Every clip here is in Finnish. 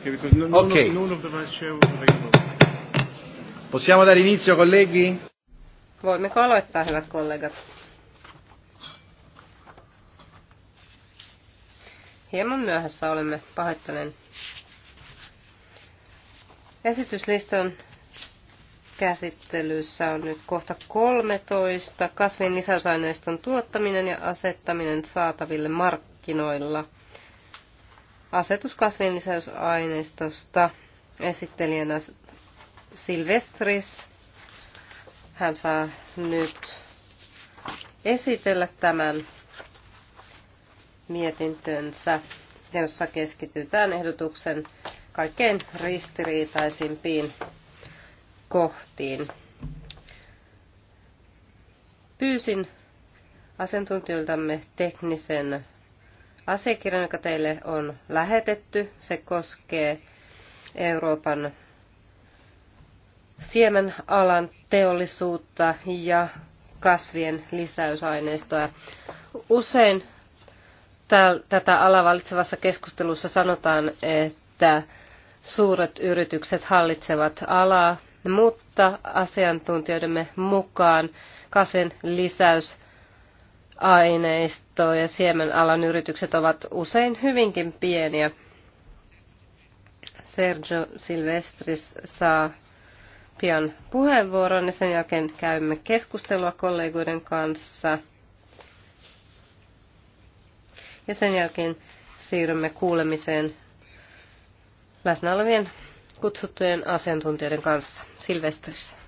Okay, because none, no, no, okay. None, no none of the vice chair was available. Possiamo dare inizio, colleghi? Voimmeko aloittaa, hyvät kollegat? Hieman myöhässä olemme, pahoittelen. Esityslistan käsittelyssä on nyt kohta 13. Kasvin lisäysaineiston tuottaminen ja asettaminen saataville markkinoilla – asetus kasvinlisäysaineistosta esittelijänä Silvestris. Hän saa nyt esitellä tämän mietintönsä, jossa keskitytään ehdotuksen kaikkein ristiriitaisimpiin kohtiin. Pyysin asiantuntijoiltamme teknisen asiakirjan, joka teille on lähetetty. Se koskee Euroopan siemenalan teollisuutta ja kasvien lisäysaineistoa. Usein tätä alaa valitsevassa keskustelussa sanotaan, että suuret yritykset hallitsevat alaa, mutta asiantuntijoidemme mukaan kasvien lisäys aineisto- ja siemenalan yritykset ovat usein hyvinkin pieniä. Sergio Silvestris saa pian puheenvuoron ja sen jälkeen käymme keskustelua kollegoiden kanssa. Ja sen jälkeen siirrymme kuulemiseen läsnä olevien kutsuttujen asiantuntijoiden kanssa. Silvestris.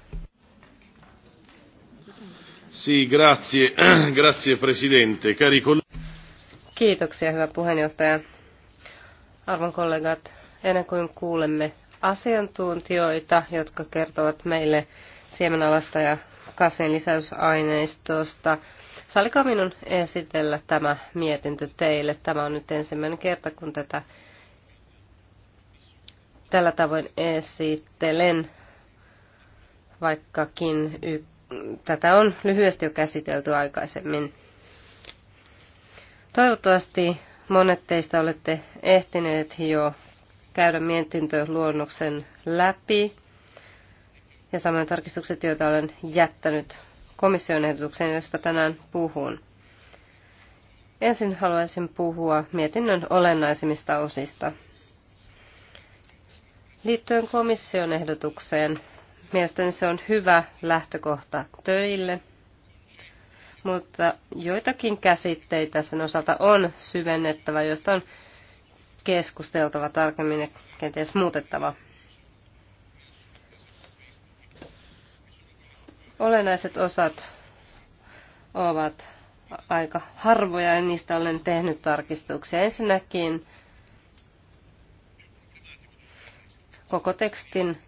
Sì, grazie, grazie presidente, cari Kiitoksia, hyvä puheenjohtaja. Arvon kollegat, ennen kuin kuulemme asiantuntijoita, jotka kertovat meille siemenalasta ja kasvien lisäysaineistosta, sallikaa minun esitellä tämä mietintö teille. Tämä on nyt ensimmäinen kerta, kun tätä tällä tavoin esittelen, vaikkakin yksi Tätä on lyhyesti jo käsitelty aikaisemmin. Toivottavasti monet teistä olette ehtineet jo käydä mietintöluonnoksen läpi ja samoin tarkistukset, joita olen jättänyt komission ehdotukseen, josta tänään puhun. Ensin haluaisin puhua mietinnön olennaisimmista osista. Liittyen komission ehdotukseen Mielestäni se on hyvä lähtökohta töille, mutta joitakin käsitteitä sen osalta on syvennettävä, joista on keskusteltava tarkemmin ja kenties muutettava. Olennaiset osat ovat aika harvoja ja niistä olen tehnyt tarkistuksia. Ensinnäkin koko tekstin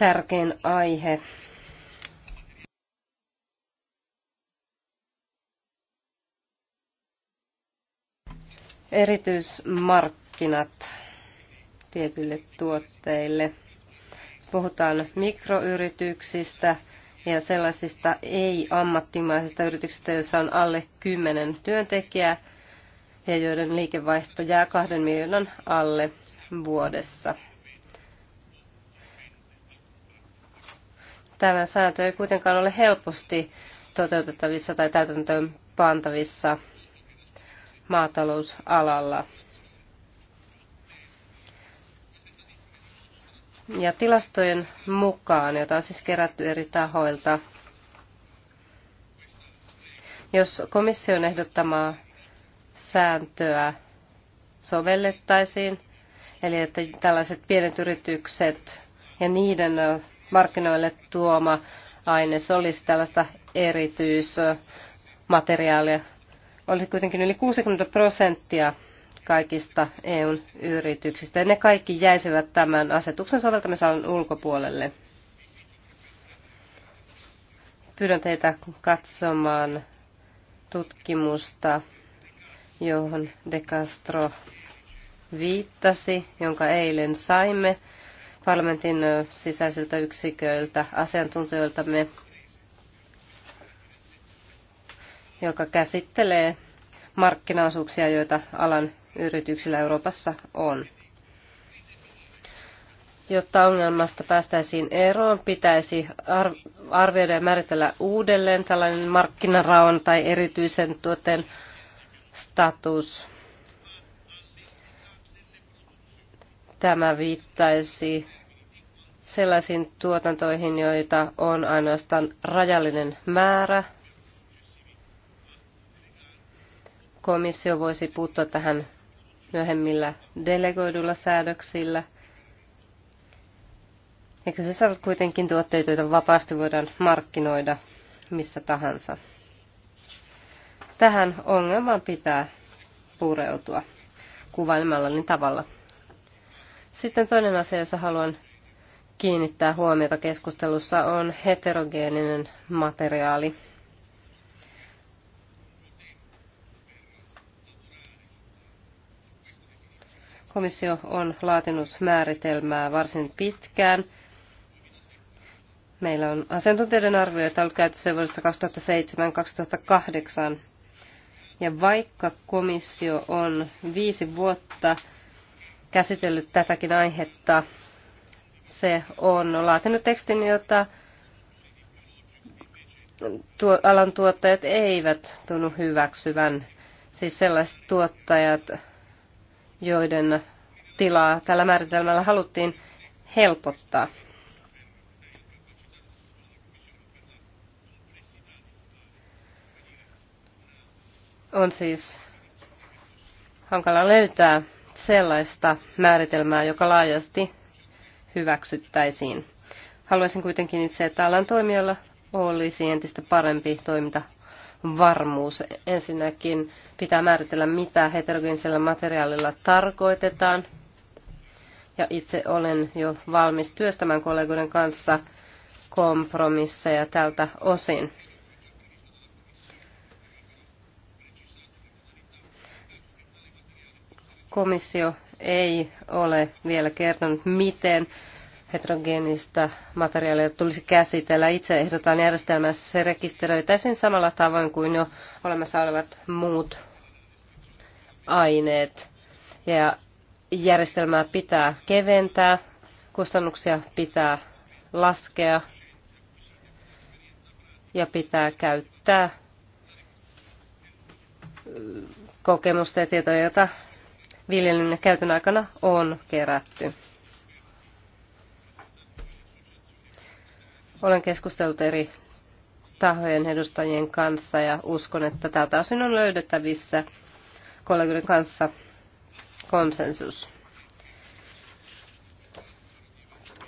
tärkein aihe. Erityismarkkinat tietyille tuotteille. Puhutaan mikroyrityksistä ja sellaisista ei-ammattimaisista yrityksistä, joissa on alle 10 työntekijää ja joiden liikevaihto jää 2 miljoonan alle vuodessa. Tämä sääntö ei kuitenkaan ole helposti toteutettavissa tai täytäntöön pantavissa maatalousalalla. Ja tilastojen mukaan, jota on siis kerätty eri tahoilta, jos komission ehdottamaa sääntöä sovellettaisiin, eli että tällaiset pienet yritykset ja niiden markkinoille tuoma aine. Se olisi tällaista erityismateriaalia. Olisi kuitenkin yli 60 prosenttia kaikista EUn yrityksistä. Ja ne kaikki jäisivät tämän asetuksen soveltamisalan ulkopuolelle. Pyydän teitä katsomaan tutkimusta, johon De Castro viittasi, jonka eilen saimme parlamentin sisäisiltä yksiköiltä, asiantuntijoiltamme, joka käsittelee markkinaosuuksia, joita alan yrityksillä Euroopassa on. Jotta ongelmasta päästäisiin eroon, pitäisi arvioida ja määritellä uudelleen tällainen markkinaraon tai erityisen tuotteen status Tämä viittaisi sellaisiin tuotantoihin, joita on ainoastaan rajallinen määrä. Komissio voisi puuttua tähän myöhemmillä delegoidulla säädöksillä. Ja kyseessä ovat kuitenkin tuotteita joita vapaasti voidaan markkinoida missä tahansa. Tähän ongelmaan pitää pureutua kuvailemallani tavalla. Sitten toinen asia, jossa haluan kiinnittää huomiota keskustelussa, on heterogeeninen materiaali. Komissio on laatinut määritelmää varsin pitkään. Meillä on asiantuntijoiden arvioita ollut käytössä vuodesta 2007-2008. Ja vaikka komissio on viisi vuotta käsitellyt tätäkin aihetta. Se on laatinut tekstin, jota tuo, alan tuottajat eivät tunnu hyväksyvän. Siis sellaiset tuottajat, joiden tilaa tällä määritelmällä haluttiin helpottaa. On siis hankala löytää sellaista määritelmää, joka laajasti hyväksyttäisiin. Haluaisin kuitenkin itse, että alan toimijoilla olisi entistä parempi toiminta varmuus. Ensinnäkin pitää määritellä, mitä heterogeenisellä materiaalilla tarkoitetaan. Ja itse olen jo valmis työstämään kollegoiden kanssa kompromisseja tältä osin. komissio ei ole vielä kertonut, miten heterogeenistä materiaalia tulisi käsitellä. Itse ehdotan järjestelmässä se rekisteröitäisiin samalla tavoin kuin jo olemassa olevat muut aineet. Ja järjestelmää pitää keventää, kustannuksia pitää laskea ja pitää käyttää kokemusta ja tietoja, joita viljelyn ja käytön aikana on kerätty. Olen keskustellut eri tahojen edustajien kanssa ja uskon, että tältä osin on löydettävissä kollegoiden kanssa konsensus.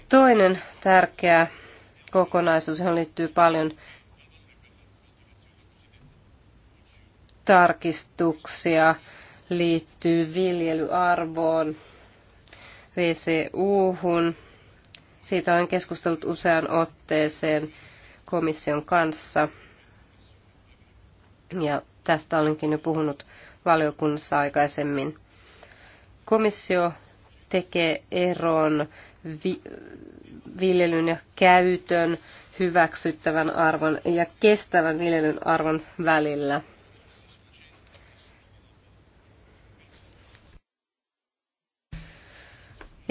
Toinen tärkeä kokonaisuus, johon liittyy paljon tarkistuksia, liittyy viljelyarvoon, VCU-hun. Siitä on keskustellut usean otteeseen komission kanssa. Ja tästä olenkin jo puhunut valiokunnassa aikaisemmin. Komissio tekee eron vi- viljelyn ja käytön hyväksyttävän arvon ja kestävän viljelyn arvon välillä –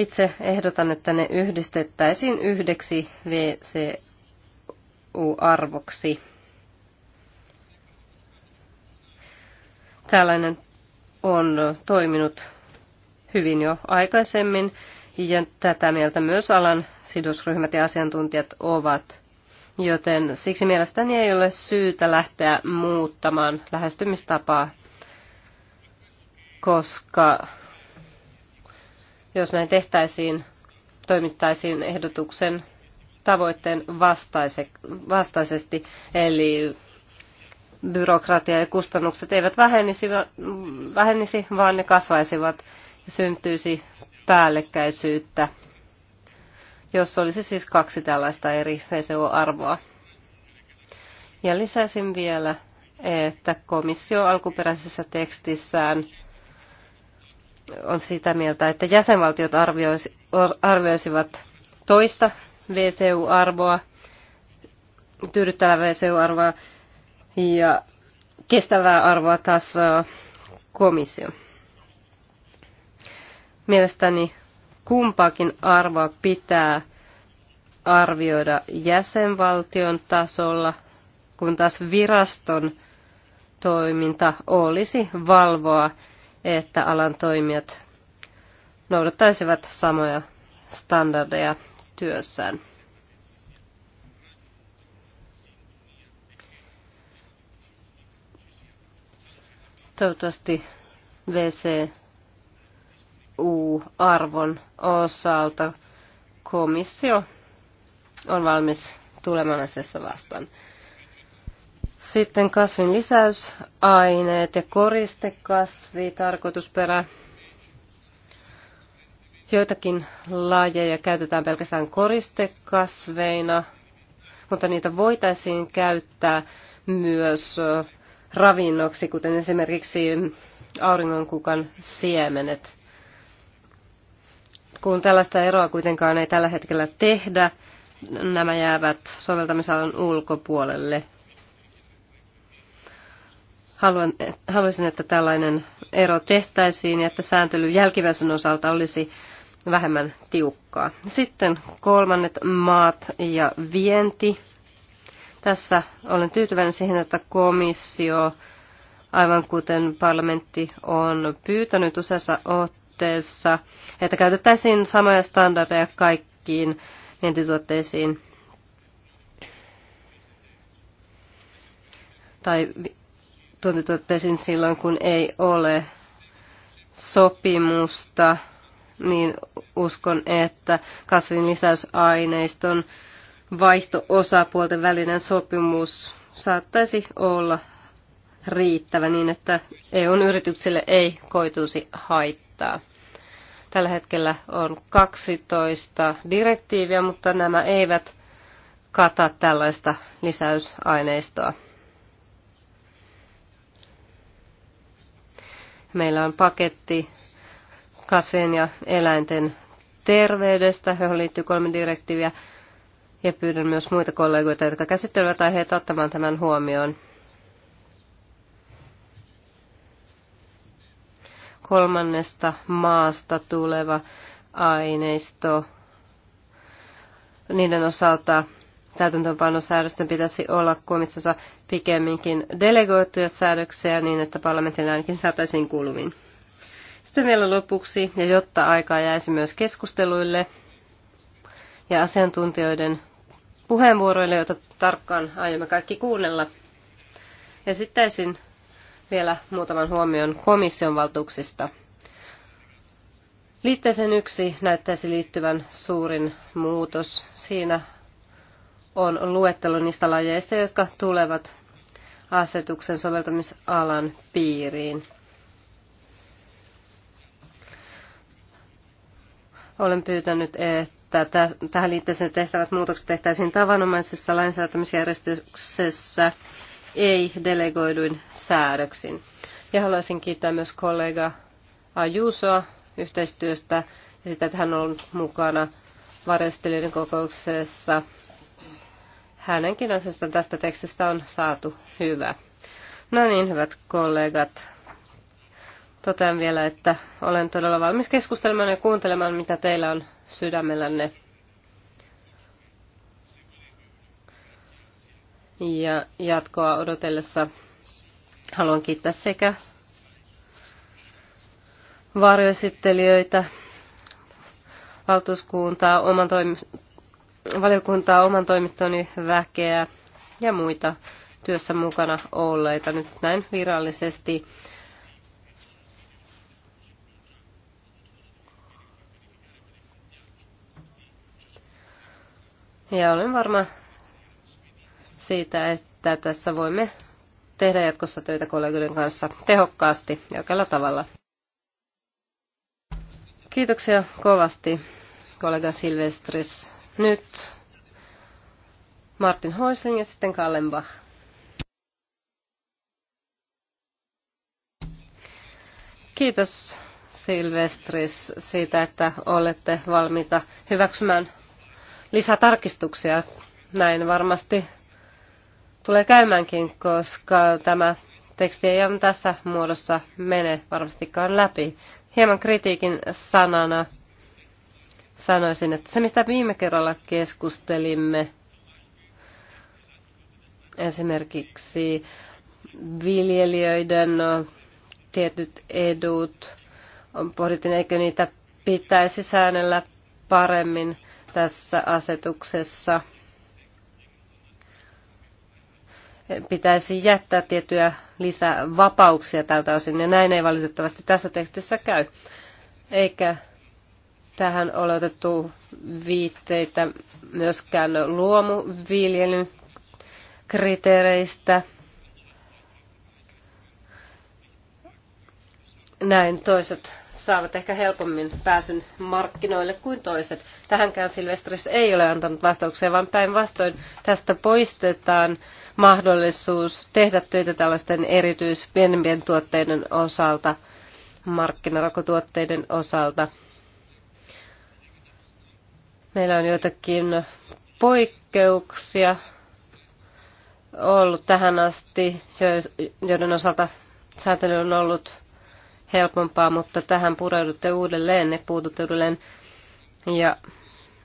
Itse ehdotan, että ne yhdistettäisiin yhdeksi VCU-arvoksi. Tällainen on toiminut hyvin jo aikaisemmin ja tätä mieltä myös alan sidosryhmät ja asiantuntijat ovat. Joten siksi mielestäni ei ole syytä lähteä muuttamaan lähestymistapaa, koska jos näin tehtäisiin, toimittaisiin ehdotuksen tavoitteen vastaisesti, eli byrokratia ja kustannukset eivät vähenisi, vähenisi vaan ne kasvaisivat ja syntyisi päällekkäisyyttä, jos olisi siis kaksi tällaista eri VCO-arvoa. Ja lisäisin vielä, että komissio alkuperäisessä tekstissään – on sitä mieltä, että jäsenvaltiot arvioisivat toista VCU-arvoa, tyydyttävää VCU-arvoa ja kestävää arvoa taas komissio. Mielestäni kumpaakin arvoa pitää arvioida jäsenvaltion tasolla, kun taas viraston toiminta olisi valvoa että alan toimijat noudattaisivat samoja standardeja työssään. Toivottavasti VCU-arvon osalta komissio on valmis tulemaan asiassa vastaan. Sitten kasvin lisäysaineet ja koristekasvi, tarkoitusperä. Joitakin lajeja käytetään pelkästään koristekasveina, mutta niitä voitaisiin käyttää myös ravinnoksi, kuten esimerkiksi auringonkukan siemenet. Kun tällaista eroa kuitenkaan ei tällä hetkellä tehdä, nämä jäävät soveltamisalan ulkopuolelle. Haluan, haluaisin, että tällainen ero tehtäisiin ja että sääntely jälkiväisen osalta olisi vähemmän tiukkaa. Sitten kolmannet maat ja vienti. Tässä olen tyytyväinen siihen, että komissio, aivan kuten parlamentti on pyytänyt useassa otteessa, että käytettäisiin samoja standardeja kaikkiin vientituotteisiin tai tuotetuotteisiin silloin, kun ei ole sopimusta, niin uskon, että kasvin lisäysaineiston vaihto-osapuolten välinen sopimus saattaisi olla riittävä niin, että EUn yrityksille ei koituisi haittaa. Tällä hetkellä on 12 direktiiviä, mutta nämä eivät kata tällaista lisäysaineistoa. Meillä on paketti kasvien ja eläinten terveydestä, johon liittyy kolme direktiiviä. Ja pyydän myös muita kollegoita, jotka käsittelevät aiheita, ottamaan tämän huomioon. Kolmannesta maasta tuleva aineisto. Niiden osalta täytäntöönpanosäädösten pitäisi olla komissiossa pikemminkin delegoituja säädöksiä niin, että parlamentin ainakin saataisiin kuuluviin. Sitten vielä lopuksi, ja jotta aikaa jäisi myös keskusteluille ja asiantuntijoiden puheenvuoroille, joita tarkkaan aiomme kaikki kuunnella, esittäisin vielä muutaman huomion komission valtuuksista. Liitteeseen yksi näyttäisi liittyvän suurin muutos. Siinä on luettelo niistä lajeista, jotka tulevat asetuksen soveltamisalan piiriin. Olen pyytänyt, että tähän liitteeseen tehtävät muutokset tehtäisiin tavanomaisessa lainsäätämisjärjestyksessä, ei delegoiduin säädöksin. Ja haluaisin kiittää myös kollega Ajusoa yhteistyöstä ja sitä, että hän on mukana varjostelijoiden kokouksessa hänenkin ansiosta tästä tekstistä on saatu hyvä. No niin, hyvät kollegat. Totean vielä, että olen todella valmis keskustelemaan ja kuuntelemaan, mitä teillä on sydämellänne. Ja jatkoa odotellessa haluan kiittää sekä varjoesittelijöitä, valtuuskuntaa, oman toimiston valiokuntaa, oman toimistoni väkeä ja muita työssä mukana olleita nyt näin virallisesti. Ja olen varma siitä, että tässä voimme tehdä jatkossa töitä kollegoiden kanssa tehokkaasti ja oikealla tavalla. Kiitoksia kovasti kollega Silvestris nyt Martin Hoisling ja sitten Kallenbach. Kiitos Silvestris siitä, että olette valmiita hyväksymään lisätarkistuksia. Näin varmasti tulee käymäänkin, koska tämä teksti ei ole tässä muodossa mene varmastikaan läpi. Hieman kritiikin sanana sanoisin, että se mistä viime kerralla keskustelimme, esimerkiksi viljelijöiden tietyt edut, on pohdittiin, eikö niitä pitäisi säännellä paremmin tässä asetuksessa. Pitäisi jättää tiettyjä lisävapauksia tältä osin, ja näin ei valitettavasti tässä tekstissä käy. Eikä Tähän on otettu viitteitä myöskään luomuviljelyn kriteereistä. Näin toiset saavat ehkä helpommin pääsyn markkinoille kuin toiset. Tähänkään Silvestris ei ole antanut vastauksia, vaan päinvastoin tästä poistetaan mahdollisuus tehdä töitä tällaisten erityis pienempien tuotteiden osalta, markkinarakotuotteiden osalta. Meillä on joitakin poikkeuksia ollut tähän asti, joiden osalta säätely on ollut helpompaa, mutta tähän pureudutte uudelleen, ne puututte uudelleen. Ja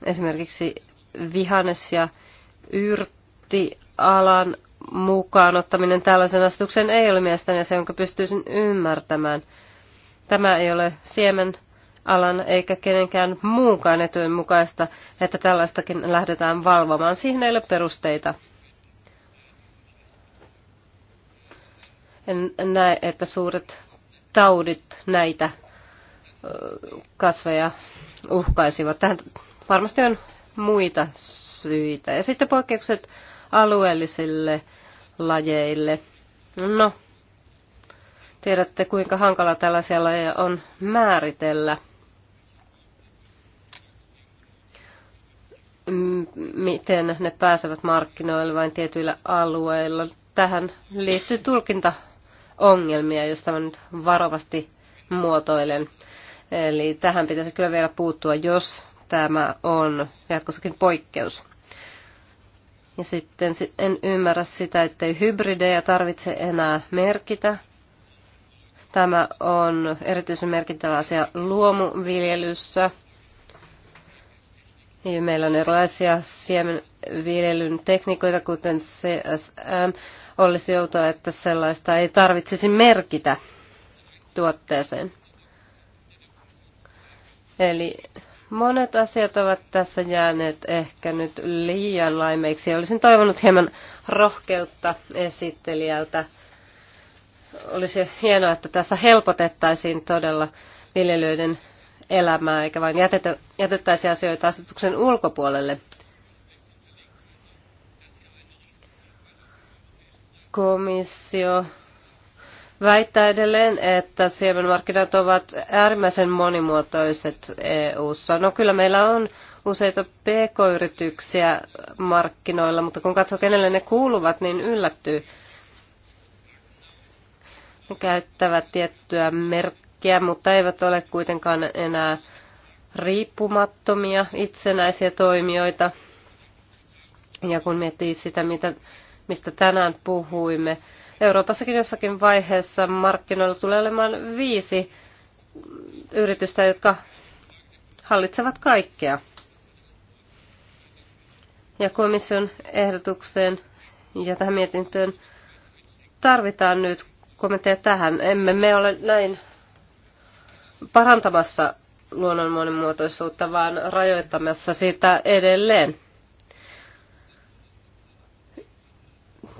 esimerkiksi vihannes- ja yrttialan mukaan ottaminen tällaisen asetuksen ei ole mielestäni se, jonka pystyisin ymmärtämään. Tämä ei ole siemen alan eikä kenenkään muunkaan etujen mukaista, että tällaistakin lähdetään valvomaan. Siihen ei ole perusteita. En näe, että suuret taudit näitä kasveja uhkaisivat. Tähän varmasti on muita syitä. Ja sitten poikkeukset alueellisille lajeille. No, tiedätte kuinka hankala tällaisia lajeja on määritellä. miten ne pääsevät markkinoille vain tietyillä alueilla. Tähän liittyy tulkintaongelmia, joista tämän nyt varovasti muotoilen. Eli tähän pitäisi kyllä vielä puuttua, jos tämä on jatkossakin poikkeus. Ja sitten en ymmärrä sitä, ettei hybridejä tarvitse enää merkitä. Tämä on erityisen merkittävä asia luomuviljelyssä. Niin, meillä on erilaisia siemenviljelyn tekniikoita, kuten CSM. Olisi outoa, että sellaista ei tarvitsisi merkitä tuotteeseen. Eli monet asiat ovat tässä jääneet ehkä nyt liian laimeiksi. Olisin toivonut hieman rohkeutta esittelijältä. Olisi hienoa, että tässä helpotettaisiin todella viljelyiden elämää, eikä vain jätetä, jätettäisi asioita asetuksen ulkopuolelle. Komissio väittää edelleen, että siemenmarkkinat ovat äärimmäisen monimuotoiset EU-ssa. No kyllä meillä on useita pk-yrityksiä markkinoilla, mutta kun katsoo kenelle ne kuuluvat, niin yllättyy. Ne käyttävät tiettyä merkkiä kaikkia, mutta eivät ole kuitenkaan enää riippumattomia itsenäisiä toimijoita. Ja kun miettii sitä, mitä, mistä tänään puhuimme, Euroopassakin jossakin vaiheessa markkinoilla tulee olemaan viisi yritystä, jotka hallitsevat kaikkea. Ja komission ehdotukseen ja tähän mietintöön tarvitaan nyt kommentteja tähän. Emme me ole näin parantamassa luonnon monimuotoisuutta, vaan rajoittamassa sitä edelleen.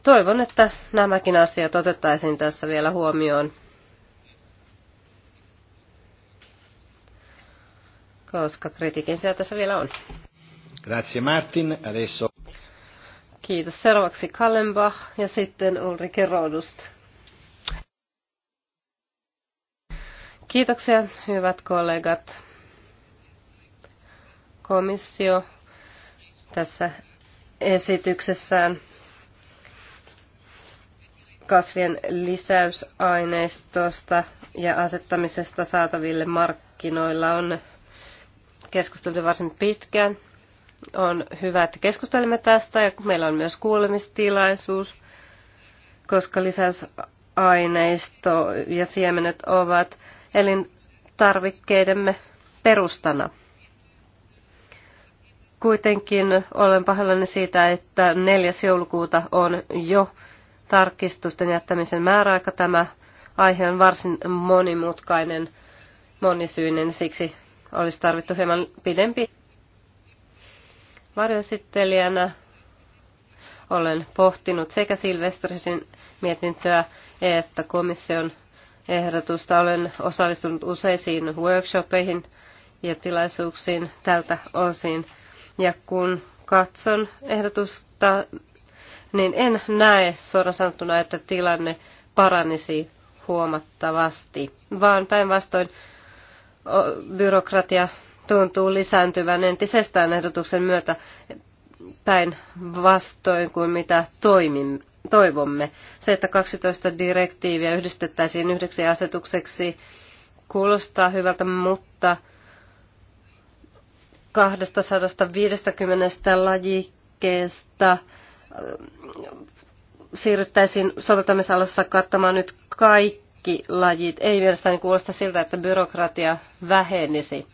Toivon, että nämäkin asiat otettaisiin tässä vielä huomioon, koska kritiikin siellä tässä vielä on. Grazie Martin. Adesso... Kiitos. Seuraavaksi Kallenbach ja sitten Ulrike Rodust. Kiitoksia, hyvät kollegat. Komissio tässä esityksessään kasvien lisäysaineistosta ja asettamisesta saataville markkinoilla on keskusteltu varsin pitkään. On hyvä, että keskustelemme tästä ja meillä on myös kuulemistilaisuus, koska lisäysaineisto ja siemenet ovat elintarvikkeidemme perustana. Kuitenkin olen pahoillani siitä, että 4. joulukuuta on jo tarkistusten jättämisen määräaika. Tämä aihe on varsin monimutkainen, monisyinen, siksi olisi tarvittu hieman pidempi. Varjoesittelijänä olen pohtinut sekä Silvestrisin mietintöä että komission ehdotusta. Olen osallistunut useisiin workshopeihin ja tilaisuuksiin tältä osin. Ja kun katson ehdotusta, niin en näe suoraan sanottuna, että tilanne paranisi huomattavasti, vaan päinvastoin byrokratia tuntuu lisääntyvän entisestään ehdotuksen myötä päinvastoin kuin mitä toimimme toivomme. Se, että 12 direktiiviä yhdistettäisiin yhdeksi asetukseksi, kuulostaa hyvältä, mutta 250 lajikkeesta äh, siirryttäisiin soveltamisalassa kattamaan nyt kaikki lajit. Ei mielestäni kuulosta siltä, että byrokratia vähenisi.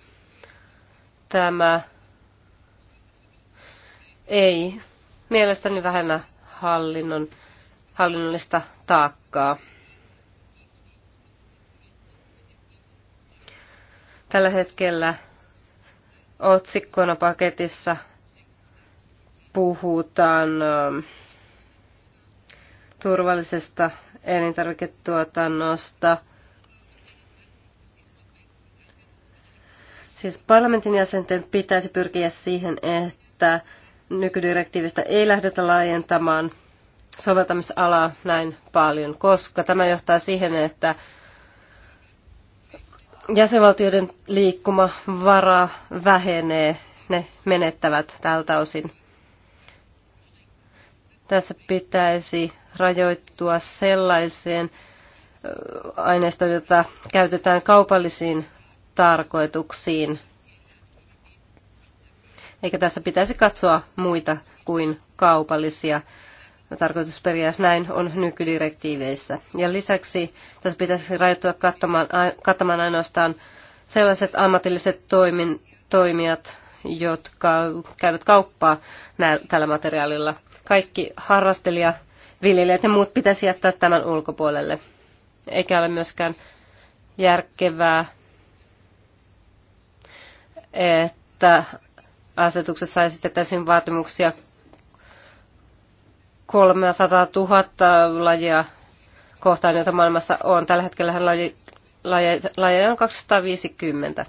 Tämä ei mielestäni vähennä hallinnon hallinnollista taakkaa. Tällä hetkellä otsikkona paketissa puhutaan ähm, turvallisesta elintarviketuotannosta. Siis parlamentin jäsenten pitäisi pyrkiä siihen, että nykydirektiivistä ei lähdetä laajentamaan soveltamisalaa näin paljon, koska tämä johtaa siihen, että jäsenvaltioiden liikkumavara vähenee, ne menettävät tältä osin. Tässä pitäisi rajoittua sellaiseen aineistoon, jota käytetään kaupallisiin tarkoituksiin, eikä tässä pitäisi katsoa muita kuin kaupallisia tarkoitusperiä. Näin on nykydirektiiveissä. Ja lisäksi tässä pitäisi rajoittua katsomaan, kattamaan ainoastaan sellaiset ammatilliset toimin, toimijat, jotka käyvät kauppaa nä- tällä materiaalilla. Kaikki harrastelija, viljelijät ja muut pitäisi jättää tämän ulkopuolelle. Eikä ole myöskään järkevää, että asetuksessa esitettäisiin vaatimuksia 300 000 lajia kohtaan, joita maailmassa on. Tällä hetkellä laji, laje, lajeja on 250.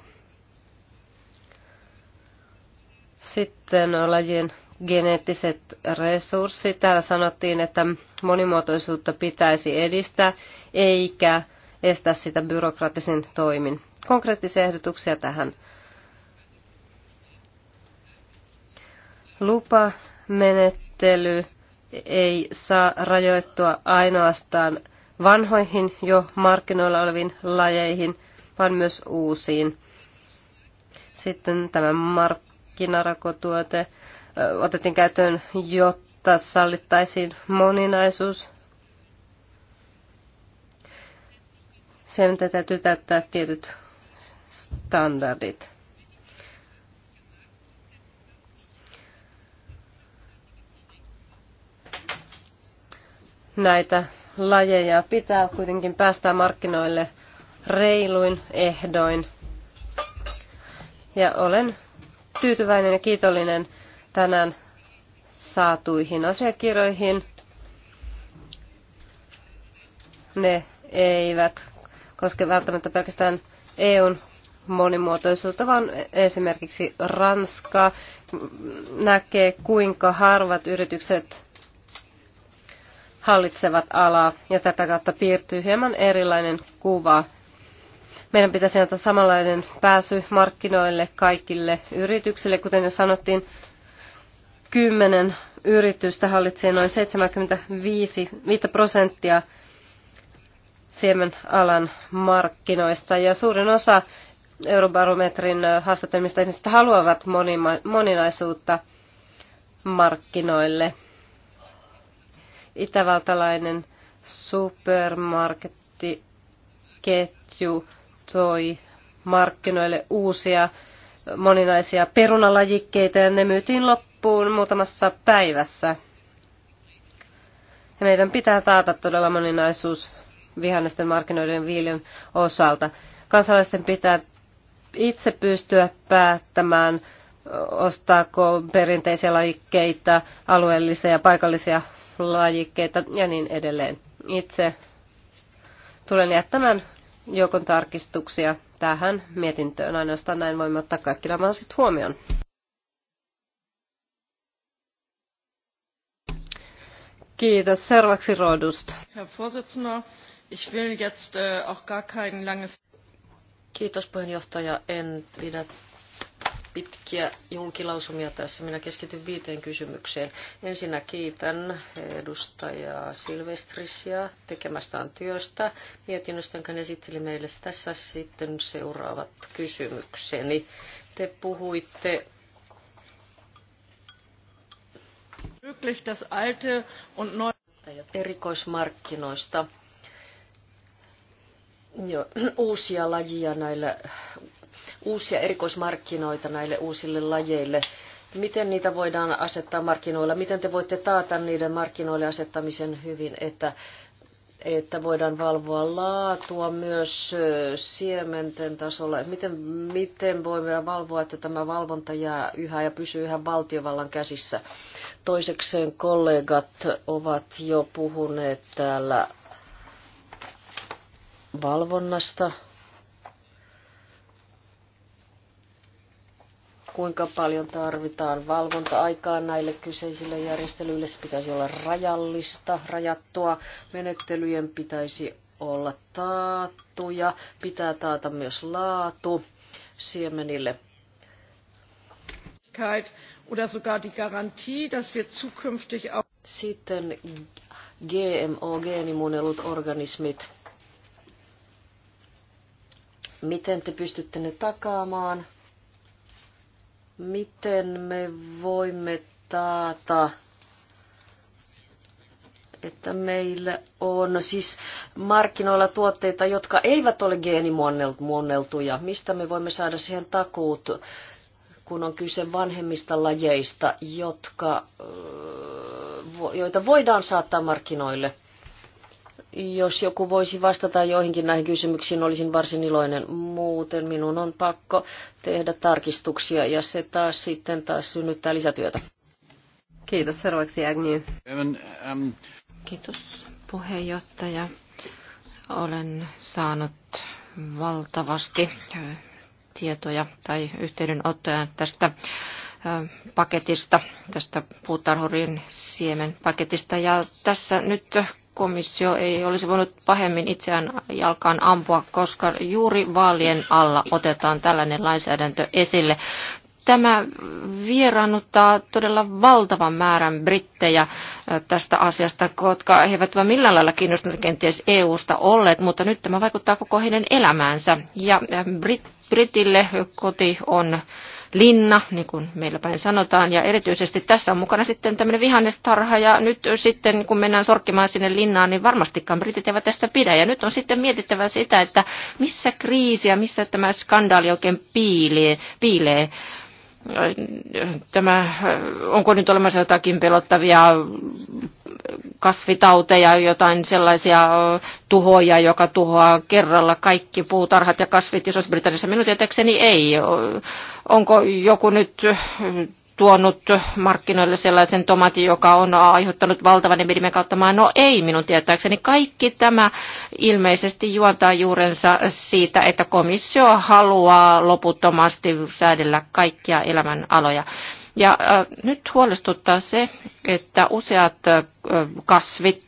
Sitten on lajien geneettiset resurssit. Täällä sanottiin, että monimuotoisuutta pitäisi edistää eikä estää sitä byrokraattisin toimin. Konkreettisia ehdotuksia tähän. Lupamenettely ei saa rajoittua ainoastaan vanhoihin jo markkinoilla oleviin lajeihin, vaan myös uusiin. Sitten tämä markkinarakotuote otettiin käyttöön, jotta sallittaisiin moninaisuus. Sen täytyy täyttää tietyt standardit. näitä lajeja pitää kuitenkin päästää markkinoille reiluin ehdoin. Ja olen tyytyväinen ja kiitollinen tänään saatuihin asiakirjoihin. Ne eivät koske välttämättä pelkästään EUn monimuotoisuutta, vaan esimerkiksi Ranska näkee, kuinka harvat yritykset hallitsevat alaa ja tätä kautta piirtyy hieman erilainen kuva. Meidän pitäisi antaa samanlainen pääsy markkinoille kaikille yrityksille. Kuten jo sanottiin, kymmenen yritystä hallitsee noin 75 prosenttia siemenalan markkinoista ja suurin osa eurobarometrin haastattelmista ihmisistä haluavat moninaisuutta markkinoille itävaltalainen supermarkettiketju toi markkinoille uusia moninaisia perunalajikkeita ja ne myytiin loppuun muutamassa päivässä. Ja meidän pitää taata todella moninaisuus vihannesten markkinoiden viljon osalta. Kansalaisten pitää itse pystyä päättämään, ostaako perinteisiä lajikkeita, alueellisia ja paikallisia lajikkeita ja niin edelleen. Itse tulen jättämään joukon tarkistuksia tähän mietintöön. Ainoastaan näin voimme ottaa kaikki nämä asiat huomioon. Kiitos. Seuraavaksi Rodust. Herr Vorsitzender, ich will jetzt äh, auch gar kein langes... Kiitos puheenjohtaja. En pidä pitkiä junkilausumia tässä. Minä keskityn viiteen kysymykseen. Ensinnä kiitän edustajaa Silvestrisia tekemästään työstä. Mietinnöstä, jonka esitteli meille tässä sitten seuraavat kysymykseni. Te puhuitte erikoismarkkinoista jo, uusia lajia näillä uusia erikoismarkkinoita näille uusille lajeille. Miten niitä voidaan asettaa markkinoilla? Miten te voitte taata niiden markkinoille asettamisen hyvin, että, että voidaan valvoa laatua myös siementen tasolla? Miten, miten voimme valvoa, että tämä valvonta jää yhä ja pysyy yhä valtiovallan käsissä? Toisekseen kollegat ovat jo puhuneet täällä valvonnasta, kuinka paljon tarvitaan valvonta-aikaa näille kyseisille järjestelyille. Se pitäisi olla rajallista, rajattua. Menettelyjen pitäisi olla taattuja. Pitää taata myös laatu siemenille. Oder sogar die Garantie, dass wir zukünftig auch Sitten GMO, geenimuunnellut organismit. Miten te pystytte ne takaamaan? Miten me voimme taata että meillä on siis markkinoilla tuotteita, jotka eivät ole geenimuonneltuja. Mistä me voimme saada siihen takuut, kun on kyse vanhemmista lajeista, jotka, joita voidaan saattaa markkinoille? Jos joku voisi vastata joihinkin näihin kysymyksiin, olisin varsin iloinen. Muuten minun on pakko tehdä tarkistuksia ja se taas sitten taas synnyttää lisätyötä. Kiitos. Seuraavaksi Agnew. Um, Kiitos puheenjohtaja. Olen saanut valtavasti tietoja tai yhteydenottoja tästä paketista, tästä puutarhurin siemen paketista. Ja tässä nyt komissio ei olisi voinut pahemmin itseään jalkaan ampua, koska juuri vaalien alla otetaan tällainen lainsäädäntö esille. Tämä vieraannuttaa todella valtavan määrän brittejä äh, tästä asiasta, koska he eivät vain millään lailla kiinnostuneet kenties EU-sta olleet, mutta nyt tämä vaikuttaa koko heidän elämäänsä. Ja äh, Brit- Britille koti on linna, niin kuin meillä päin sanotaan. Ja erityisesti tässä on mukana sitten tämmöinen vihannestarha. Ja nyt sitten, kun mennään sorkkimaan sinne linnaan, niin varmastikaan britit eivät tästä pidä. Ja nyt on sitten mietittävä sitä, että missä kriisiä, missä tämä skandaali oikein piilee. piilee tämä, onko nyt olemassa jotakin pelottavia kasvitauteja, jotain sellaisia tuhoja, joka tuhoaa kerralla kaikki puutarhat ja kasvit olisi britanniassa Minun tietääkseni ei. Onko joku nyt tuonut markkinoille sellaisen tomatin, joka on aiheuttanut valtavan epidemian kautta maan. No ei minun tietääkseni. Kaikki tämä ilmeisesti juontaa juurensa siitä, että komissio haluaa loputtomasti säädellä kaikkia elämänaloja. Ja äh, nyt huolestuttaa se, että useat äh, kasvit,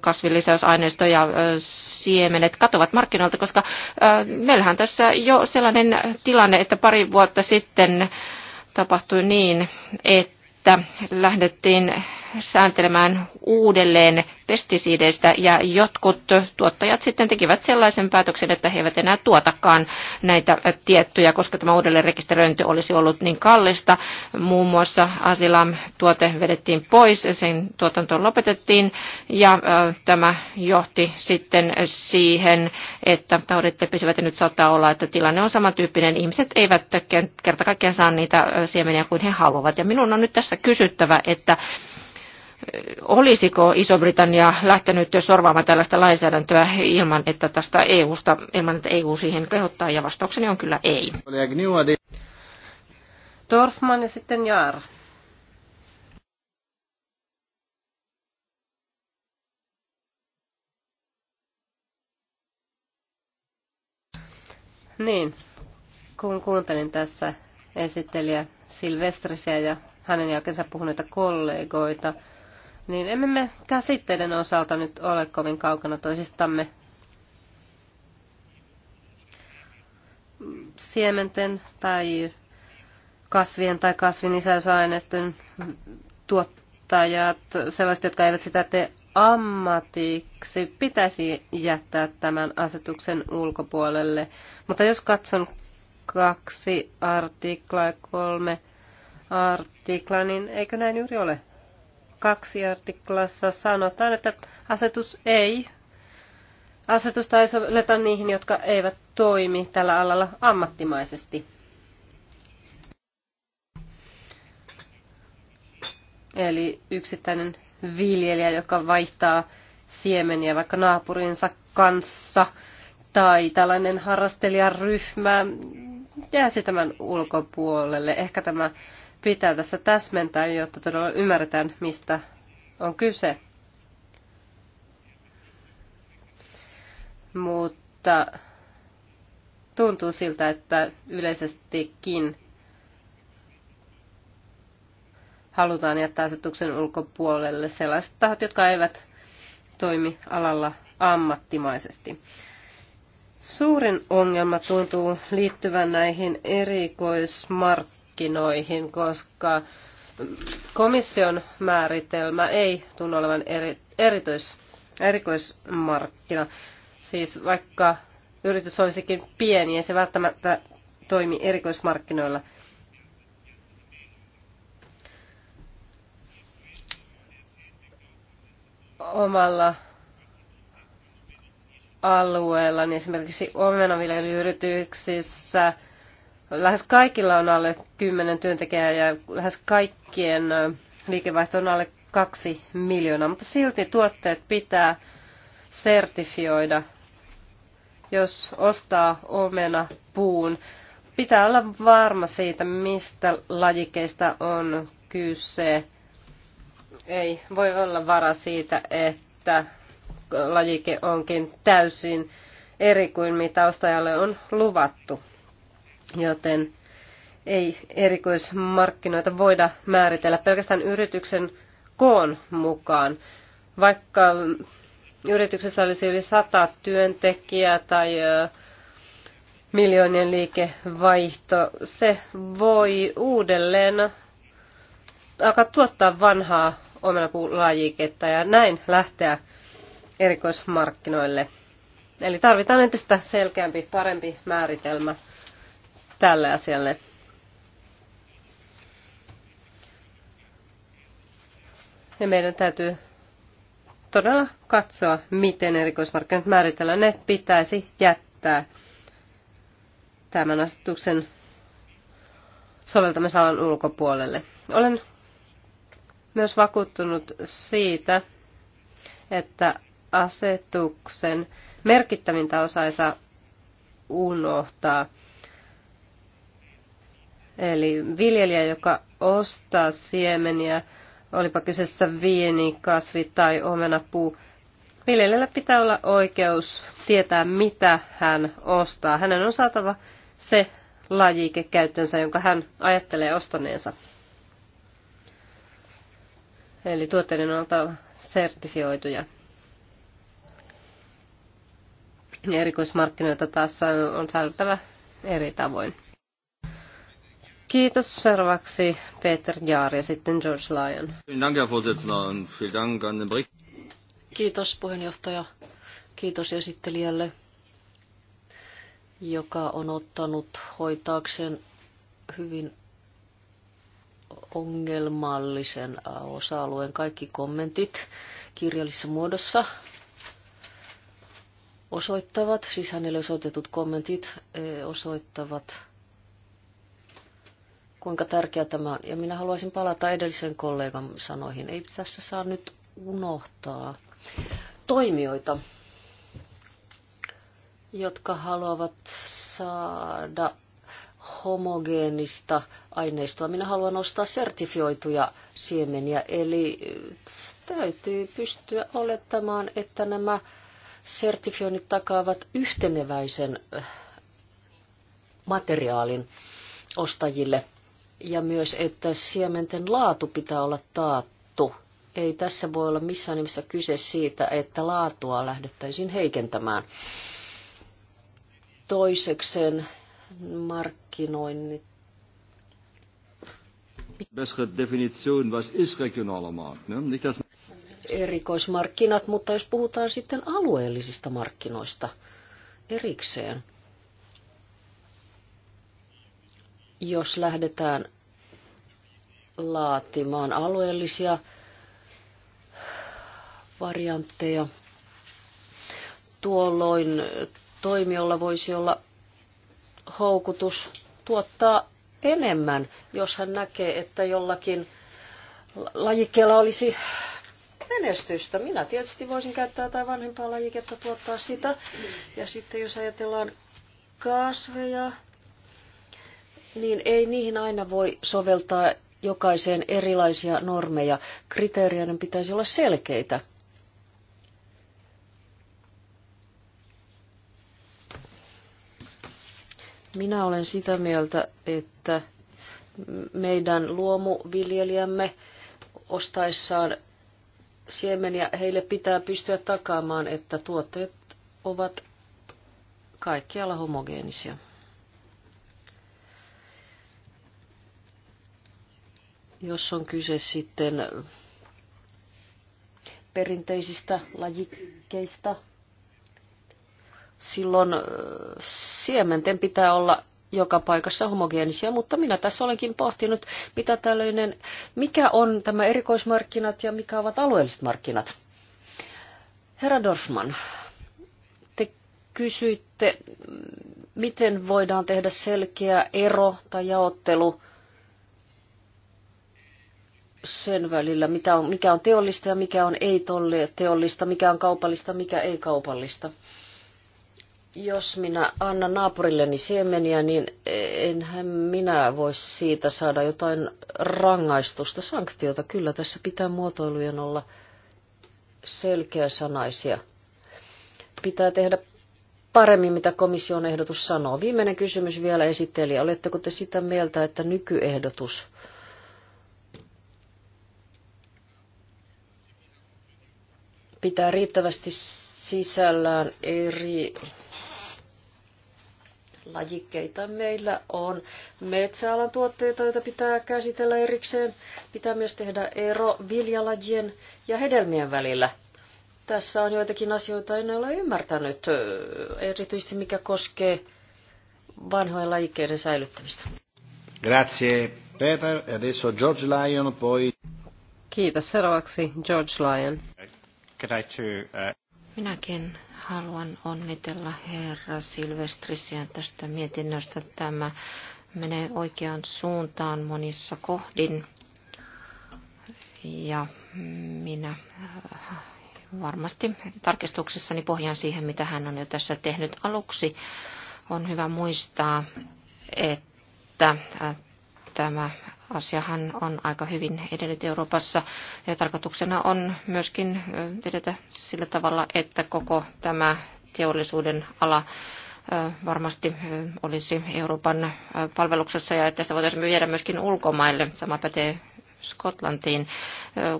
kasvillisäysaineisto ja äh, siemenet katovat markkinoilta, koska äh, meillähän tässä jo sellainen tilanne, että pari vuotta sitten äh, tapahtui niin, että lähdettiin sääntelemään uudelleen pestisiideistä ja jotkut tuottajat sitten tekivät sellaisen päätöksen, että he eivät enää tuotakaan näitä tiettyjä, koska tämä uudelleenrekisteröinti olisi ollut niin kallista. Muun muassa Asilam-tuote vedettiin pois, sen tuotanto lopetettiin ja tämä johti sitten siihen, että taudit lepisivät ja nyt saattaa olla, että tilanne on samantyyppinen. Ihmiset eivät kerta kaikkiaan saa niitä siemeniä kuin he haluavat ja minun on nyt tässä kysyttävä, että olisiko Iso-Britannia lähtenyt sorvaamaan tällaista lainsäädäntöä ilman, että tästä EUsta, ilman, että EU siihen kehottaa, ja vastaukseni on kyllä ei. Dorfman ja sitten Jaar. Niin, kun kuuntelin tässä esittelijä Silvestrisiä ja hänen jälkeensä puhuneita kollegoita, niin emme me käsitteiden osalta nyt ole kovin kaukana toisistamme. Siementen tai kasvien tai kasvinisäysaineiston tuottajat, sellaiset, jotka eivät sitä tee ammatiksi, pitäisi jättää tämän asetuksen ulkopuolelle. Mutta jos katson kaksi artiklaa ja kolme artiklaa, niin eikö näin juuri ole? 2 artiklassa sanotaan, että asetus ei Asetusta ei sovelleta niihin, jotka eivät toimi tällä alalla ammattimaisesti. Eli yksittäinen viljelijä, joka vaihtaa siemeniä vaikka naapurinsa kanssa, tai tällainen harrastelijaryhmä jää tämän ulkopuolelle. Ehkä tämä pitää tässä täsmentää, jotta todella ymmärretään, mistä on kyse. Mutta tuntuu siltä, että yleisestikin halutaan jättää asetuksen ulkopuolelle sellaiset tahot, jotka eivät toimi alalla ammattimaisesti. Suurin ongelma tuntuu liittyvän näihin erikoismarkkinoihin markkinoihin, koska komission määritelmä ei tunnu olevan eri, erityis, erikoismarkkina. Siis vaikka yritys olisikin pieni, ei se välttämättä toimi erikoismarkkinoilla. Omalla alueella, niin esimerkiksi omenaviljelyyrityksissä – lähes kaikilla on alle 10 työntekijää ja lähes kaikkien liikevaihto on alle 2 miljoonaa, mutta silti tuotteet pitää sertifioida. Jos ostaa omena puun, pitää olla varma siitä, mistä lajikeista on kyse. Ei voi olla vara siitä, että lajike onkin täysin eri kuin mitä ostajalle on luvattu joten ei erikoismarkkinoita voida määritellä pelkästään yrityksen koon mukaan. Vaikka yrityksessä olisi yli sata työntekijää tai miljoonien liikevaihto, se voi uudelleen alkaa tuottaa vanhaa omenapuulajiketta ja näin lähteä erikoismarkkinoille. Eli tarvitaan entistä selkeämpi, parempi määritelmä tälle asialle. Ja meidän täytyy todella katsoa, miten erikoismarkkinat määritellään. Ne pitäisi jättää tämän asetuksen soveltamisalan ulkopuolelle. Olen myös vakuuttunut siitä, että asetuksen merkittävintä osa ei saa unohtaa – Eli viljelijä, joka ostaa siemeniä, olipa kyseessä viini, kasvi tai omenapuu, viljelijällä pitää olla oikeus tietää, mitä hän ostaa. Hänen on saatava se lajike käyttönsä, jonka hän ajattelee ostaneensa. Eli tuotteiden on oltava sertifioituja. erikoismarkkinoita taas on saatava eri tavoin. Kiitos seuraavaksi Peter Jaar ja sitten George Lyon. Kiitos puheenjohtaja. Kiitos esittelijälle, joka on ottanut hoitaakseen hyvin ongelmallisen osa-alueen kaikki kommentit kirjallisessa muodossa osoittavat, siis hänelle osoitetut kommentit osoittavat kuinka tärkeä tämä on. Ja minä haluaisin palata edellisen kollegan sanoihin. Ei tässä saa nyt unohtaa toimijoita, jotka haluavat saada homogeenista aineistoa. Minä haluan ostaa sertifioituja siemeniä, eli täytyy pystyä olettamaan, että nämä sertifioinnit takaavat yhteneväisen äh, materiaalin ostajille – ja myös, että siementen laatu pitää olla taattu. Ei tässä voi olla missään nimessä kyse siitä, että laatua lähdettäisiin heikentämään. Toisekseen markkinoinnit. Bessere Definition, was ist regionaler Markt? Ne? Nicht, erikoismarkkinat, mutta jos puhutaan sitten alueellisista markkinoista erikseen – Jos lähdetään laatimaan alueellisia variantteja, tuolloin toimijalla voisi olla houkutus tuottaa enemmän, jos hän näkee, että jollakin lajikkeella olisi menestystä. Minä tietysti voisin käyttää jotain vanhempaa lajiketta, tuottaa sitä. Ja sitten jos ajatellaan kasveja, niin ei niihin aina voi soveltaa jokaiseen erilaisia normeja. Kriteerien pitäisi olla selkeitä. Minä olen sitä mieltä, että meidän luomuviljelijämme ostaessaan siemeniä, heille pitää pystyä takaamaan, että tuotteet ovat kaikkialla homogeenisia. Jos on kyse sitten perinteisistä lajikkeista, silloin siementen pitää olla joka paikassa homogeenisia, mutta minä tässä olenkin pohtinut, mitä tällainen, mikä on tämä erikoismarkkinat ja mikä ovat alueelliset markkinat. Herra Dorfman, te kysyitte, miten voidaan tehdä selkeä ero tai jaottelu – sen välillä, mitä on, mikä on teollista ja mikä on ei-teollista, mikä on kaupallista, mikä ei-kaupallista. Jos minä annan naapurilleni siemeniä, niin enhän minä voisi siitä saada jotain rangaistusta, sanktiota. Kyllä tässä pitää muotoilujen olla selkeäsanaisia. Pitää tehdä paremmin, mitä komission ehdotus sanoo. Viimeinen kysymys vielä esitteli. Oletteko te sitä mieltä, että nykyehdotus – pitää riittävästi sisällään eri lajikkeita. Meillä on metsäalan tuotteita, joita pitää käsitellä erikseen. Pitää myös tehdä ero viljalajien ja hedelmien välillä. Tässä on joitakin asioita, en ole ymmärtänyt, erityisesti mikä koskee vanhojen lajikkeiden säilyttämistä. Grazie Peter. E adesso George Lyon, poi... Kiitos. Seuraavaksi George Lyon. Uh, Minäkin haluan onnitella herra Silvestrisiä tästä mietinnöstä. Tämä menee oikeaan suuntaan monissa kohdin. Ja minä äh, varmasti tarkistuksessani pohjaan siihen, mitä hän on jo tässä tehnyt aluksi. On hyvä muistaa, että Tämä asiahan on aika hyvin edennyt Euroopassa ja tarkoituksena on myöskin edetä sillä tavalla, että koko tämä teollisuuden ala varmasti olisi Euroopan palveluksessa ja että sitä voitaisiin viedä myöskin ulkomaille. Sama pätee Skotlantiin,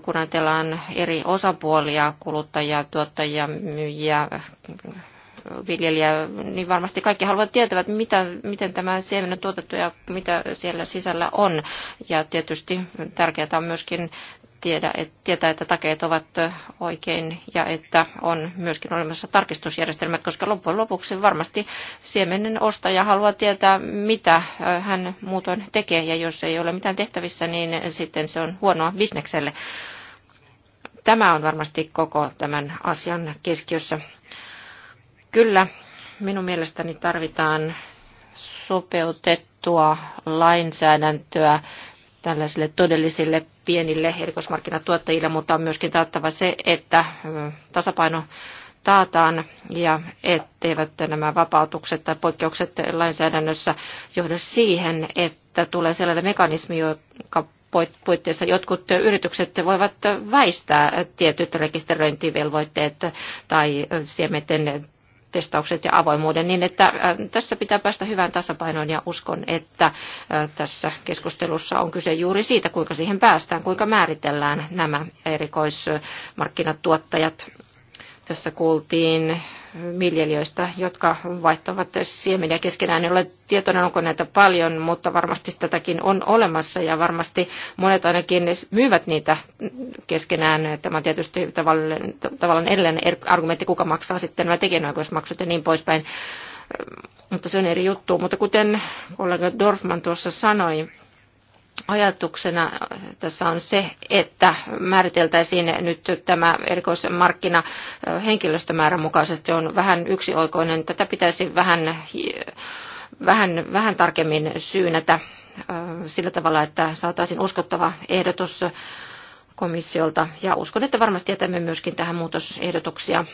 kun ajatellaan eri osapuolia, kuluttajia, tuottajia, myyjiä, viljelijä, niin varmasti kaikki haluavat tietävät, mitä, miten tämä siemen on tuotettu ja mitä siellä sisällä on. Ja tietysti tärkeää on myöskin tiedä, et, tietää, että takeet ovat oikein ja että on myöskin olemassa tarkistusjärjestelmät, koska loppujen lopuksi varmasti siemenen ostaja haluaa tietää, mitä hän muutoin tekee ja jos ei ole mitään tehtävissä, niin sitten se on huonoa bisnekselle. Tämä on varmasti koko tämän asian keskiössä. Kyllä, minun mielestäni tarvitaan sopeutettua lainsäädäntöä tällaisille todellisille pienille erikoismarkkinatuottajille, mutta on myöskin taattava se, että tasapaino taataan ja etteivät nämä vapautukset tai poikkeukset lainsäädännössä johda siihen, että tulee sellainen mekanismi, joka puitteissa jotkut yritykset voivat väistää tietyt rekisteröintivelvoitteet tai siementen testaukset ja avoimuuden, niin että äh, tässä pitää päästä hyvään tasapainoon ja uskon, että äh, tässä keskustelussa on kyse juuri siitä, kuinka siihen päästään, kuinka määritellään nämä erikoismarkkinatuottajat tässä kuultiin viljelijöistä, jotka vaihtavat siemeniä keskenään. En ole tietoinen, onko näitä paljon, mutta varmasti tätäkin on olemassa ja varmasti monet ainakin myyvät niitä keskenään. Tämä on tietysti tavallaan, tavallaan edelleen er- argumentti, kuka maksaa sitten nämä tekijänoikeusmaksut ja niin poispäin. Mutta se on eri juttu. Mutta kuten kollega Dorfman tuossa sanoi, ajatuksena tässä on se, että määriteltäisiin nyt tämä erikoismarkkina henkilöstömäärän mukaisesti. Se on vähän yksioikoinen. Tätä pitäisi vähän, vähän, vähän tarkemmin syynätä sillä tavalla, että saataisiin uskottava ehdotus komissiolta. Ja uskon, että varmasti jätämme myöskin tähän muutosehdotuksia,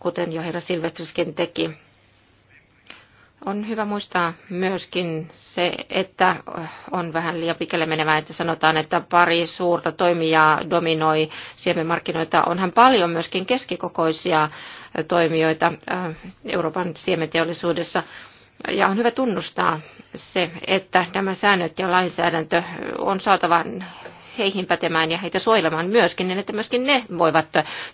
kuten jo herra Silvestriskin teki on hyvä muistaa myöskin se, että on vähän liian pikelle menevää, että sanotaan, että pari suurta toimijaa dominoi siemenmarkkinoita. Onhan paljon myöskin keskikokoisia toimijoita äh, Euroopan siementeollisuudessa. Ja on hyvä tunnustaa se, että nämä säännöt ja lainsäädäntö on saatava heihin pätemään ja heitä suojelemaan myöskin, niin että myöskin ne voivat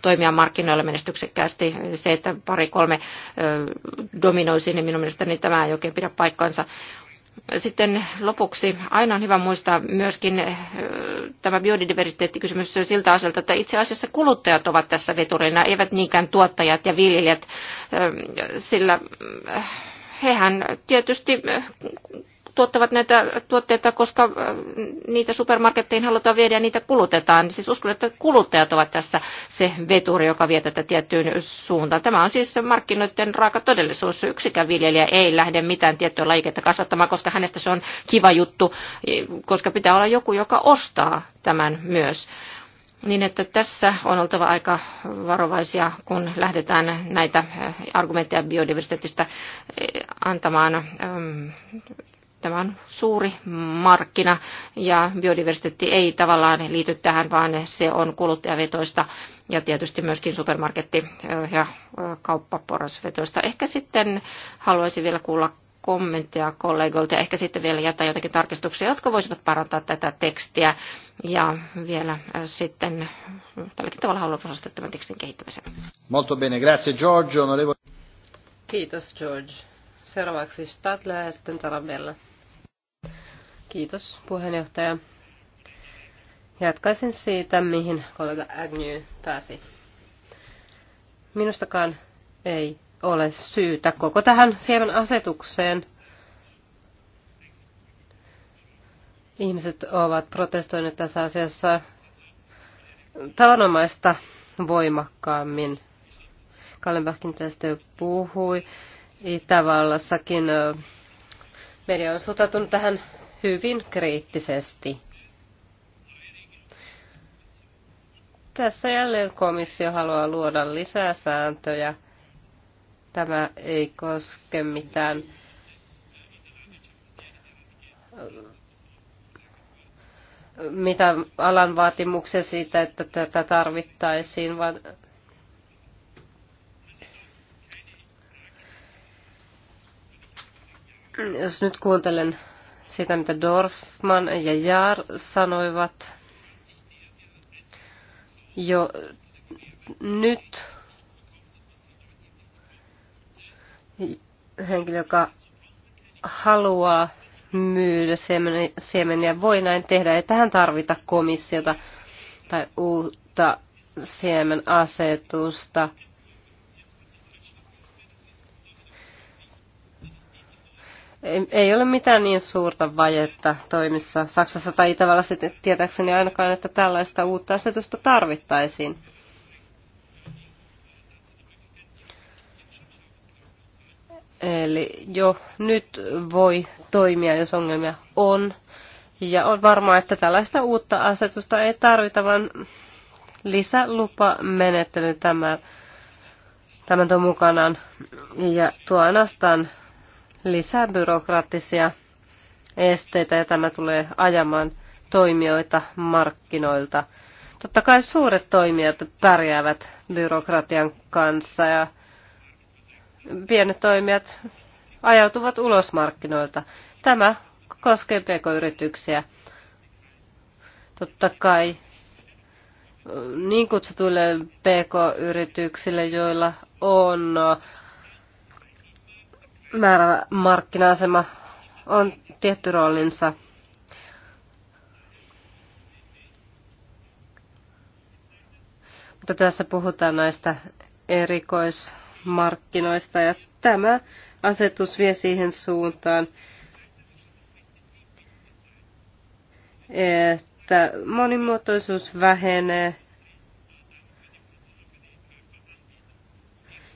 toimia markkinoilla menestyksekkäästi. Se, että pari-kolme dominoisi, niin minun mielestäni tämä ei oikein pidä paikkansa. Sitten lopuksi aina on hyvä muistaa myöskin tämä biodiversiteettikysymys siltä asialta, että itse asiassa kuluttajat ovat tässä veturina, eivät niinkään tuottajat ja viljelijät, sillä hehän tietysti tuottavat näitä tuotteita, koska niitä supermarketteihin halutaan viedä ja niitä kulutetaan. Niin siis uskon, että kuluttajat ovat tässä se veturi, joka vie tätä tiettyyn suuntaan. Tämä on siis markkinoiden raaka todellisuus. Yksikään viljelijä ei lähde mitään tiettyä lajiketta kasvattamaan, koska hänestä se on kiva juttu, koska pitää olla joku, joka ostaa tämän myös. Niin että tässä on oltava aika varovaisia, kun lähdetään näitä argumentteja biodiversiteetistä antamaan tämä on suuri markkina ja biodiversiteetti ei tavallaan liity tähän, vaan se on kuluttajavetoista ja tietysti myöskin supermarketti- ja kauppaporrasvetoista. Ehkä sitten haluaisin vielä kuulla kommentteja kollegoilta ja ehkä sitten vielä jättää jotakin tarkistuksia, jotka voisivat parantaa tätä tekstiä ja vielä sitten mm, tälläkin tavalla haluan osastaa tämän tekstin kehittämisen. Molto bene, grazie Giorgio. Kiitos George. Seuraavaksi Stadler ja sitten Tarabella. Kiitos puheenjohtaja. Jatkaisin siitä, mihin kollega Agnew pääsi. Minustakaan ei ole syytä koko tähän siemen asetukseen. Ihmiset ovat protestoineet tässä asiassa tavanomaista voimakkaammin. Kallenbachkin tästä jo puhui. Itävallassakin media on suhtautunut tähän hyvin kriittisesti. Tässä jälleen komissio haluaa luoda lisää sääntöjä. Tämä ei koske mitään mitä alan vaatimuksia siitä, että tätä tarvittaisiin, vaan Jos nyt kuuntelen sitä, mitä Dorfman ja Jaar sanoivat, jo nyt henkilö, joka haluaa myydä siemeniä, voi näin tehdä, että hän tarvita komissiota tai uutta siemenasetusta. asetusta ei ole mitään niin suurta vajetta toimissa Saksassa tai Itävallassa tietääkseni ainakaan, että tällaista uutta asetusta tarvittaisiin. Eli jo nyt voi toimia, jos ongelmia on. Ja on varmaa, että tällaista uutta asetusta ei tarvita, vaan lisälupamenettely tämän, tämän tuon mukanaan. Ja tuo ainoastaan lisää byrokraattisia esteitä ja tämä tulee ajamaan toimijoita markkinoilta. Totta kai suuret toimijat pärjäävät byrokratian kanssa ja pienet toimijat ajautuvat ulos markkinoilta. Tämä koskee pk-yrityksiä. Totta kai niin kutsutuille pk-yrityksille, joilla on määrävä markkina-asema on tietty roolinsa. Mutta tässä puhutaan näistä erikoismarkkinoista ja tämä asetus vie siihen suuntaan, että monimuotoisuus vähenee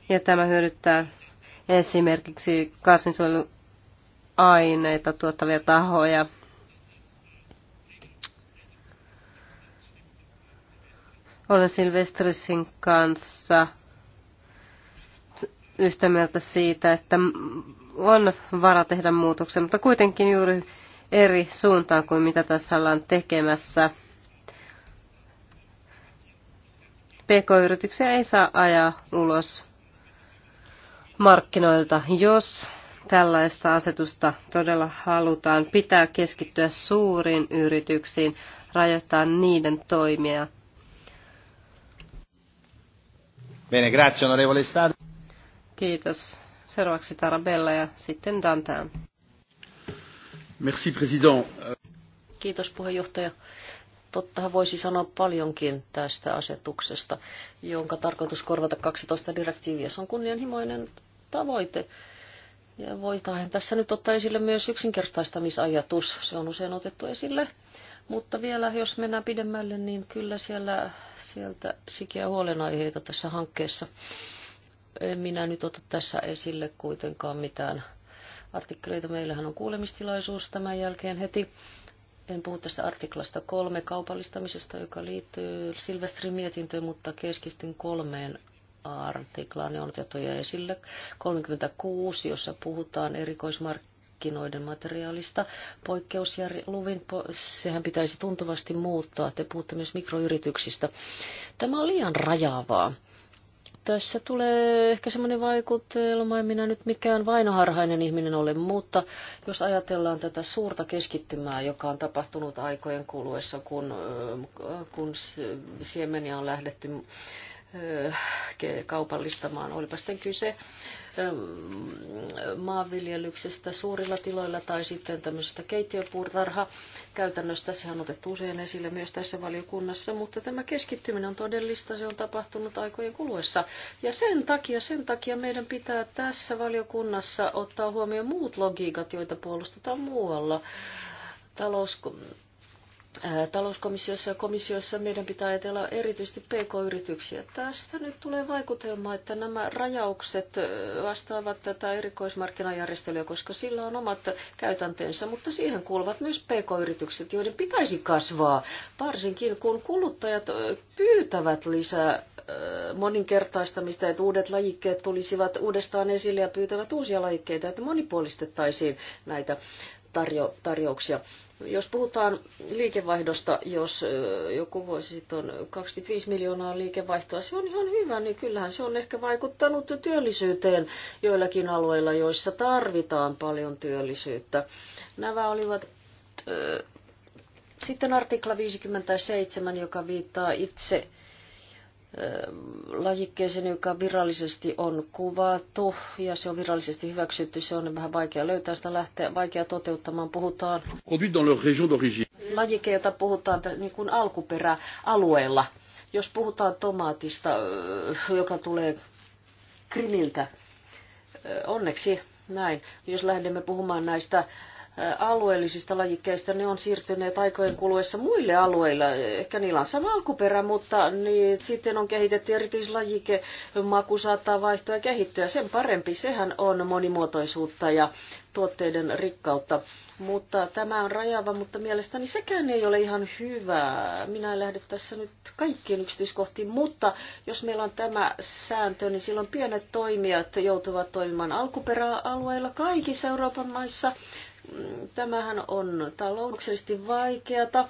ja tämä hyödyttää esimerkiksi kasvinsuojeluaineita tuottavia tahoja. Olen Silvestrisin kanssa yhtä mieltä siitä, että on vara tehdä muutoksia, mutta kuitenkin juuri eri suuntaan kuin mitä tässä ollaan tekemässä. PK-yrityksiä ei saa ajaa ulos markkinoilta. Jos tällaista asetusta todella halutaan, pitää keskittyä suuriin yrityksiin, rajoittaa niiden toimia. Bene, grazie onorevole Stato. Kiitos. Seuraavaksi Tarabella ja sitten Dantan. Merci, president. Kiitos puheenjohtaja. Tottahan voisi sanoa paljonkin tästä asetuksesta, jonka tarkoitus korvata 12 direktiiviä. Se on kunnianhimoinen tavoite. Ja voitaisiin tässä nyt ottaa esille myös yksinkertaistamisajatus. Se on usein otettu esille. Mutta vielä, jos mennään pidemmälle, niin kyllä siellä, sieltä sikiä huolenaiheita tässä hankkeessa. En minä nyt ota tässä esille kuitenkaan mitään artikkeleita. Meillähän on kuulemistilaisuus tämän jälkeen heti. En puhu tästä artiklasta kolme kaupallistamisesta, joka liittyy Silvestrin mietintöön, mutta keskistyn kolmeen artiklaan niin on otettu jo esille 36, jossa puhutaan erikoismarkkinoiden markkinoiden materiaalista. Poikkeusluvin, sehän pitäisi tuntuvasti muuttaa. Te puhutte myös mikroyrityksistä. Tämä on liian rajaavaa. Tässä tulee ehkä semmoinen vaikutelma, en minä nyt mikään vainoharhainen ihminen ole, mutta jos ajatellaan tätä suurta keskittymää, joka on tapahtunut aikojen kuluessa, kun, kun siemeniä on lähdetty kaupallistamaan, olipa sitten kyse maanviljelyksestä suurilla tiloilla tai sitten tämmöisestä keittiöpuurtarha käytännöstä. Sehän on otettu usein esille myös tässä valiokunnassa, mutta tämä keskittyminen on todellista, se on tapahtunut aikojen kuluessa. Ja sen takia, sen takia meidän pitää tässä valiokunnassa ottaa huomioon muut logiikat, joita puolustetaan muualla. Talous, talouskomissiossa ja komissiossa meidän pitää ajatella erityisesti pk-yrityksiä. Tästä nyt tulee vaikutelma, että nämä rajaukset vastaavat tätä erikoismarkkinajärjestelyä, koska sillä on omat käytänteensä, mutta siihen kuuluvat myös pk-yritykset, joiden pitäisi kasvaa, varsinkin kun kuluttajat pyytävät lisää moninkertaistamista, että uudet lajikkeet tulisivat uudestaan esille ja pyytävät uusia lajikkeita, että monipuolistettaisiin näitä tarjo, tarjouksia. Jos puhutaan liikevaihdosta, jos joku voisi sitten 25 miljoonaa liikevaihtoa, se on ihan hyvä, niin kyllähän se on ehkä vaikuttanut työllisyyteen joillakin alueilla, joissa tarvitaan paljon työllisyyttä. Nämä olivat sitten artikla 57, joka viittaa itse lajikkeeseen, joka virallisesti on kuvattu ja se on virallisesti hyväksytty. Se on vähän vaikea löytää sitä lähteä, vaikea toteuttamaan. Puhutaan lajike, jota puhutaan niin kuin alkuperäalueella. Jos puhutaan tomaatista, joka tulee Krimiltä, onneksi näin. Jos lähdemme puhumaan näistä alueellisista lajikkeista, ne on siirtyneet aikojen kuluessa muille alueille. Ehkä niillä on sama alkuperä, mutta niin, sitten on kehitetty erityislajike, maku saattaa vaihtua ja kehittyä. Sen parempi, sehän on monimuotoisuutta ja tuotteiden rikkautta. Mutta tämä on rajava, mutta mielestäni sekään ei ole ihan hyvää. Minä en lähde tässä nyt kaikkien yksityiskohtiin, mutta jos meillä on tämä sääntö, niin silloin pienet toimijat joutuvat toimimaan alkuperäalueilla kaikissa Euroopan maissa. Tämähän on taloudellisesti vaikeata.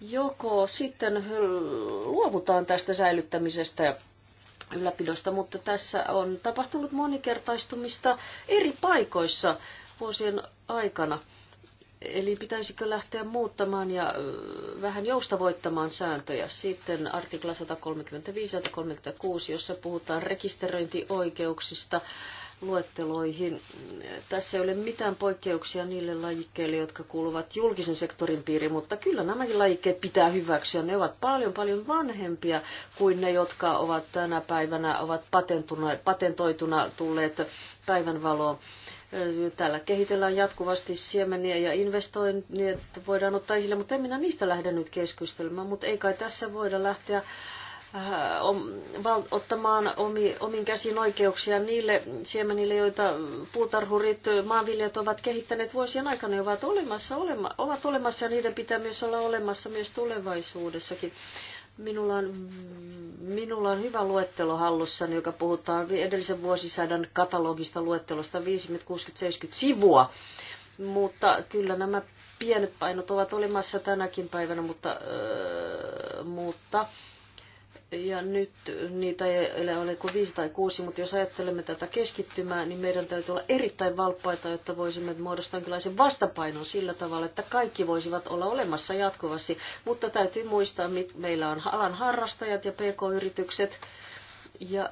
Joko sitten luovutaan tästä säilyttämisestä ja ylläpidosta, mutta tässä on tapahtunut monikertaistumista eri paikoissa vuosien aikana. Eli pitäisikö lähteä muuttamaan ja vähän joustavoittamaan sääntöjä. Sitten artikla 135 ja 136, jossa puhutaan rekisteröintioikeuksista luetteloihin. Tässä ei ole mitään poikkeuksia niille lajikkeille, jotka kuuluvat julkisen sektorin piiriin, mutta kyllä nämäkin lajikkeet pitää hyväksyä. Ne ovat paljon paljon vanhempia kuin ne, jotka ovat tänä päivänä ovat patentoituna tulleet päivänvaloon. Täällä kehitellään jatkuvasti siemeniä ja investoinnit voidaan ottaa esille, mutta en minä niistä lähde nyt keskustelemaan, mutta ei kai tässä voida lähteä Äh, ottamaan omi, omin käsin oikeuksia niille siemenille, joita puutarhurit, äh, maanviljat ovat kehittäneet vuosien aikana, ne ovat olemassa, olema, ovat olemassa ja niiden pitää myös olla olemassa myös tulevaisuudessakin. Minulla on, minulla on hyvä luettelo hallussa, joka puhutaan edellisen vuosisadan katalogista luettelosta 50, 60, 70 sivua. Mutta kyllä nämä pienet painot ovat olemassa tänäkin päivänä, mutta, öö, mutta ja nyt niitä ei ole kuin viisi tai kuusi, mutta jos ajattelemme tätä keskittymää, niin meidän täytyy olla erittäin valppaita, jotta voisimme muodostaa jonkinlaisen vastapainon sillä tavalla, että kaikki voisivat olla olemassa jatkuvasti. Mutta täytyy muistaa, että meillä on alan harrastajat ja pk-yritykset. Ja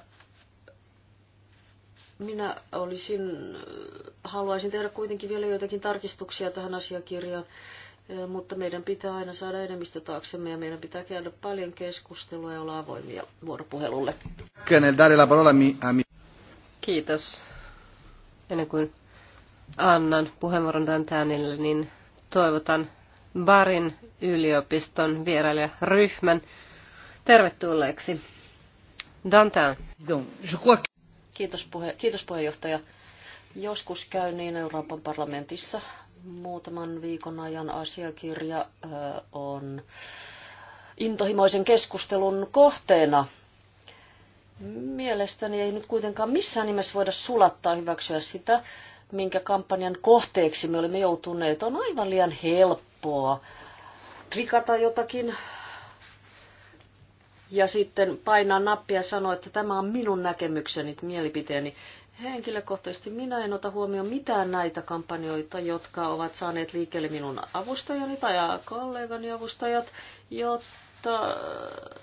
minä olisin, haluaisin tehdä kuitenkin vielä joitakin tarkistuksia tähän asiakirjaan mutta meidän pitää aina saada enemmistö taaksemme ja meidän pitää käydä paljon keskustelua ja olla avoimia vuoropuhelulle. Kiitos. Ennen kuin annan puheenvuoron Dantanille, niin toivotan Barin yliopiston vierailijaryhmän tervetulleeksi. Dantan. Kiitos, puhe, kiitos puheenjohtaja. Joskus käy niin Euroopan parlamentissa Muutaman viikon ajan asiakirja on intohimoisen keskustelun kohteena. Mielestäni ei nyt kuitenkaan missään nimessä voida sulattaa hyväksyä sitä, minkä kampanjan kohteeksi me olemme joutuneet. On aivan liian helppoa klikata jotakin ja sitten painaa nappia ja sanoa, että tämä on minun näkemykseni, mielipiteeni. Henkilökohtaisesti minä en ota huomioon mitään näitä kampanjoita, jotka ovat saaneet liikkeelle minun avustajani tai kollegani avustajat, jotta äh,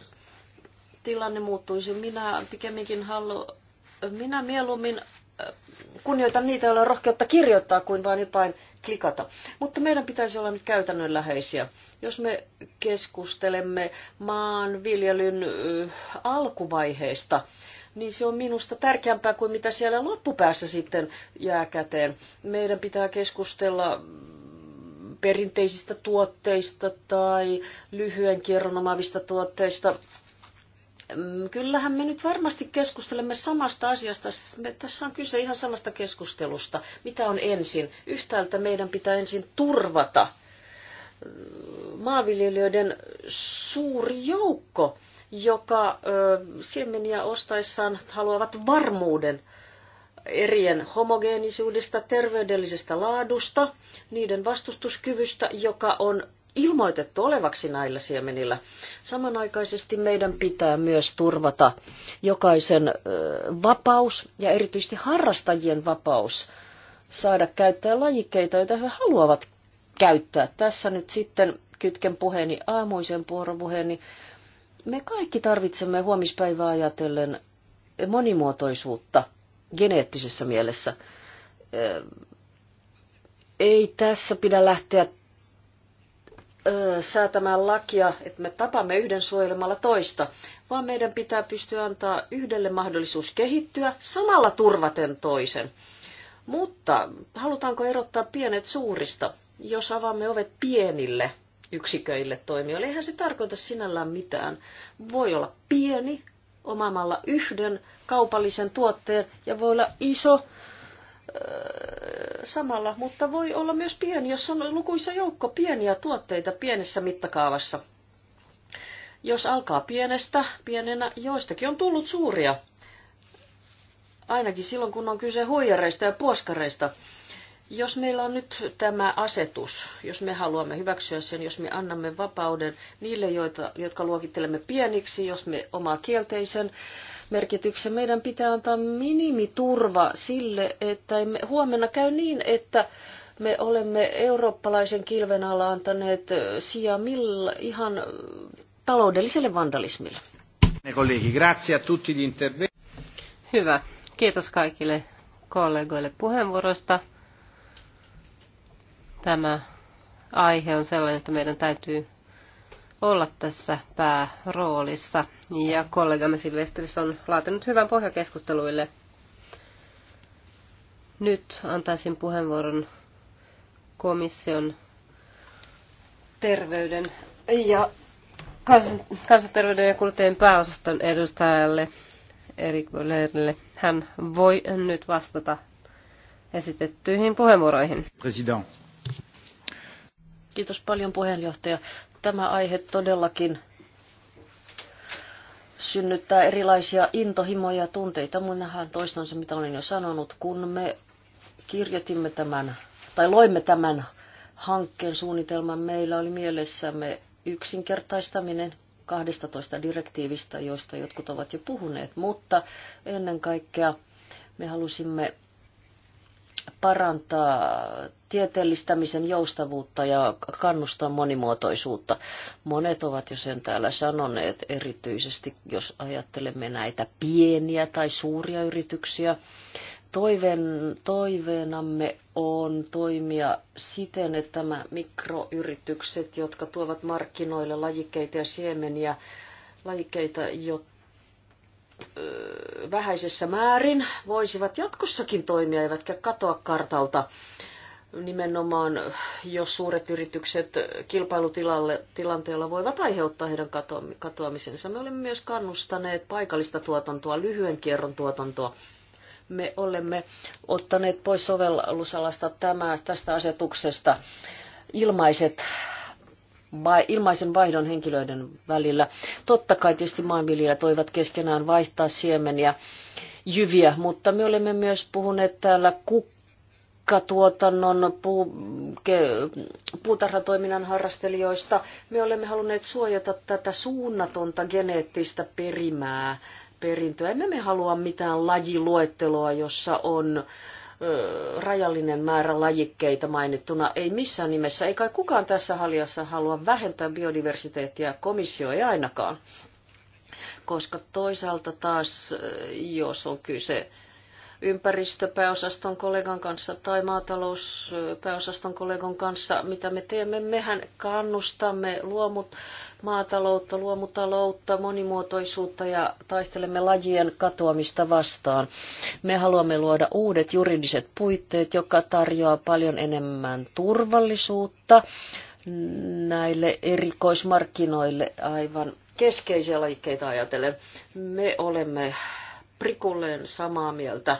tilanne muuttuisi. Minä pikemminkin halu minä mieluummin äh, kunnioitan niitä, joilla on rohkeutta kirjoittaa kuin vain jotain klikata. Mutta meidän pitäisi olla nyt käytännönläheisiä. Jos me keskustelemme maanviljelyn äh, alkuvaiheesta, niin se on minusta tärkeämpää kuin mitä siellä loppupäässä sitten jää käteen. Meidän pitää keskustella perinteisistä tuotteista tai lyhyen kierron omaavista tuotteista. Kyllähän me nyt varmasti keskustelemme samasta asiasta. Me, tässä on kyse ihan samasta keskustelusta. Mitä on ensin? Yhtäältä meidän pitää ensin turvata maanviljelijöiden suuri joukko joka siemeniä ostaessaan haluavat varmuuden erien homogeenisuudesta, terveydellisestä laadusta, niiden vastustuskyvystä, joka on ilmoitettu olevaksi näillä siemenillä. Samanaikaisesti meidän pitää myös turvata jokaisen vapaus ja erityisesti harrastajien vapaus saada käyttää lajikkeita, joita he haluavat käyttää. Tässä nyt sitten kytken puheeni aamuisen vuoropuheeni me kaikki tarvitsemme huomispäivää ajatellen monimuotoisuutta geneettisessä mielessä. Ei tässä pidä lähteä säätämään lakia, että me tapamme yhden suojelemalla toista, vaan meidän pitää pystyä antaa yhdelle mahdollisuus kehittyä samalla turvaten toisen. Mutta halutaanko erottaa pienet suurista, jos avaamme ovet pienille yksiköille toimijoille. Eihän se tarkoita sinällään mitään. Voi olla pieni omaamalla yhden kaupallisen tuotteen ja voi olla iso samalla, mutta voi olla myös pieni, jos on lukuisa joukko pieniä tuotteita pienessä mittakaavassa. Jos alkaa pienestä, pienenä joistakin on tullut suuria. Ainakin silloin, kun on kyse huijareista ja puoskareista. Jos meillä on nyt tämä asetus, jos me haluamme hyväksyä sen, jos me annamme vapauden niille, joita, jotka luokittelemme pieniksi, jos me omaa kielteisen merkityksen, meidän pitää antaa minimiturva sille, että emme, huomenna käy niin, että me olemme eurooppalaisen kilven alla antaneet sijaa millä, ihan taloudelliselle vandalismille. Hyvä. Kiitos kaikille kollegoille puheenvuorosta. Tämä aihe on sellainen, että meidän täytyy olla tässä pääroolissa. Ja kollegamme Silvestris on laatinut hyvän pohjakeskusteluille. Nyt antaisin puheenvuoron komission terveyden ja kansanterveyden ja kuluttajien pääosaston edustajalle Erik Bollerille. Hän voi nyt vastata esitettyihin puheenvuoroihin. President. Kiitos paljon puheenjohtaja. Tämä aihe todellakin synnyttää erilaisia intohimoja ja tunteita. Minähän toistan se, mitä olin jo sanonut, kun me kirjoitimme tämän, tai loimme tämän hankkeen suunnitelman, meillä oli mielessämme yksinkertaistaminen 12 direktiivistä, joista jotkut ovat jo puhuneet, mutta ennen kaikkea me halusimme parantaa tieteellistämisen joustavuutta ja kannustaa monimuotoisuutta. Monet ovat jo sen täällä sanoneet, erityisesti jos ajattelemme näitä pieniä tai suuria yrityksiä. Toiveen, toiveenamme on toimia siten, että tämä mikroyritykset, jotka tuovat markkinoille lajikeita ja siemeniä, lajikeita, jotta vähäisessä määrin voisivat jatkossakin toimia, eivätkä katoa kartalta. Nimenomaan, jos suuret yritykset kilpailutilanteella voivat aiheuttaa heidän katoamisensa. Me olemme myös kannustaneet paikallista tuotantoa, lyhyen kierron tuotantoa. Me olemme ottaneet pois sovellusalasta tämä, tästä asetuksesta ilmaiset ilmaisen vaihdon henkilöiden välillä. Totta kai tietysti maanviljelijät toivat keskenään vaihtaa siemeniä, jyviä, mutta me olemme myös puhuneet täällä kukkatuotannon, puu, ke, puutarhatoiminnan harrastelijoista. Me olemme halunneet suojata tätä suunnatonta geneettistä perimää, perintöä. Emme me halua mitään lajiluetteloa, jossa on rajallinen määrä lajikkeita mainittuna. Ei missään nimessä, ei kai kukaan tässä haljassa halua vähentää biodiversiteettiä, komissio ei ainakaan. Koska toisaalta taas, jos on kyse ympäristöpääosaston kollegan kanssa tai maatalouspääosaston kollegan kanssa, mitä me teemme. Mehän kannustamme luomut maataloutta, luomutaloutta, monimuotoisuutta ja taistelemme lajien katoamista vastaan. Me haluamme luoda uudet juridiset puitteet, joka tarjoaa paljon enemmän turvallisuutta näille erikoismarkkinoille aivan keskeisiä lajikkeita ajatellen. Me olemme prikulleen samaa mieltä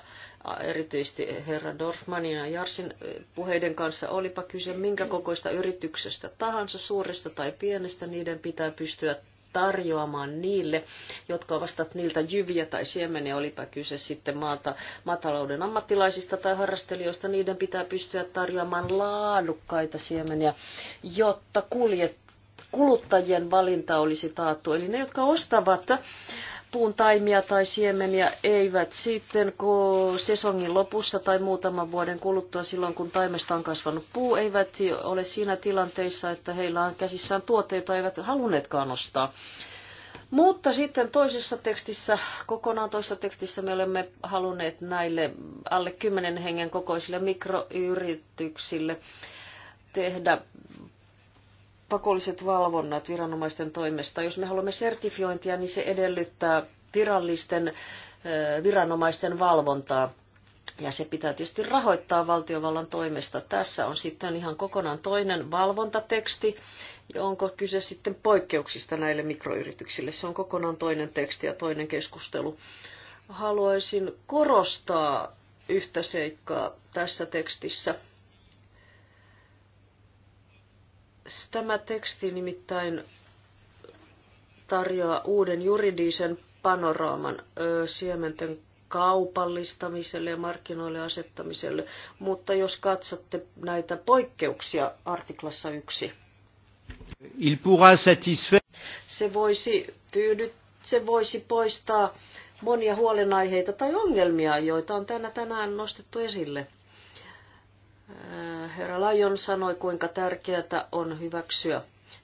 erityisesti herra Dorfmanin ja Jarsin puheiden kanssa, olipa kyse minkä kokoista yrityksestä tahansa, suuresta tai pienestä, niiden pitää pystyä tarjoamaan niille, jotka ovat niiltä jyviä tai siemeniä, olipa kyse sitten maata, maatalouden ammattilaisista tai harrastelijoista, niiden pitää pystyä tarjoamaan laadukkaita siemeniä, jotta kuljet, kuluttajien valinta olisi taattu. Eli ne, jotka ostavat puun taimia tai siemeniä eivät sitten sesongin lopussa tai muutaman vuoden kuluttua silloin, kun taimesta on kasvanut puu, eivät ole siinä tilanteissa, että heillä on käsissään tuote, eivät halunneetkaan ostaa. Mutta sitten toisessa tekstissä, kokonaan toisessa tekstissä me olemme halunneet näille alle 10 hengen kokoisille mikroyrityksille tehdä pakolliset valvonnat viranomaisten toimesta. Jos me haluamme sertifiointia, niin se edellyttää virallisten viranomaisten valvontaa. Ja se pitää tietysti rahoittaa valtiovallan toimesta. Tässä on sitten ihan kokonaan toinen valvontateksti. Ja onko kyse sitten poikkeuksista näille mikroyrityksille? Se on kokonaan toinen teksti ja toinen keskustelu. Haluaisin korostaa yhtä seikkaa tässä tekstissä – Tämä teksti nimittäin tarjoaa uuden juridisen panoraaman siementen kaupallistamiselle ja markkinoille asettamiselle, mutta jos katsotte näitä poikkeuksia artiklassa yksi, Il pourra satisfaire. Se voisi tyydyt, se voisi poistaa monia huolenaiheita tai ongelmia, joita on tänä tänään nostettu esille herra Lajon sanoi, kuinka tärkeää on hyväksyä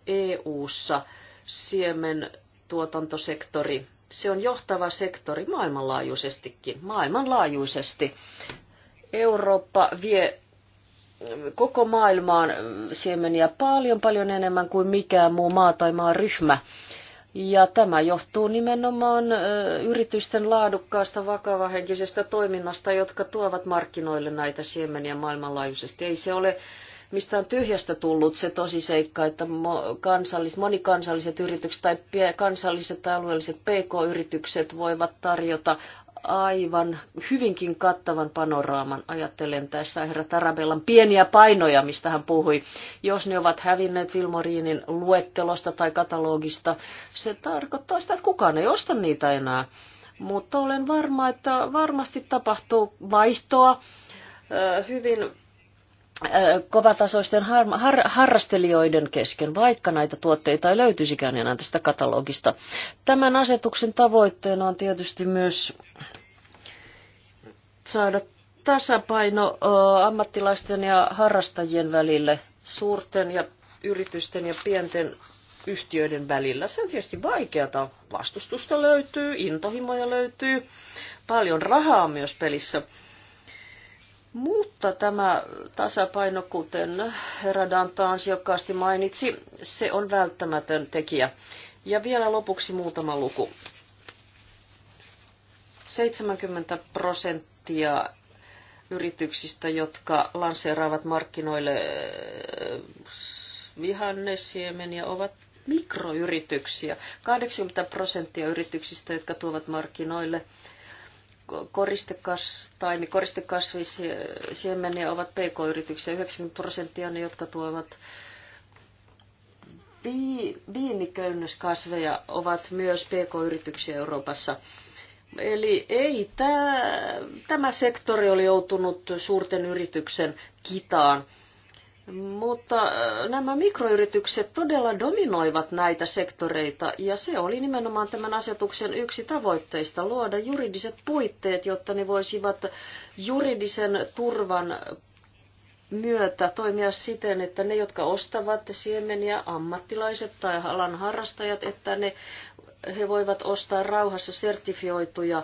EU-ssa siemen tuotantosektori. Se on johtava sektori maailmanlaajuisestikin, maailmanlaajuisesti. Eurooppa vie koko maailmaan siemeniä paljon, paljon enemmän kuin mikään muu maa tai maaryhmä. ryhmä. Ja tämä johtuu nimenomaan yritysten laadukkaasta vakavahenkisestä toiminnasta, jotka tuovat markkinoille näitä siemeniä maailmanlaajuisesti. Ei se ole mistä on tyhjästä tullut se tosiseikka, että kansallis, monikansalliset yritykset tai kansalliset tai alueelliset pk-yritykset voivat tarjota aivan hyvinkin kattavan panoraaman. Ajattelen tässä herra Tarabellan pieniä painoja, mistä hän puhui. Jos ne ovat hävinneet Vilmoriinin luettelosta tai katalogista, se tarkoittaa sitä, että kukaan ei osta niitä enää. Mutta olen varma, että varmasti tapahtuu vaihtoa hyvin kovatasoisten har, har, harrastelijoiden kesken, vaikka näitä tuotteita ei löytyisikään enää tästä katalogista. Tämän asetuksen tavoitteena on tietysti myös saada tasapaino ammattilaisten ja harrastajien välille, suurten ja yritysten ja pienten yhtiöiden välillä. Se on tietysti vaikeata. Vastustusta löytyy, intohimoja löytyy, paljon rahaa myös pelissä – mutta tämä tasapaino, kuten herra Danta ansiokkaasti mainitsi, se on välttämätön tekijä. Ja vielä lopuksi muutama luku. 70 prosenttia yrityksistä, jotka lanseeraavat markkinoille eh, vihannesiemeniä, ovat mikroyrityksiä. 80 prosenttia yrityksistä, jotka tuovat markkinoille koristekas taimi, koristekasvisiemeniä ovat pk-yrityksiä. 90 prosenttia ne, jotka tuovat viiniköynnöskasveja, ovat myös pk-yrityksiä Euroopassa. Eli ei tämä, tämä sektori oli joutunut suurten yrityksen kitaan mutta äh, nämä mikroyritykset todella dominoivat näitä sektoreita ja se oli nimenomaan tämän asetuksen yksi tavoitteista luoda juridiset puitteet, jotta ne voisivat juridisen turvan myötä toimia siten, että ne, jotka ostavat siemeniä, ammattilaiset tai alan harrastajat, että ne, he voivat ostaa rauhassa sertifioituja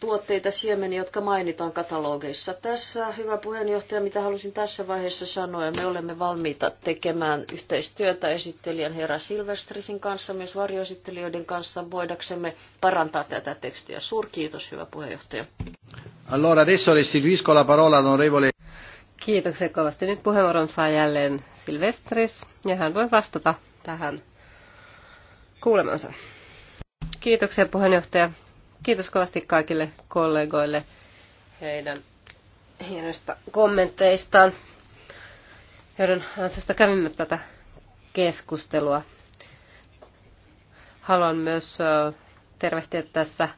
tuotteita, siemeniä, jotka mainitaan katalogeissa. Tässä, hyvä puheenjohtaja, mitä halusin tässä vaiheessa sanoa, ja me olemme valmiita tekemään yhteistyötä esittelijän herra Silvestrisin kanssa, myös varjoesittelijöiden kanssa, voidaksemme parantaa tätä tekstiä. Suurkiitos, hyvä puheenjohtaja. Allora, adesso restituisco la parola onorevole. Kiitoksia kovasti. Nyt puheenvuoron saa jälleen Silvestris, ja hän voi vastata tähän kuulemansa. Kiitoksia puheenjohtaja. Kiitos kovasti kaikille kollegoille heidän hienoista kommenteistaan, joiden ansiosta kävimme tätä keskustelua. Haluan myös tervehtiä tässä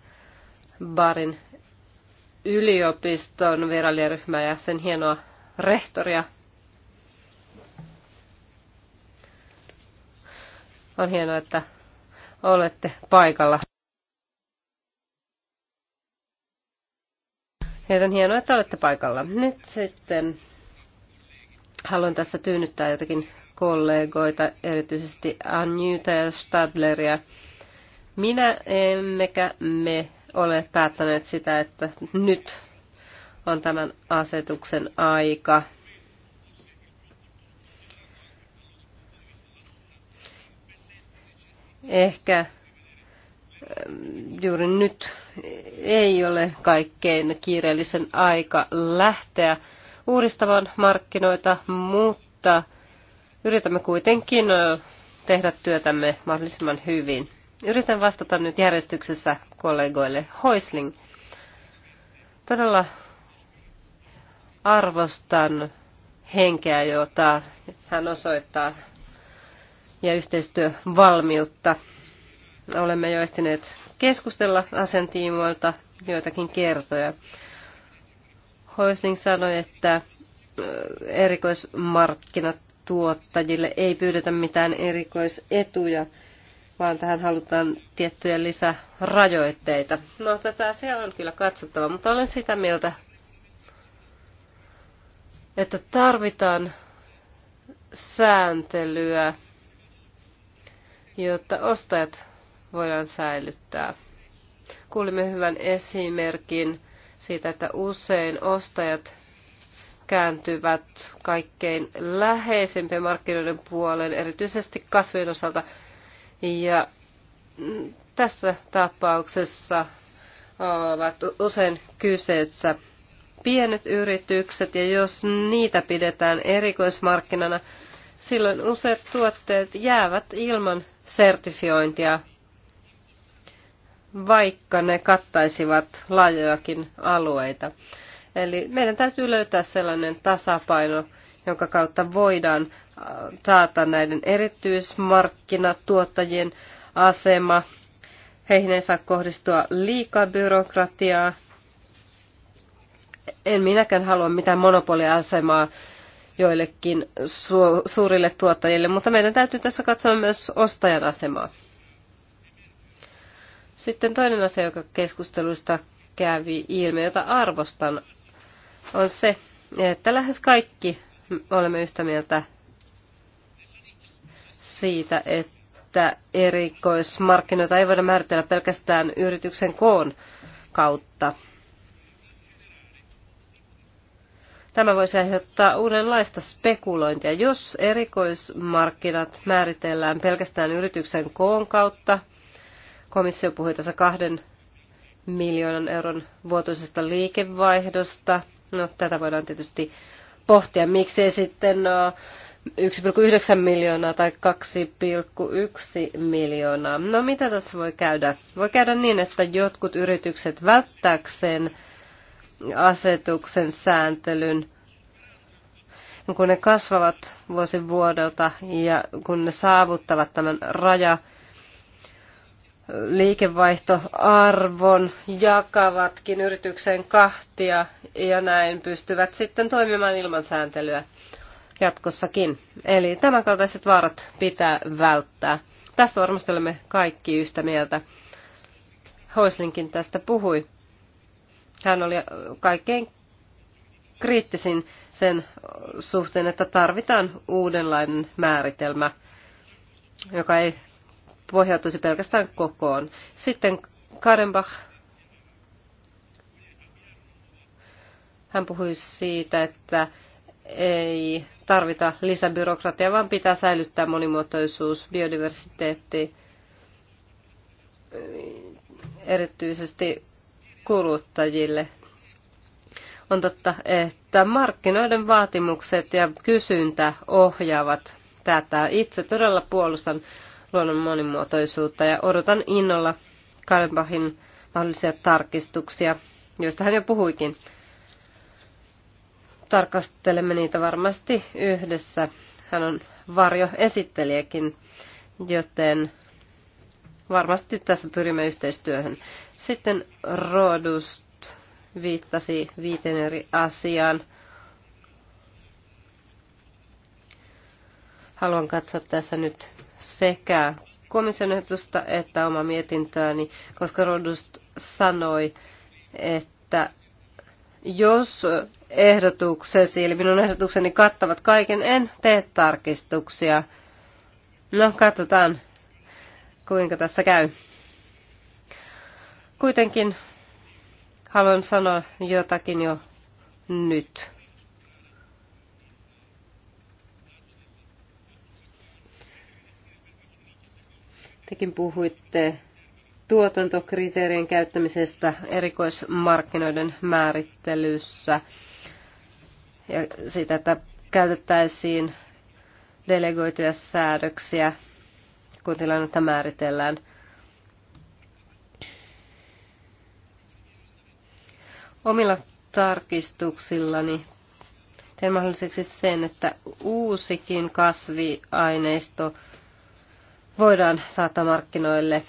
Barin yliopiston virallieryhmää ja sen hienoa rehtoria. On hienoa, että olette paikalla. Joten hienoa, että olette paikalla. Nyt sitten haluan tässä tyynnyttää jotakin kollegoita, erityisesti Anjuta ja Stadleria. Minä emmekä me ole päättäneet sitä, että nyt on tämän asetuksen aika. Ehkä juuri nyt ei ole kaikkein kiireellisen aika lähteä uudistamaan markkinoita, mutta yritämme kuitenkin tehdä työtämme mahdollisimman hyvin. Yritän vastata nyt järjestyksessä kollegoille. Hoisling, todella arvostan henkeä, jota hän osoittaa ja yhteistyövalmiutta olemme jo ehtineet keskustella asentiimoilta joitakin kertoja. Hoisling sanoi, että erikoismarkkinatuottajille ei pyydetä mitään erikoisetuja, vaan tähän halutaan tiettyjä lisärajoitteita. No tätä asiaa on kyllä katsottava, mutta olen sitä mieltä, että tarvitaan sääntelyä, jotta ostajat voidaan säilyttää. Kuulimme hyvän esimerkin siitä, että usein ostajat kääntyvät kaikkein läheisimpien markkinoiden puoleen, erityisesti kasvien osalta. Ja mm, tässä tapauksessa ovat usein kyseessä pienet yritykset, ja jos niitä pidetään erikoismarkkinana, silloin useat tuotteet jäävät ilman sertifiointia vaikka ne kattaisivat laajojakin alueita. Eli meidän täytyy löytää sellainen tasapaino, jonka kautta voidaan äh, taata näiden erityismarkkinatuottajien asema. Heihin ei saa kohdistua liikaa byrokratiaa. En minäkään halua mitään monopoliasemaa joillekin su- suurille tuottajille, mutta meidän täytyy tässä katsoa myös ostajan asemaa. Sitten toinen asia, joka keskustelusta kävi ilmi, jota arvostan, on se, että lähes kaikki olemme yhtä mieltä siitä, että erikoismarkkinoita ei voida määritellä pelkästään yrityksen koon kautta. Tämä voisi aiheuttaa uudenlaista spekulointia. Jos erikoismarkkinat määritellään pelkästään yrityksen koon kautta, Komissio puhui tässä kahden miljoonan euron vuotuisesta liikevaihdosta. No, tätä voidaan tietysti pohtia. Miksei sitten 1,9 no, miljoonaa tai 2,1 miljoonaa. No mitä tässä voi käydä? Voi käydä niin, että jotkut yritykset välttääkseen asetuksen sääntelyn, kun ne kasvavat vuosi vuodelta ja kun ne saavuttavat tämän raja, liikevaihtoarvon jakavatkin yrityksen kahtia ja näin pystyvät sitten toimimaan ilman sääntelyä jatkossakin. Eli tämänkaltaiset vaarat pitää välttää. Tästä varmasti olemme kaikki yhtä mieltä. Hoislinkin tästä puhui. Hän oli kaikkein kriittisin sen suhteen, että tarvitaan uudenlainen määritelmä, joka ei pohjautuisi pelkästään kokoon. Sitten Karenbach, hän puhui siitä, että ei tarvita lisäbyrokratiaa, vaan pitää säilyttää monimuotoisuus, biodiversiteetti, erityisesti kuluttajille. On totta, että markkinoiden vaatimukset ja kysyntä ohjaavat tätä. Itse todella puolustan luonnon monimuotoisuutta ja odotan innolla Kallenbachin mahdollisia tarkistuksia, joista hän jo puhuikin. Tarkastelemme niitä varmasti yhdessä. Hän on varjo esittelijäkin, joten varmasti tässä pyrimme yhteistyöhön. Sitten Rodust viittasi viiteen eri asiaan. Haluan katsoa tässä nyt sekä komission ehdotusta että oma mietintöäni, koska Rodust sanoi, että jos ehdotuksesi, eli minun ehdotukseni kattavat kaiken, en tee tarkistuksia. No, katsotaan, kuinka tässä käy. Kuitenkin haluan sanoa jotakin jo nyt. Tekin puhuitte tuotantokriteerien käyttämisestä erikoismarkkinoiden määrittelyssä ja siitä, että käytettäisiin delegoituja säädöksiä, kun tilannetta määritellään. Omilla tarkistuksillani teen mahdolliseksi sen, että uusikin kasviaineisto voidaan saattaa markkinoille.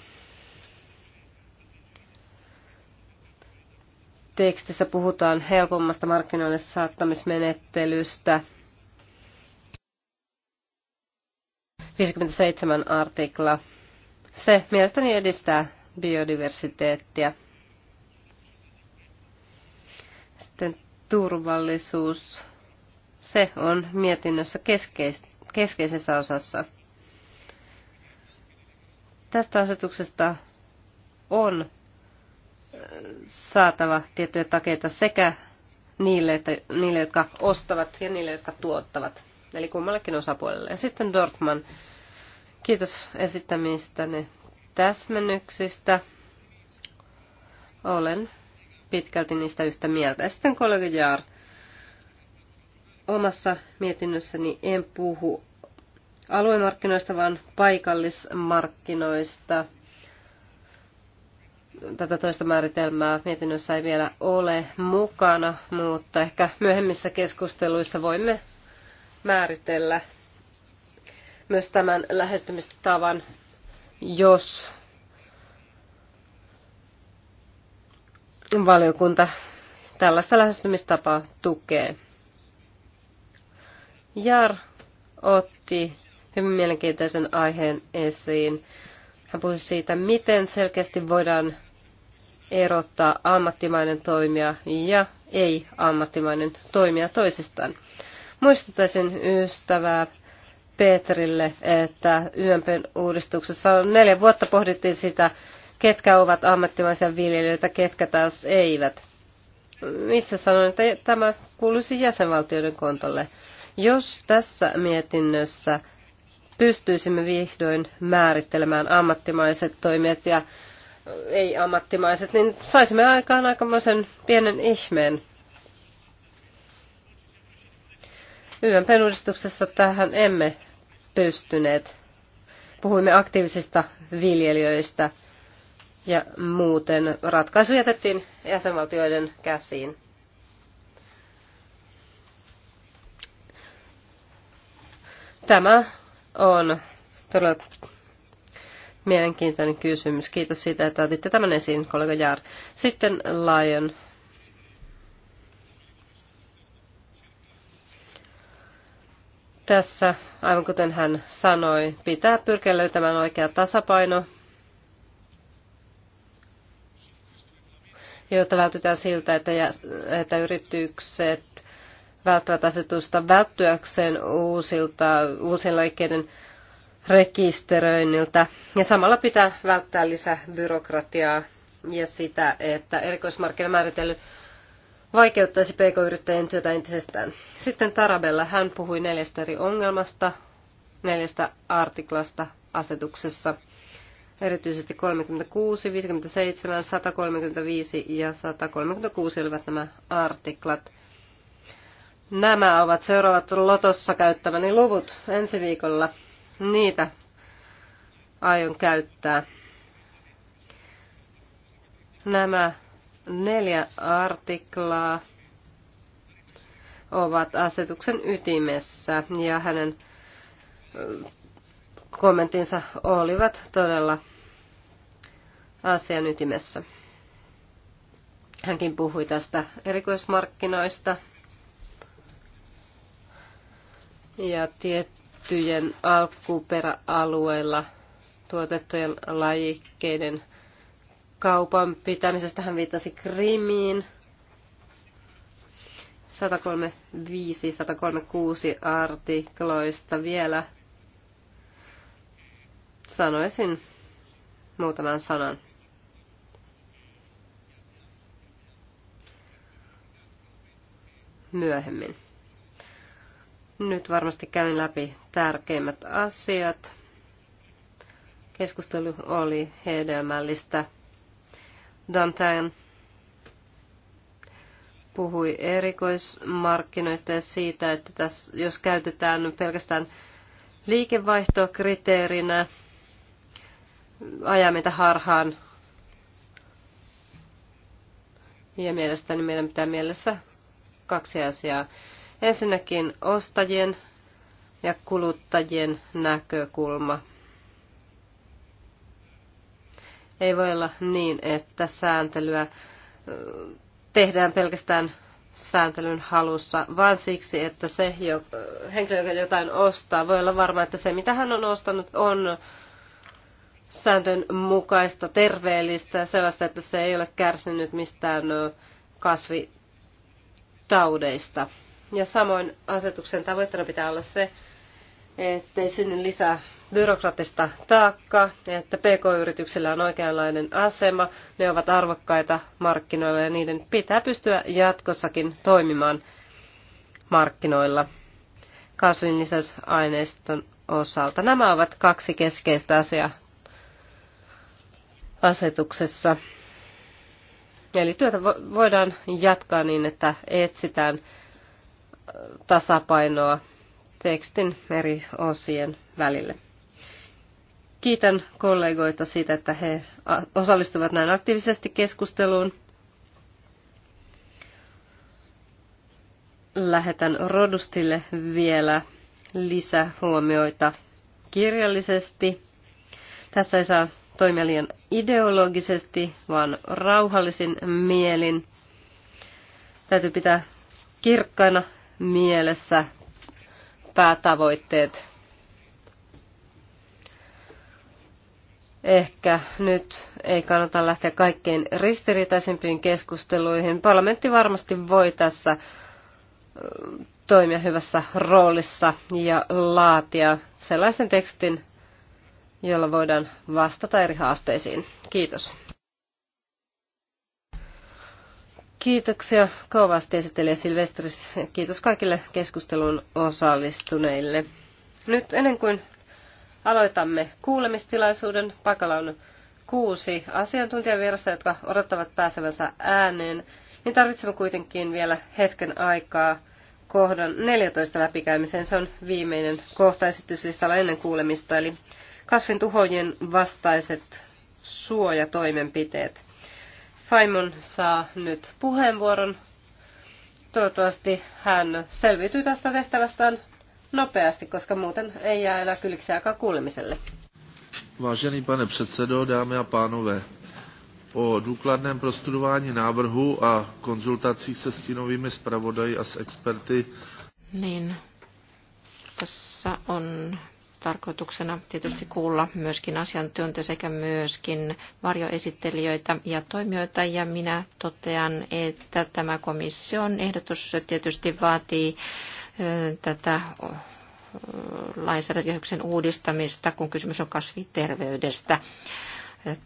Tekstissä puhutaan helpommasta markkinoille saattamismenettelystä. 57 artikla. Se mielestäni edistää biodiversiteettiä. Sitten turvallisuus. Se on mietinnössä keskeis- keskeisessä osassa. Tästä asetuksesta on saatava tiettyjä takeita sekä niille, että, niille, jotka ostavat ja niille, jotka tuottavat. Eli kummallekin osapuolelle. Ja sitten Dortman, kiitos esittämistäne täsmennyksistä. Olen pitkälti niistä yhtä mieltä. Ja sitten kollega Jaar, omassa mietinnössäni en puhu aluemarkkinoista, vaan paikallismarkkinoista. Tätä toista määritelmää mietinnössä ei vielä ole mukana, mutta ehkä myöhemmissä keskusteluissa voimme määritellä myös tämän lähestymistavan, jos valiokunta tällaista lähestymistapaa tukee. Jar otti hyvin mielenkiintoisen aiheen esiin. Hän puhui siitä, miten selkeästi voidaan erottaa ammattimainen toimija ja ei-ammattimainen toimija toisistaan. Muistuttaisin ystävää Peterille, että YMPn uudistuksessa on neljä vuotta pohdittiin sitä, ketkä ovat ammattimaisia viljelijöitä, ketkä taas eivät. Itse sanoin, että tämä kuuluisi jäsenvaltioiden kontolle. Jos tässä mietinnössä pystyisimme vihdoin määrittelemään ammattimaiset toimijat ja ei-ammattimaiset, niin saisimme aikaan aikamoisen pienen ihmeen. YMP-uudistuksessa tähän emme pystyneet. Puhuimme aktiivisista viljelijöistä ja muuten ratkaisu jätettiin jäsenvaltioiden käsiin. Tämä on todella mielenkiintoinen kysymys. Kiitos siitä, että otitte tämän esiin, kollega Jaar. Sitten Lion. Tässä, aivan kuten hän sanoi, pitää pyrkiä löytämään oikea tasapaino, jotta vältytään siltä, että, että yritykset välttävät asetusta välttyäkseen uusilta, uusien lajikkeiden rekisteröinniltä. Ja samalla pitää välttää byrokratiaa ja sitä, että erikoismarkkinamääritellyt vaikeuttaisi pk-yrittäjien työtä entisestään. Sitten Tarabella hän puhui neljästä eri ongelmasta, neljästä artiklasta asetuksessa, erityisesti 36, 57, 135 ja 136 olivat nämä artiklat – Nämä ovat seuraavat lotossa käyttämäni luvut ensi viikolla. Niitä aion käyttää. Nämä neljä artiklaa ovat asetuksen ytimessä ja hänen kommenttinsa olivat todella asian ytimessä. Hänkin puhui tästä erikoismarkkinoista, ja tiettyjen alkuperäalueilla tuotettujen lajikkeiden kaupan pitämisestä. Hän viittasi Krimiin. 135-136 artikloista vielä sanoisin muutaman sanan. myöhemmin. Nyt varmasti käyn läpi tärkeimmät asiat. Keskustelu oli hedelmällistä. Dantain puhui erikoismarkkinoista ja siitä, että tässä, jos käytetään pelkästään liikevaihtokriteerinä, ajaa meitä harhaan. Ja mielestäni meidän pitää mielessä kaksi asiaa. Ensinnäkin ostajien ja kuluttajien näkökulma. Ei voi olla niin, että sääntelyä tehdään pelkästään sääntelyn halussa, vaan siksi, että se jo, henkilö, joka jotain ostaa, voi olla varma, että se, mitä hän on ostanut, on sääntön mukaista, terveellistä, sellaista, että se ei ole kärsinyt mistään kasvitaudeista. Ja samoin asetuksen tavoitteena pitää olla se, ei synny lisää byrokraattista taakkaa, että pk-yrityksillä on oikeanlainen asema, ne ovat arvokkaita markkinoilla ja niiden pitää pystyä jatkossakin toimimaan markkinoilla kasvinlisäysaineiston osalta. Nämä ovat kaksi keskeistä asiaa asetuksessa. Eli työtä voidaan jatkaa niin, että etsitään tasapainoa tekstin eri osien välille. Kiitän kollegoita siitä, että he osallistuvat näin aktiivisesti keskusteluun. Lähetän Rodustille vielä lisähuomioita kirjallisesti. Tässä ei saa toimia liian ideologisesti, vaan rauhallisin mielin. Täytyy pitää kirkkaina mielessä päätavoitteet. Ehkä nyt ei kannata lähteä kaikkein ristiriitaisimpiin keskusteluihin. Parlamentti varmasti voi tässä toimia hyvässä roolissa ja laatia sellaisen tekstin, jolla voidaan vastata eri haasteisiin. Kiitos. Kiitoksia kovasti esittelijä Silvestris. Kiitos kaikille keskustelun osallistuneille. Nyt ennen kuin aloitamme kuulemistilaisuuden, paikalla on kuusi asiantuntijavierasta, jotka odottavat pääsevänsä ääneen, niin tarvitsemme kuitenkin vielä hetken aikaa kohdan 14 läpikäymiseen. Se on viimeinen kohta esityslistalla ennen kuulemista, eli kasvintuhojen vastaiset suojatoimenpiteet. Faimon saa nyt puheenvuoron. Toivottavasti hän selviytyy tästä tehtävästään nopeasti, koska muuten ei jää enää kylliksi aikaa kuulemiselle. Vážený pane předsedo, dámy a pánové, o důkladném prostudování návrhu a konzultacích se stínovými zpravodaji a s experty. Niin, tässä on tarkoituksena tietysti kuulla myöskin asiantuntijoita sekä myöskin varjoesittelijöitä ja toimijoita. Ja minä totean, että tämä komission ehdotus tietysti vaatii tätä lainsäädäntökehyksen uudistamista, kun kysymys on kasviterveydestä.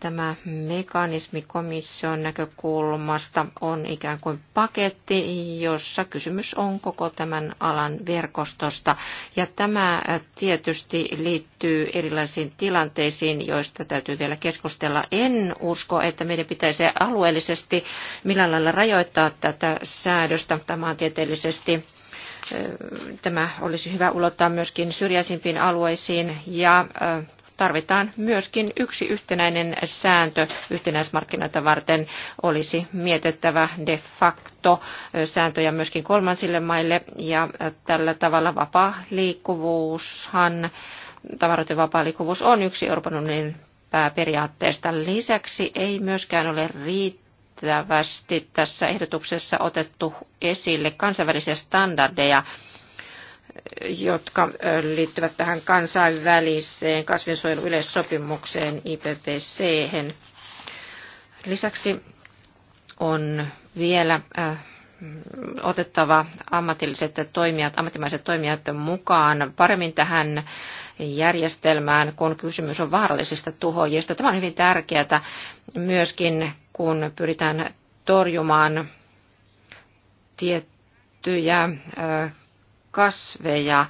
Tämä mekanismi komission näkökulmasta on ikään kuin paketti, jossa kysymys on koko tämän alan verkostosta. Ja tämä tietysti liittyy erilaisiin tilanteisiin, joista täytyy vielä keskustella. En usko, että meidän pitäisi alueellisesti millään lailla rajoittaa tätä säädöstä. Tämä tieteellisesti tämä olisi hyvä ulottaa myöskin syrjäisimpiin alueisiin ja tarvitaan myöskin yksi yhtenäinen sääntö yhtenäismarkkinoita varten olisi mietittävä de facto sääntöjä myöskin kolmansille maille ja tällä tavalla vapaa liikkuvuushan tavaroiden vapaa liikkuvuus on yksi Euroopan unionin pääperiaatteesta. Lisäksi ei myöskään ole riittävästi tässä ehdotuksessa otettu esille kansainvälisiä standardeja jotka liittyvät tähän kansainväliseen kasvinsuojeluyleissopimukseen IPPC. -hen. Lisäksi on vielä otettava ammatilliset toimijat, ammattimaiset toimijat mukaan paremmin tähän järjestelmään, kun kysymys on vaarallisista tuhojista. Tämä on hyvin tärkeää myöskin, kun pyritään torjumaan tiettyjä kasveja.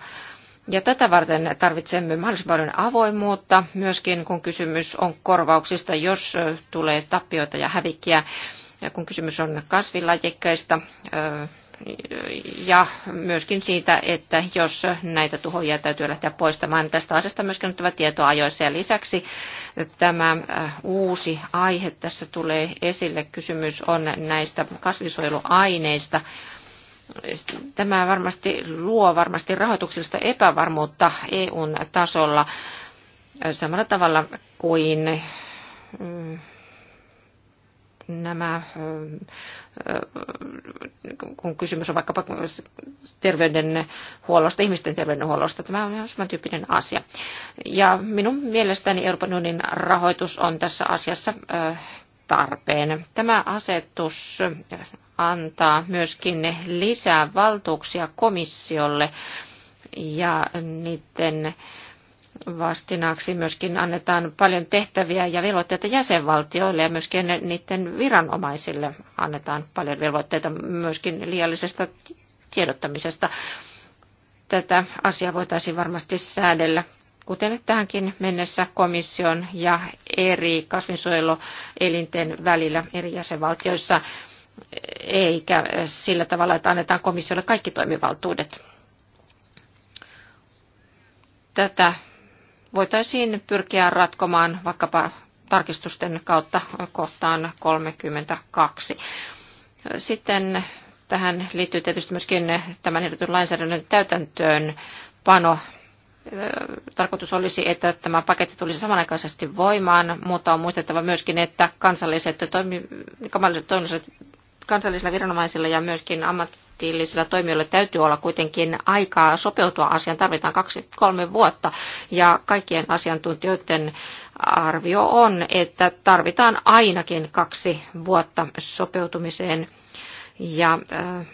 Ja tätä varten tarvitsemme mahdollisimman paljon avoimuutta, myöskin kun kysymys on korvauksista, jos tulee tappioita ja hävikkiä, ja kun kysymys on kasvilajikkeista, ja myöskin siitä, että jos näitä tuhoja täytyy lähteä poistamaan, niin tästä asiasta myöskin on tietoa ajoissa. Ja lisäksi tämä uusi aihe tässä tulee esille. Kysymys on näistä kasvisuojeluaineista, Tämä varmasti luo varmasti rahoituksellista epävarmuutta EUn tasolla samalla tavalla kuin mm, nämä, mm, kun kysymys on vaikkapa terveydenhuollosta, ihmisten terveydenhuollosta, tämä on ihan samantyyppinen asia. Ja minun mielestäni Euroopan unionin rahoitus on tässä asiassa tarpeen. Tämä asetus antaa myöskin lisää valtuuksia komissiolle ja niiden vastinaksi myöskin annetaan paljon tehtäviä ja velvoitteita jäsenvaltioille ja myöskin niiden viranomaisille annetaan paljon velvoitteita myöskin liiallisesta tiedottamisesta. Tätä asiaa voitaisiin varmasti säädellä kuten tähänkin mennessä komission ja eri kasvinsuojeluelinten välillä eri jäsenvaltioissa, eikä sillä tavalla, että annetaan komissiolle kaikki toimivaltuudet. Tätä voitaisiin pyrkiä ratkomaan vaikkapa tarkistusten kautta kohtaan 32. Sitten tähän liittyy tietysti myöskin tämän ehdotun lainsäädännön täytäntöön pano tarkoitus olisi, että tämä paketti tulisi samanaikaisesti voimaan, mutta on muistettava myöskin, että kansalliset toimi, kansalliset, kansallisilla viranomaisilla ja myöskin ammatillisilla toimijoilla täytyy olla kuitenkin aikaa sopeutua asiaan. Tarvitaan kaksi, kolme vuotta ja kaikkien asiantuntijoiden arvio on, että tarvitaan ainakin kaksi vuotta sopeutumiseen. Ja äh,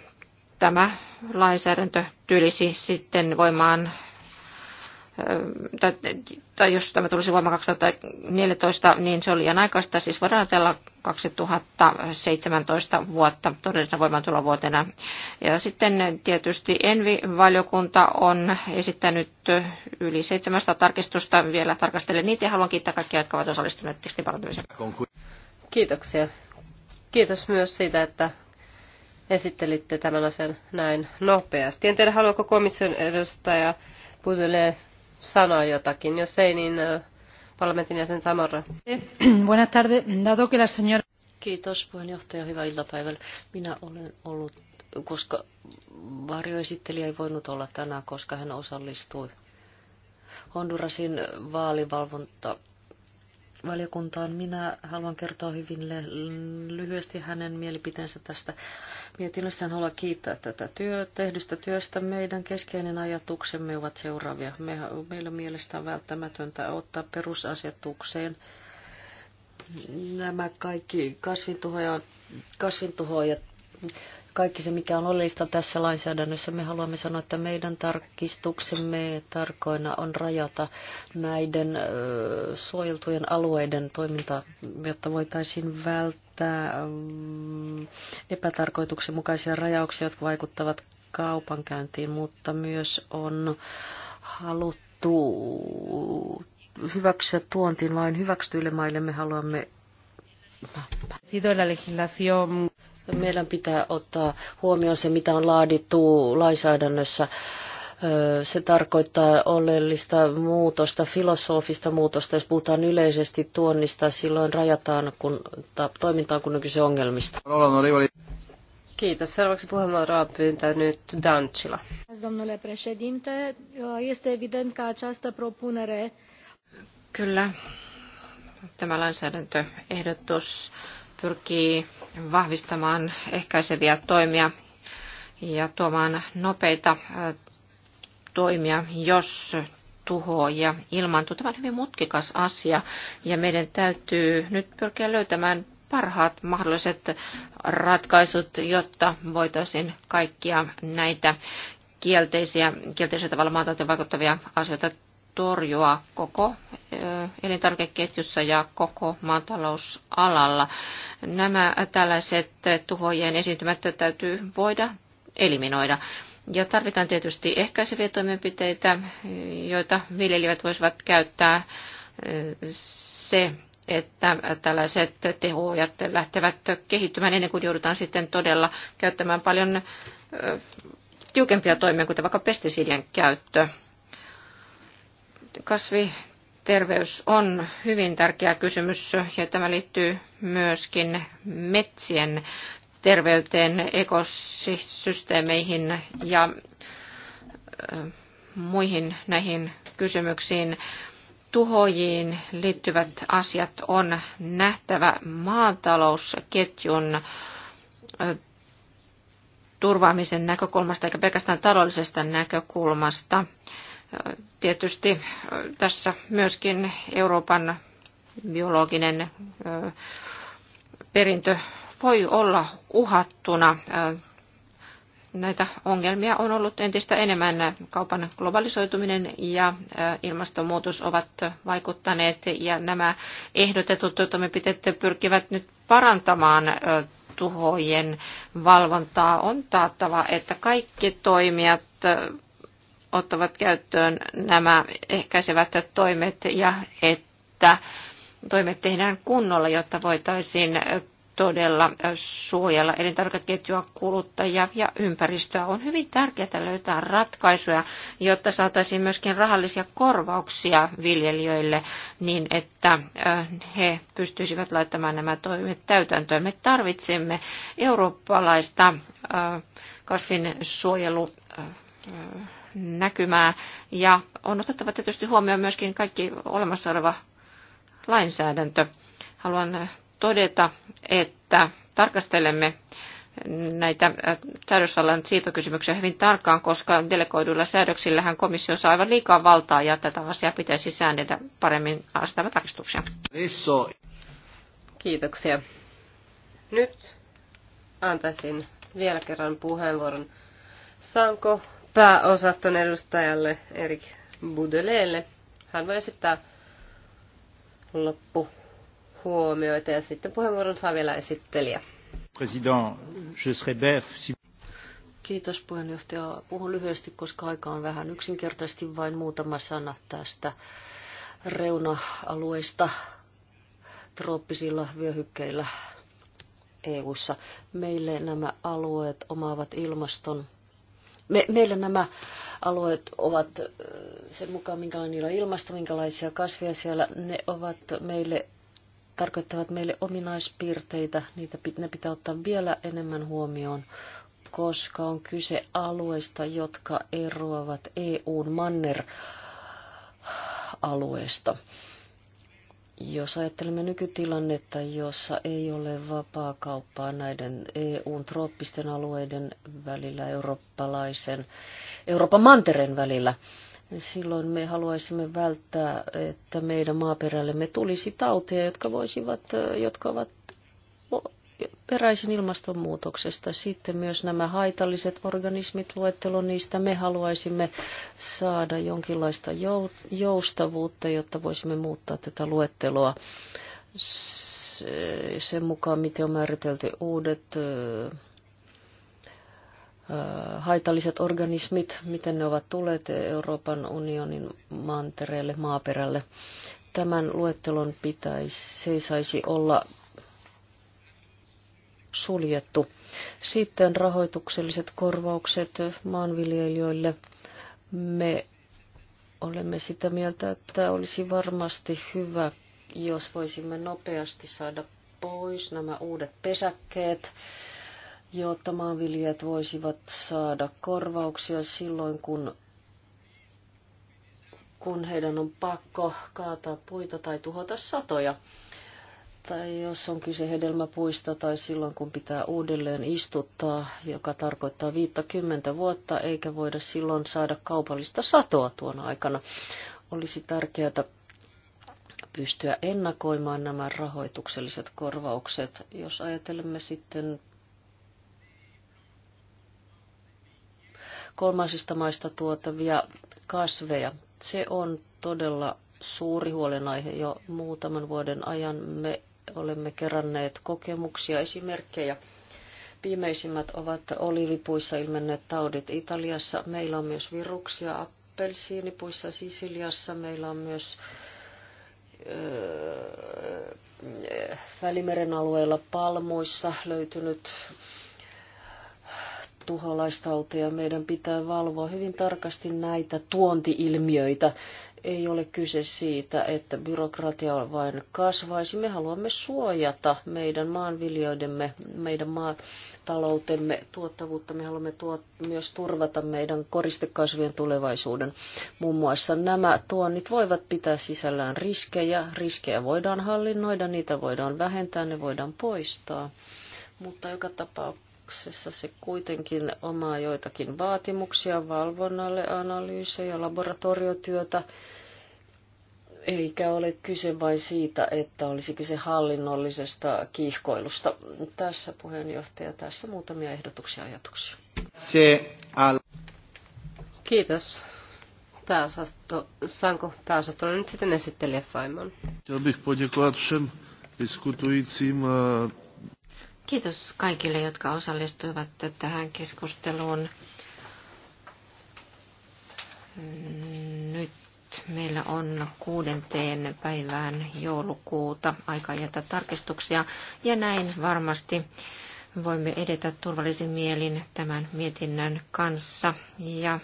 tämä lainsäädäntö tulisi sitten voimaan tai, tai jos tämä tulisi voimaan 2014, niin se oli liian aikaista. Siis voidaan ajatella 2017 vuotta todellisena voimaantulovuotena. Ja sitten tietysti Envi-valiokunta on esittänyt yli 700 tarkistusta. Vielä tarkastelen niitä ja haluan kiittää kaikkia, jotka ovat osallistuneet tekstin parantamiseen. Kiitoksia. Kiitos myös siitä, että esittelitte tämän asian näin nopeasti. En tiedä, haluaako komission edustaja Pudulee sanoa jotakin. Jos ei, niin parlamentin jäsen Samorra. Buenas tardes. Dado que la señora... Kiitos puheenjohtaja. Hyvää iltapäivää. Minä olen ollut, koska varjoesittelijä ei voinut olla tänään, koska hän osallistui Hondurasin vaalivalvonta valiokuntaan. Minä haluan kertoa hyvin lyhyesti hänen mielipiteensä tästä mietinnöstä. Haluan kiittää tätä työ, tehdystä työstä. Meidän keskeinen ajatuksemme ovat seuraavia. Me, meillä on mielestään välttämätöntä ottaa perusasetukseen nämä kaikki kasvintuhoja, kasvintuhoja kaikki se, mikä on oleellista tässä lainsäädännössä. Me haluamme sanoa, että meidän tarkistuksemme tarkoina on rajata näiden suojeltujen alueiden toimintaa, jotta voitaisiin välttää mm, epätarkoituksenmukaisia rajauksia, jotka vaikuttavat kaupankäyntiin, mutta myös on haluttu hyväksyä tuontiin vain hyväksytyille maille. Me haluamme meidän pitää ottaa huomioon se, mitä on laadittu lainsäädännössä. Se tarkoittaa oleellista muutosta, filosofista muutosta. Jos puhutaan yleisesti tuonnista, silloin rajataan kun, ta, toimintaan, kun on ongelmista. Kiitos. Seuraavaksi puheenvuoroa pyyntää nyt Dancila. Domnule președinte, este evident că această propunere... Kyllä, tämä lainsäädäntöehdotus pyrkii vahvistamaan ehkäiseviä toimia ja tuomaan nopeita toimia, jos ja ilmaantuu. Tämä on hyvin mutkikas asia ja meidän täytyy nyt pyrkiä löytämään parhaat mahdolliset ratkaisut, jotta voitaisiin kaikkia näitä kielteisiä, kielteisellä tavalla maatalouteen vaikuttavia asioita torjua koko elintarvikeketjussa ja koko maatalousalalla. Nämä tällaiset tuhojen esiintymät täytyy voida eliminoida. Ja tarvitaan tietysti ehkäiseviä toimenpiteitä, joita viljelijät voisivat käyttää. Se, että tällaiset tehoajat lähtevät kehittymään ennen kuin joudutaan sitten todella käyttämään paljon tiukempia toimia, kuten vaikka pestisidien käyttö kasvi terveys on hyvin tärkeä kysymys ja tämä liittyy myöskin metsien terveyteen, ekosysteemeihin ja muihin näihin kysymyksiin. Tuhojiin liittyvät asiat on nähtävä maatalousketjun turvaamisen näkökulmasta eikä pelkästään taloudellisesta näkökulmasta. Tietysti tässä myöskin Euroopan biologinen perintö voi olla uhattuna. Näitä ongelmia on ollut entistä enemmän. Kaupan globalisoituminen ja ilmastonmuutos ovat vaikuttaneet ja nämä ehdotetut toimenpiteet pyrkivät nyt parantamaan tuhojen valvontaa. On taattava, että kaikki toimijat ottavat käyttöön nämä ehkäisevät toimet ja että toimet tehdään kunnolla, jotta voitaisiin todella suojella elintarvikeketjua, kuluttajia ja ympäristöä. On hyvin tärkeää löytää ratkaisuja, jotta saataisiin myöskin rahallisia korvauksia viljelijöille niin, että he pystyisivät laittamaan nämä toimet täytäntöön. Me tarvitsemme eurooppalaista kasvinsuojelu näkymää ja on otettava tietysti huomioon myöskin kaikki olemassa oleva lainsäädäntö. Haluan todeta, että tarkastelemme näitä säädösvallan siirtokysymyksiä hyvin tarkkaan, koska delegoiduilla säädöksillähän komissio saa aivan liikaa valtaa ja tätä asiaa pitäisi säännellä paremmin asettamaan tarkistuksia. Kiitoksia. Nyt antaisin vielä kerran puheenvuoron Sanko pääosaston edustajalle Erik Budeleelle. Hän voi esittää loppuhuomioita ja sitten puheenvuoron saa vielä esittelijä. President, je serai bref, si... Kiitos puheenjohtaja. Puhun lyhyesti, koska aika on vähän yksinkertaisesti vain muutama sana tästä reuna-alueista trooppisilla vyöhykkeillä EU-ssa. Meille nämä alueet omaavat ilmaston me, meillä nämä alueet ovat sen mukaan, minkälainen niillä on ilmasto, minkälaisia kasveja siellä, ne ovat meille, tarkoittavat meille ominaispiirteitä, niitä, ne pitää ottaa vielä enemmän huomioon, koska on kyse alueista, jotka eroavat EUn manner alueesta. Jos ajattelemme nykytilannetta, jossa ei ole vapaa kauppaa näiden eu trooppisten alueiden välillä, eurooppalaisen, Euroopan mantereen välillä, niin silloin me haluaisimme välttää, että meidän maaperällemme tulisi tauteja, jotka, voisivat, jotka ovat peräisin ilmastonmuutoksesta. Sitten myös nämä haitalliset organismit, luettelo niistä, me haluaisimme saada jonkinlaista joustavuutta, jotta voisimme muuttaa tätä luetteloa sen mukaan, miten on määritelty uudet haitalliset organismit, miten ne ovat tulleet Euroopan unionin mantereelle, maaperälle. Tämän luettelon pitäisi, se ei saisi olla suljettu. Sitten rahoitukselliset korvaukset maanviljelijöille. Me olemme sitä mieltä, että olisi varmasti hyvä, jos voisimme nopeasti saada pois nämä uudet pesäkkeet, jotta maanviljelijät voisivat saada korvauksia silloin, kun, kun heidän on pakko kaataa puita tai tuhota satoja tai jos on kyse hedelmäpuista tai silloin kun pitää uudelleen istuttaa, joka tarkoittaa 50 vuotta, eikä voida silloin saada kaupallista satoa tuona aikana. Olisi tärkeää pystyä ennakoimaan nämä rahoitukselliset korvaukset. Jos ajatelemme sitten kolmansista maista tuotavia kasveja, se on todella suuri huolenaihe jo muutaman vuoden ajan. Me Olemme keränneet kokemuksia, esimerkkejä. Viimeisimmät ovat olivipuissa ilmenneet taudit Italiassa. Meillä on myös viruksia appelsiinipuissa Sisiliassa. Meillä on myös Välimeren alueella palmuissa löytynyt tuholaistauteja. Meidän pitää valvoa hyvin tarkasti näitä tuontiilmiöitä, ei ole kyse siitä, että byrokratia vain kasvaisi. Me haluamme suojata meidän maanviljoidemme, meidän maataloutemme tuottavuutta. Me haluamme tuot, myös turvata meidän koristekasvien tulevaisuuden. Muun muassa nämä tuonnit voivat pitää sisällään riskejä. Riskejä voidaan hallinnoida, niitä voidaan vähentää, ne voidaan poistaa. Mutta joka tapauksessa tutkimuksessa se kuitenkin omaa joitakin vaatimuksia valvonnalle, analyysejä, laboratoriotyötä, eikä ole kyse vain siitä, että olisi kyse hallinnollisesta kiihkoilusta. Tässä puheenjohtaja, tässä muutamia ehdotuksia ja ajatuksia. Se al- Kiitos. Pääosasto, saanko pääosastolle nyt sitten esittelijä Faimon. Chciałbych podziękować wszystkim dyskutującym e, Kiitos kaikille, jotka osallistuivat tähän keskusteluun. Nyt meillä on kuudenteen päivään joulukuuta aika jätä tarkistuksia ja näin varmasti voimme edetä turvallisin mielin tämän mietinnön kanssa ja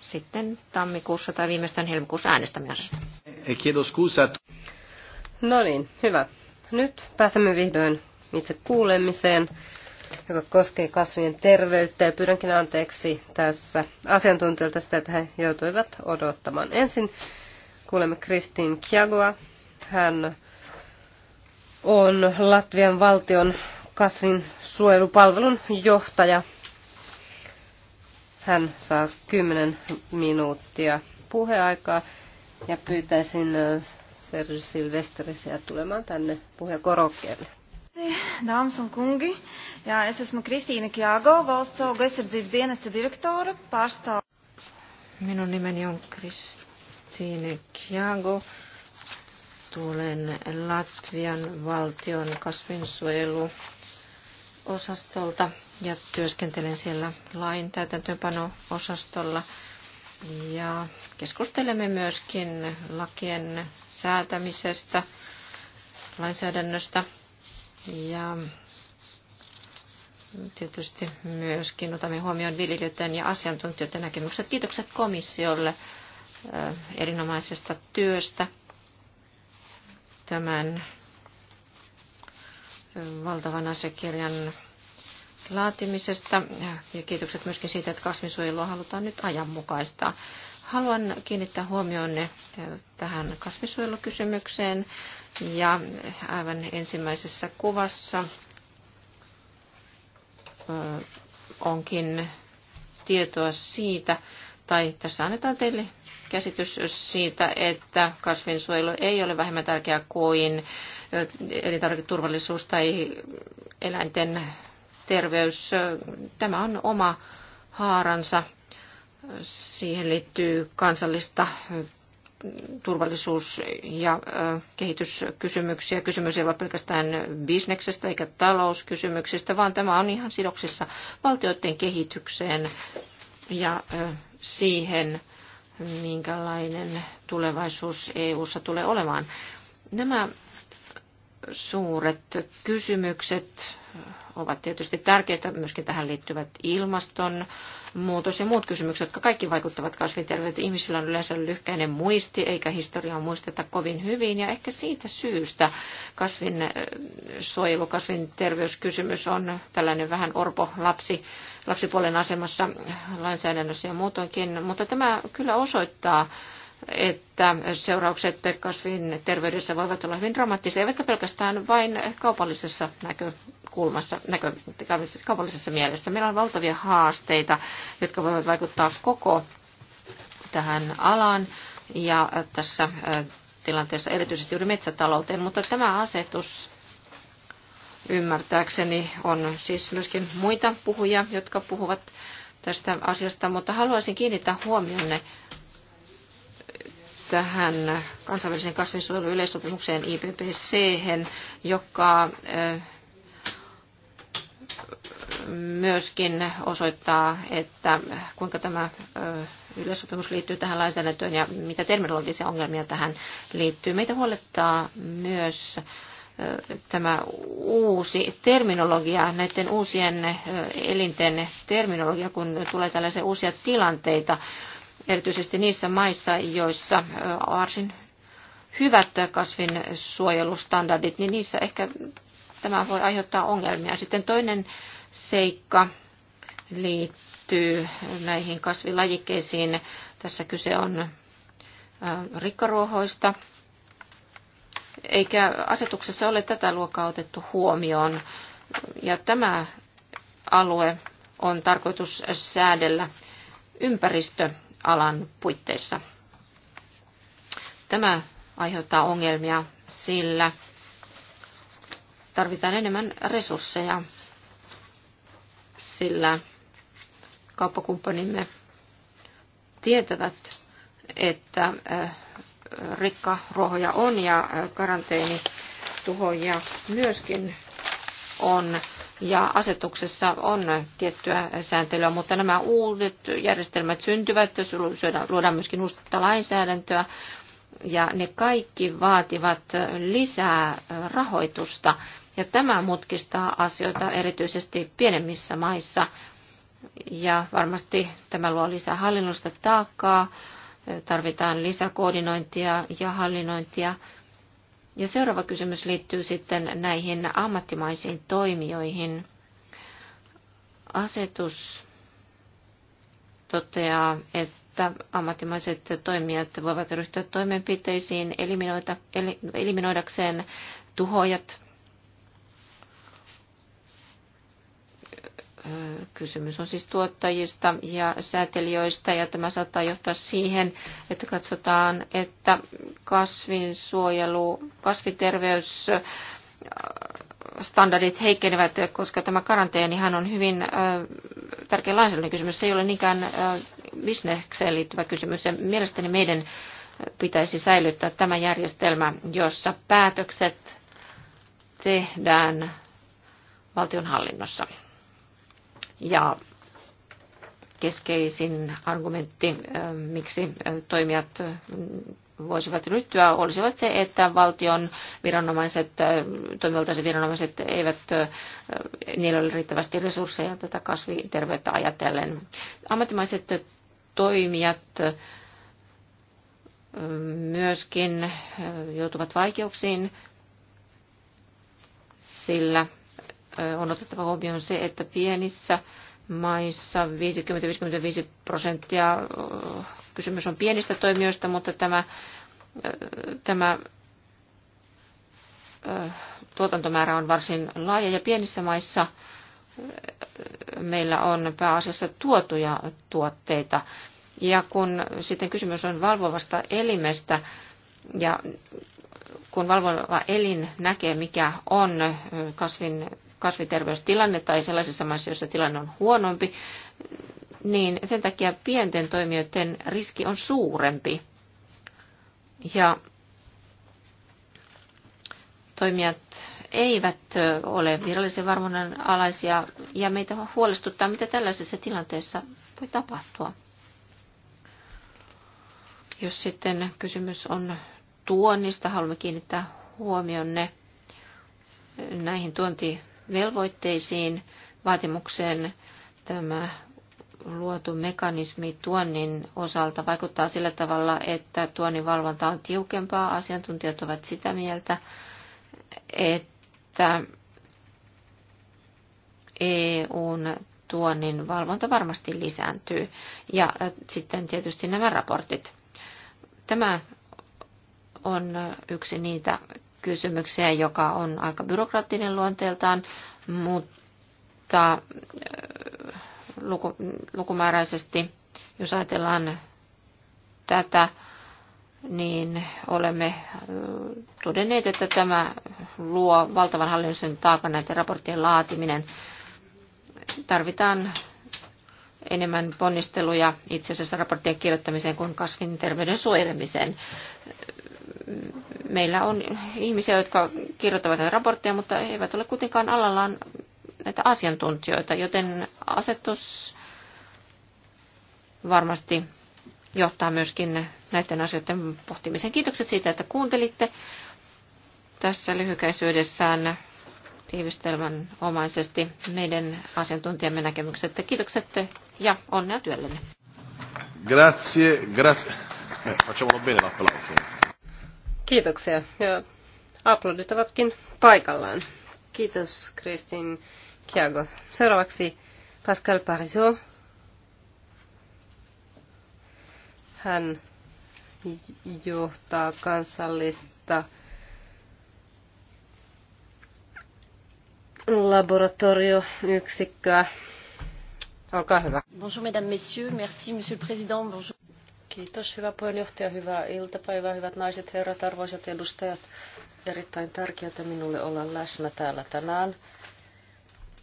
sitten tammikuussa tai viimeistään helmikuussa äänestämisestä. Kiitos, No niin, hyvä. Nyt pääsemme vihdoin itse kuulemiseen, joka koskee kasvien terveyttä. Ja pyydänkin anteeksi tässä asiantuntijoilta sitä, että he joutuivat odottamaan. Ensin kuulemme Kristin Kiagoa. Hän on Latvian valtion kasvinsuojelupalvelun johtaja. Hän saa 10 minuuttia puheaikaa ja pyytäisin äh, Sergio Silvestrisiä tulemaan tänne puhekorokkeelle. Dāmas un kungi, jā, es esmu Kristīna Kjāgo, valsts auga aizsardzības dienesta direktora, pārstāv. Minun nimeni on Kristiine Kjāgo. Tulen Latvian valtion kasvinsuojelu osastolta ja työskentelen siellä lain täytäntöönpano-osastolla. Ja keskustelemme myöskin lakien säätämisestä, lainsäädännöstä ja tietysti myöskin otamme huomioon viljelijöiden ja asiantuntijoiden näkemykset. Kiitokset komissiolle erinomaisesta työstä tämän valtavan asiakirjan laatimisesta ja kiitokset myöskin siitä, että kasvinsuojelua halutaan nyt ajanmukaistaa. Haluan kiinnittää huomioon tähän kasvinsuojelukysymykseen. Ja aivan ensimmäisessä kuvassa onkin tietoa siitä, tai tässä annetaan teille käsitys siitä, että kasvinsuojelu ei ole vähemmän tärkeää kuin elintarviketurvallisuus tai eläinten terveys. Tämä on oma haaransa. Siihen liittyy kansallista turvallisuus- ja kehityskysymyksiä. Kysymys ei ole pelkästään bisneksestä eikä talouskysymyksistä, vaan tämä on ihan sidoksissa valtioiden kehitykseen ja siihen, minkälainen tulevaisuus EU:ssa tulee olemaan. Nämä suuret kysymykset ovat tietysti tärkeitä. Myöskin tähän liittyvät ilmastonmuutos ja muut kysymykset, jotka kaikki vaikuttavat kasvinterveyteen. Ihmisillä on yleensä lyhkäinen muisti, eikä historiaa muisteta kovin hyvin. Ja ehkä siitä syystä kasvin äh, suojelu, terveyskysymys on tällainen vähän orpo lapsi, lapsipuolen asemassa lainsäädännössä ja muutoinkin. Mutta tämä kyllä osoittaa, että seuraukset kasvin terveydessä voivat olla hyvin dramaattisia, eivätkä pelkästään vain kaupallisessa näkökulmassa, näkö, kaupallisessa mielessä. Meillä on valtavia haasteita, jotka voivat vaikuttaa koko tähän alaan ja tässä äh, tilanteessa erityisesti juuri metsätalouteen, mutta tämä asetus ymmärtääkseni on siis myöskin muita puhuja, jotka puhuvat tästä asiasta, mutta haluaisin kiinnittää huomionne tähän kansainvälisen kasvinsuojelun yleissopimukseen IPPC, joka myöskin osoittaa, että kuinka tämä yleissopimus liittyy tähän lainsäädäntöön ja mitä terminologisia ongelmia tähän liittyy. Meitä huolettaa myös tämä uusi terminologia, näiden uusien elinten terminologia, kun tulee tällaisia uusia tilanteita, erityisesti niissä maissa, joissa varsin hyvät kasvinsuojelustandardit, niin niissä ehkä tämä voi aiheuttaa ongelmia. Sitten toinen seikka liittyy näihin kasvilajikkeisiin. Tässä kyse on rikkaruohoista, eikä asetuksessa ole tätä luokkaa otettu huomioon. Ja tämä alue on tarkoitus säädellä ympäristö alan puitteissa. Tämä aiheuttaa ongelmia, sillä tarvitaan enemmän resursseja, sillä kauppakumppanimme tietävät, että äh, rikka ruohoja on ja äh, karanteeni tuhoja myöskin on ja asetuksessa on tiettyä sääntelyä, mutta nämä uudet järjestelmät syntyvät, luodaan myöskin uutta lainsäädäntöä, ja ne kaikki vaativat lisää rahoitusta. Ja tämä mutkistaa asioita erityisesti pienemmissä maissa. Ja varmasti tämä luo lisää hallinnollista taakkaa, tarvitaan lisäkoordinointia ja hallinnointia ja seuraava kysymys liittyy sitten näihin ammattimaisiin toimijoihin. Asetus toteaa, että ammattimaiset toimijat voivat ryhtyä toimenpiteisiin eliminoida, eliminoidakseen tuhojat Kysymys on siis tuottajista ja säätelijöistä ja tämä saattaa johtaa siihen, että katsotaan, että kasvinsuojelu, kasviterveys standardit heikkenevät, koska tämä karanteenihan on hyvin tärkeä lainsäädännön kysymys. Se ei ole niinkään bisnekseen liittyvä kysymys. Ja mielestäni meidän pitäisi säilyttää tämä järjestelmä, jossa päätökset tehdään valtionhallinnossa. Ja keskeisin argumentti, miksi toimijat voisivat ryhtyä, olisivat se, että valtion viranomaiset, toimivaltaiset viranomaiset eivät, niillä ole riittävästi resursseja tätä kasviterveyttä ajatellen. Ammattimaiset toimijat myöskin joutuvat vaikeuksiin, sillä on otettava huomioon se, että pienissä maissa 50-55 prosenttia kysymys on pienistä toimijoista, mutta tämä, tämä tuotantomäärä on varsin laaja ja pienissä maissa meillä on pääasiassa tuotuja tuotteita. Ja kun sitten kysymys on valvovasta elimestä ja kun valvova elin näkee, mikä on kasvin kasviterveystilanne tai sellaisissa maissa, joissa tilanne on huonompi, niin sen takia pienten toimijoiden riski on suurempi. Ja toimijat eivät ole virallisen varmuuden alaisia ja meitä huolestuttaa, mitä tällaisessa tilanteessa voi tapahtua. Jos sitten kysymys on tuonnista, haluamme kiinnittää huomionne näihin tuonti velvoitteisiin vaatimukseen tämä luotu mekanismi tuonnin osalta vaikuttaa sillä tavalla, että tuonnin valvonta on tiukempaa. Asiantuntijat ovat sitä mieltä, että EUn tuonnin valvonta varmasti lisääntyy. Ja sitten tietysti nämä raportit. Tämä on yksi niitä kysymyksiä, joka on aika byrokraattinen luonteeltaan, mutta luku, lukumääräisesti, jos ajatellaan tätä, niin olemme todenneet, että tämä luo valtavan hallinnollisen taakan näiden raporttien laatiminen. Tarvitaan enemmän ponnisteluja itse asiassa raporttien kirjoittamiseen kuin kasvin terveyden suojelemiseen meillä on ihmisiä, jotka kirjoittavat näitä raportteja, mutta eivät ole kuitenkaan alallaan näitä asiantuntijoita, joten asetus varmasti johtaa myöskin näiden asioiden pohtimiseen. Kiitokset siitä, että kuuntelitte tässä lyhykäisyydessään tiivistelmän omaisesti meidän asiantuntijamme näkemykset. Kiitokset ja onnea työllenne. Grazie, grazie. Eh, facciamolo bene l'applauso. Kiitoksia. Ja aplodit ovatkin paikallaan. Kiitos Kristin Kiago. Seuraavaksi Pascal Parisot. Hän johtaa kansallista laboratorioyksikköä. Olkaa hyvä. Bonjour mesdames, messieurs. Merci monsieur le président. Bonjour. Kiitos, hyvä puheenjohtaja, hyvää iltapäivää, hyvät naiset, herrat, arvoisat edustajat. Erittäin tärkeää minulle olla läsnä täällä tänään,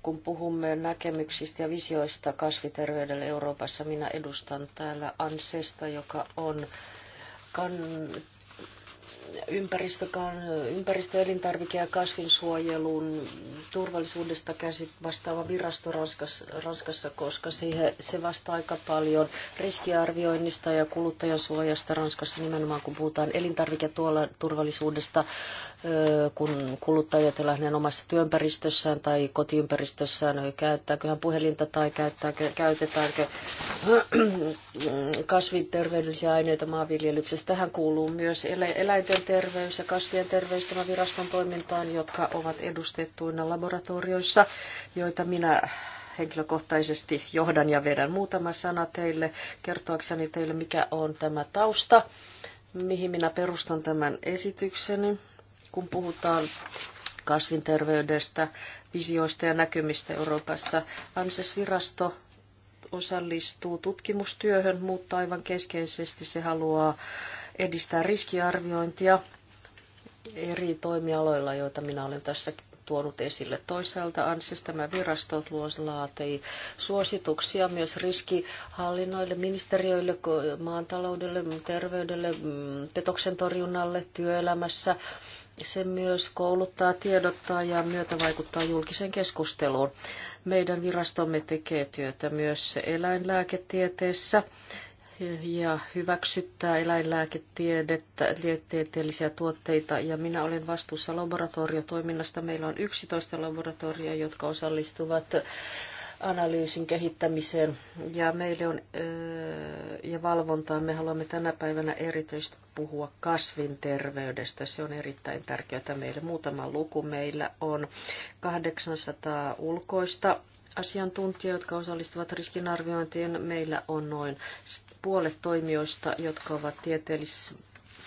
kun puhumme näkemyksistä ja visioista kasviterveydelle Euroopassa. Minä edustan täällä Ansesta, joka on kan- ympäristöelintarvike- ja kasvinsuojelun turvallisuudesta käsit vastaava virasto Ranskassa, Ranskassa koska siihen, se vastaa aika paljon riskiarvioinnista ja kuluttajansuojasta Ranskassa nimenomaan, kun puhutaan elintarviketurvallisuudesta, kun kuluttajat ja omassa työympäristössään tai kotiympäristössään, käyttääkö hän puhelinta tai käyttääkö, käytetäänkö kasvinterveydellisiä aineita maanviljelyksessä. Tähän kuuluu myös eläinten terveys ja kasvien terveys tämän viraston toimintaan, jotka ovat edustettuina laboratorioissa, joita minä henkilökohtaisesti johdan ja vedän muutama sana teille, kertoakseni teille, mikä on tämä tausta, mihin minä perustan tämän esitykseni, kun puhutaan kasvinterveydestä, visioista ja näkymistä Euroopassa. ANSES-virasto osallistuu tutkimustyöhön, mutta aivan keskeisesti se haluaa edistää riskiarviointia eri toimialoilla, joita minä olen tässä tuonut esille. Toisaalta ANSIS tämä virasto laatii suosituksia myös riskihallinnoille, ministeriöille, maantaloudelle, terveydelle, petoksen torjunnalle, työelämässä. Se myös kouluttaa, tiedottaa ja vaikuttaa julkiseen keskusteluun. Meidän virastomme tekee työtä myös eläinlääketieteessä ja hyväksyttää eläinlääketieteellisiä tuotteita ja minä olen vastuussa laboratoriotoiminnasta. Meillä on 11 laboratoria, jotka osallistuvat analyysin kehittämiseen ja meille on ja valvontaan. Me haluamme tänä päivänä erityisesti puhua kasvin terveydestä. Se on erittäin tärkeää meille. Muutama luku meillä on 800 ulkoista asiantuntija, jotka osallistuvat riskinarviointiin. Meillä on noin puolet toimijoista, jotka ovat tieteellisiä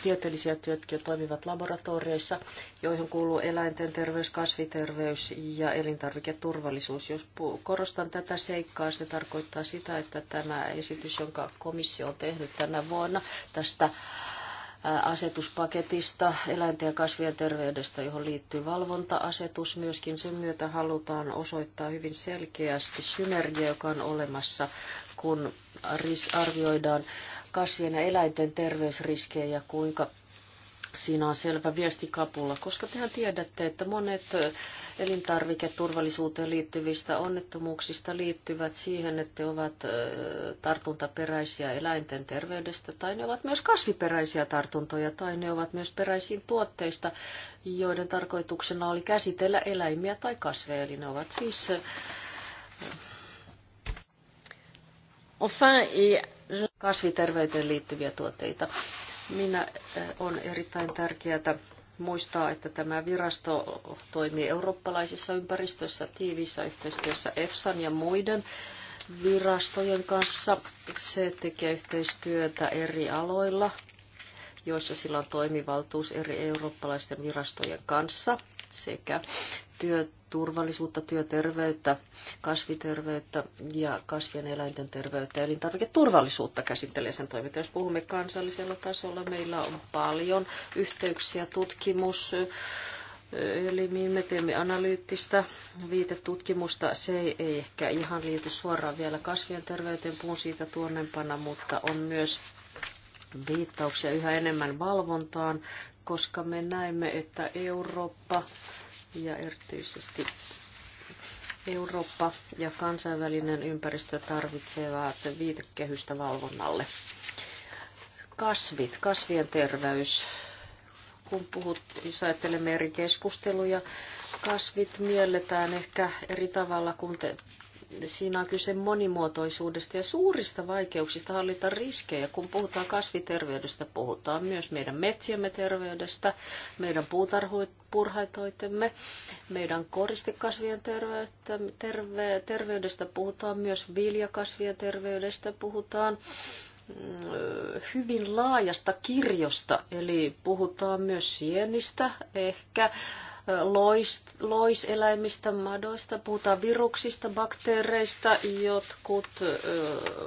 tieteellisiä jotka toimivat laboratorioissa, joihin kuuluu eläinten terveys, kasviterveys ja elintarviketurvallisuus. Jos korostan tätä seikkaa, se tarkoittaa sitä, että tämä esitys, jonka komissio on tehnyt tänä vuonna tästä asetuspaketista eläinten ja kasvien terveydestä, johon liittyy valvonta-asetus. Myöskin sen myötä halutaan osoittaa hyvin selkeästi synergia, joka on olemassa, kun arvioidaan kasvien ja eläinten terveysriskejä ja kuinka Siinä on selvä kapulla, koska tehän tiedätte, että monet elintarviketurvallisuuteen liittyvistä onnettomuuksista liittyvät siihen, että ne ovat tartuntaperäisiä eläinten terveydestä, tai ne ovat myös kasviperäisiä tartuntoja, tai ne ovat myös peräisiin tuotteista, joiden tarkoituksena oli käsitellä eläimiä tai kasveja, eli ne ovat siis... Enfin, kasviterveyteen liittyviä tuotteita. Minä eh, on erittäin tärkeää muistaa, että tämä virasto toimii eurooppalaisessa ympäristössä tiiviissä yhteistyössä EFSAn ja muiden virastojen kanssa. Se tekee yhteistyötä eri aloilla, joissa sillä on toimivaltuus eri eurooppalaisten virastojen kanssa sekä työ, turvallisuutta, työterveyttä, kasviterveyttä ja kasvien ja eläinten terveyttä ja elintarviketurvallisuutta käsittelee sen toiminta. Jos puhumme kansallisella tasolla, meillä on paljon yhteyksiä, tutkimus, Eli me teemme analyyttistä viitetutkimusta. Se ei, ei ehkä ihan liity suoraan vielä kasvien terveyteen, puhun siitä tuonnempana, mutta on myös viittauksia yhä enemmän valvontaan, koska me näemme, että Eurooppa ja erityisesti Eurooppa ja kansainvälinen ympäristö tarvitsevat viitekehystä valvonnalle. Kasvit, kasvien terveys. Kun puhut, jos ajattelemme eri keskusteluja, kasvit mielletään ehkä eri tavalla kuin te, siinä on kyse monimuotoisuudesta ja suurista vaikeuksista hallita riskejä. Kun puhutaan kasviterveydestä, puhutaan myös meidän metsiemme terveydestä, meidän puutarhaitoitemme, meidän koristekasvien terveyttä, terve, terveydestä, puhutaan myös viljakasvien terveydestä, puhutaan mm, hyvin laajasta kirjosta, eli puhutaan myös sienistä, ehkä loiseläimistä, madoista, puhutaan viruksista, bakteereista, jotkut ö,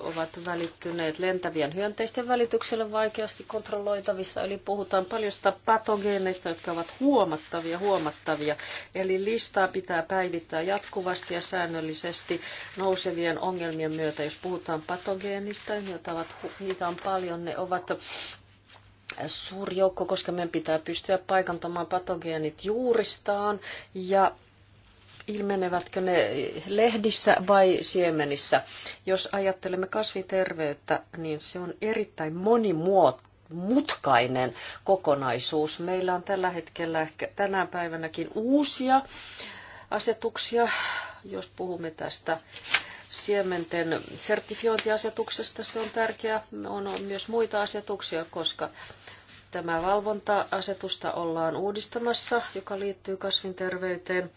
ovat välittyneet lentävien hyönteisten välityksellä vaikeasti kontrolloitavissa, eli puhutaan paljosta patogeeneista, jotka ovat huomattavia, huomattavia, eli listaa pitää päivittää jatkuvasti ja säännöllisesti nousevien ongelmien myötä, jos puhutaan patogeenista, niitä on paljon, ne ovat suuri joukko, koska meidän pitää pystyä paikantamaan patogeenit juuristaan ja ilmenevätkö ne lehdissä vai siemenissä. Jos ajattelemme kasviterveyttä, niin se on erittäin mutkainen kokonaisuus. Meillä on tällä hetkellä ehkä tänä päivänäkin uusia asetuksia, jos puhumme tästä siementen sertifiointiasetuksesta. Se on tärkeää. On myös muita asetuksia, koska tämä valvonta-asetusta ollaan uudistamassa, joka liittyy kasvinterveyteen.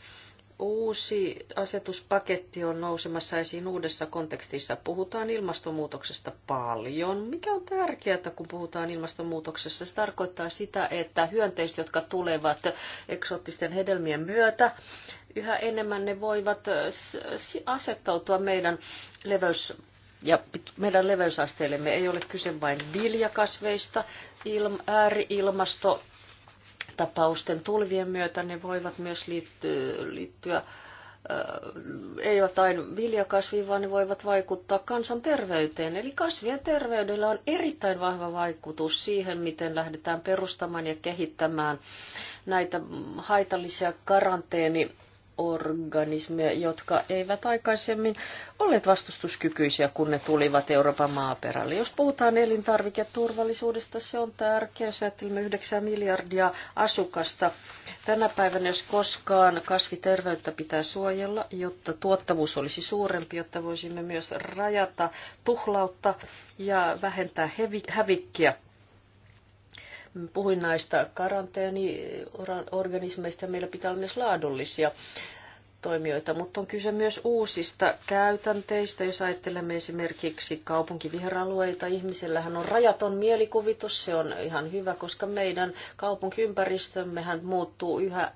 Uusi asetuspaketti on nousemassa esiin uudessa kontekstissa. Puhutaan ilmastonmuutoksesta paljon. Mikä on tärkeää, kun puhutaan ilmastonmuutoksessa? Se tarkoittaa sitä, että hyönteiset, jotka tulevat eksoottisten hedelmien myötä, yhä enemmän ne voivat asettautua meidän leveys ja meidän leveysasteellemme ei ole kyse vain viljakasveista, ilma, ääriilmasto tapausten tulvien myötä ne voivat myös liittyä, liittyä eivät aina viljakasviin, vaan ne voivat vaikuttaa kansanterveyteen. Eli kasvien terveydellä on erittäin vahva vaikutus siihen, miten lähdetään perustamaan ja kehittämään näitä haitallisia karanteeni organismeja, jotka eivät aikaisemmin olleet vastustuskykyisiä, kun ne tulivat Euroopan maaperälle. Jos puhutaan elintarviketurvallisuudesta, se on tärkeä. Jos ajattelemme 9 miljardia asukasta, tänä päivänä jos koskaan kasviterveyttä pitää suojella, jotta tuottavuus olisi suurempi, jotta voisimme myös rajata tuhlautta ja vähentää hävikkiä Puhuin näistä karanteeniorganismeista ja meillä pitää olla myös laadullisia toimijoita, mutta on kyse myös uusista käytänteistä. Jos ajattelemme esimerkiksi kaupunkiviheralueita, ihmisellähän on rajaton mielikuvitus, se on ihan hyvä, koska meidän kaupunkiympäristömmehän muuttuu yhä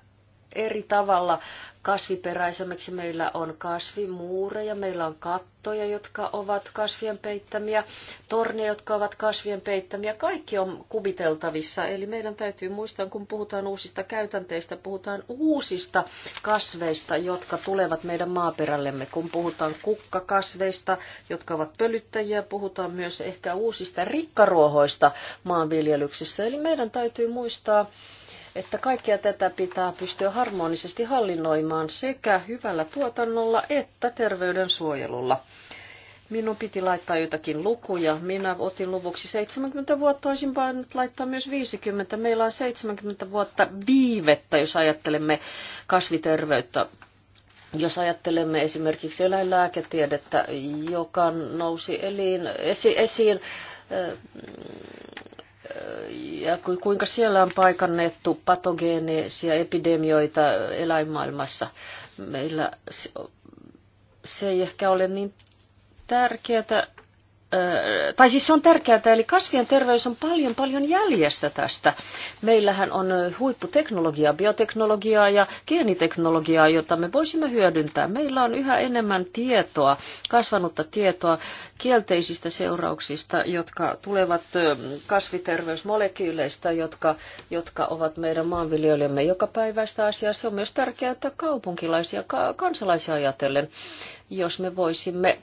eri tavalla kasviperäisemmäksi. Meillä on kasvimuureja, meillä on kattoja, jotka ovat kasvien peittämiä, torneja, jotka ovat kasvien peittämiä. Kaikki on kuviteltavissa. Eli meidän täytyy muistaa, kun puhutaan uusista käytänteistä, puhutaan uusista kasveista, jotka tulevat meidän maaperällemme. Kun puhutaan kukkakasveista, jotka ovat pölyttäjiä, puhutaan myös ehkä uusista rikkaruohoista maanviljelyksessä. Eli meidän täytyy muistaa, että kaikkea tätä pitää pystyä harmonisesti hallinnoimaan sekä hyvällä tuotannolla että terveydensuojelulla. Minun piti laittaa jotakin lukuja. Minä otin luvuksi 70 vuotta, olisin nyt laittaa myös 50. Meillä on 70 vuotta viivettä, jos ajattelemme kasviterveyttä. Jos ajattelemme esimerkiksi eläinlääketiedettä, joka nousi eliin, esi, esiin ja kuinka siellä on paikannettu patogeenisia epidemioita eläinmaailmassa. Meillä se ei ehkä ole niin tärkeää tai siis se on tärkeää, eli kasvien terveys on paljon paljon jäljessä tästä. Meillähän on huipputeknologiaa, bioteknologiaa ja geeniteknologiaa, jota me voisimme hyödyntää. Meillä on yhä enemmän tietoa, kasvanutta tietoa kielteisistä seurauksista, jotka tulevat kasviterveysmolekyyleistä, jotka, jotka ovat meidän maanviljelijämme joka päiväistä asiaa. Se on myös tärkeää, että kaupunkilaisia, kansalaisia ajatellen, jos me voisimme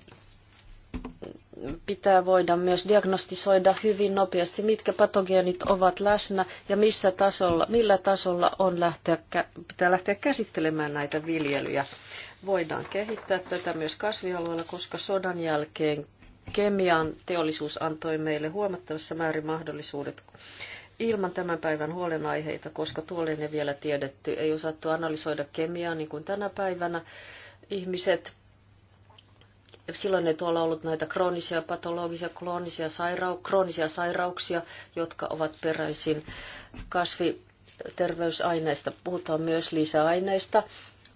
pitää voida myös diagnostisoida hyvin nopeasti, mitkä patogeenit ovat läsnä ja missä tasolla, millä tasolla on lähteä, pitää lähteä käsittelemään näitä viljelyjä. Voidaan kehittää tätä myös kasvialueella, koska sodan jälkeen kemian teollisuus antoi meille huomattavassa määrin mahdollisuudet ilman tämän päivän huolenaiheita, koska tuolle ei vielä tiedetty. Ei osattu analysoida kemiaa niin kuin tänä päivänä ihmiset silloin ei tuolla ollut näitä kroonisia, patologisia, kroonisia, sairau, kroonisia sairauksia, jotka ovat peräisin kasviterveysaineista. Puhutaan myös lisäaineista,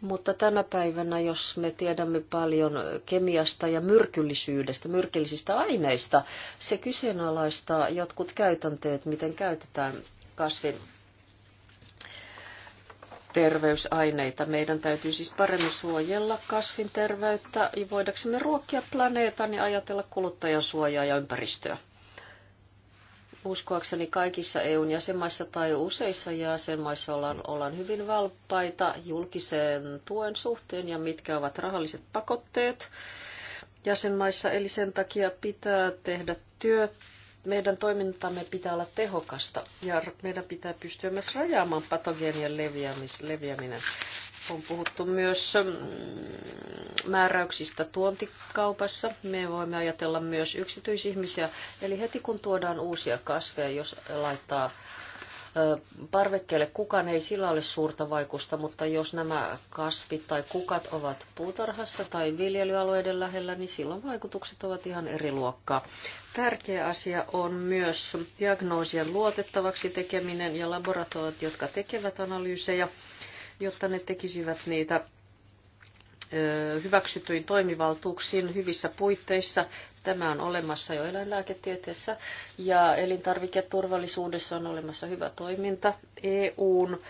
mutta tänä päivänä, jos me tiedämme paljon kemiasta ja myrkyllisyydestä, myrkyllisistä aineista, se kyseenalaistaa jotkut käytänteet, miten käytetään kasvin terveysaineita. Meidän täytyy siis paremmin suojella kasvin terveyttä ja voidaksemme ruokkia planeetan ja ajatella kuluttajan suojaa ja ympäristöä. Uskoakseni kaikissa EUn jäsenmaissa tai useissa jäsenmaissa ollaan, ollaan hyvin valppaita julkisen tuen suhteen ja mitkä ovat rahalliset pakotteet jäsenmaissa. Eli sen takia pitää tehdä työtä meidän toimintamme pitää olla tehokasta ja meidän pitää pystyä myös rajaamaan patogeenien leviäminen. On puhuttu myös mm, määräyksistä tuontikaupassa. Me voimme ajatella myös yksityisihmisiä. Eli heti kun tuodaan uusia kasveja, jos laittaa parvekkeelle kukaan ei sillä ole suurta vaikutusta, mutta jos nämä kasvit tai kukat ovat puutarhassa tai viljelyalueiden lähellä, niin silloin vaikutukset ovat ihan eri luokkaa. Tärkeä asia on myös diagnoosien luotettavaksi tekeminen ja laboratoriot, jotka tekevät analyysejä, jotta ne tekisivät niitä hyväksytyin toimivaltuuksiin hyvissä puitteissa. Tämä on olemassa jo eläinlääketieteessä ja elintarviketurvallisuudessa on olemassa hyvä toiminta. EUn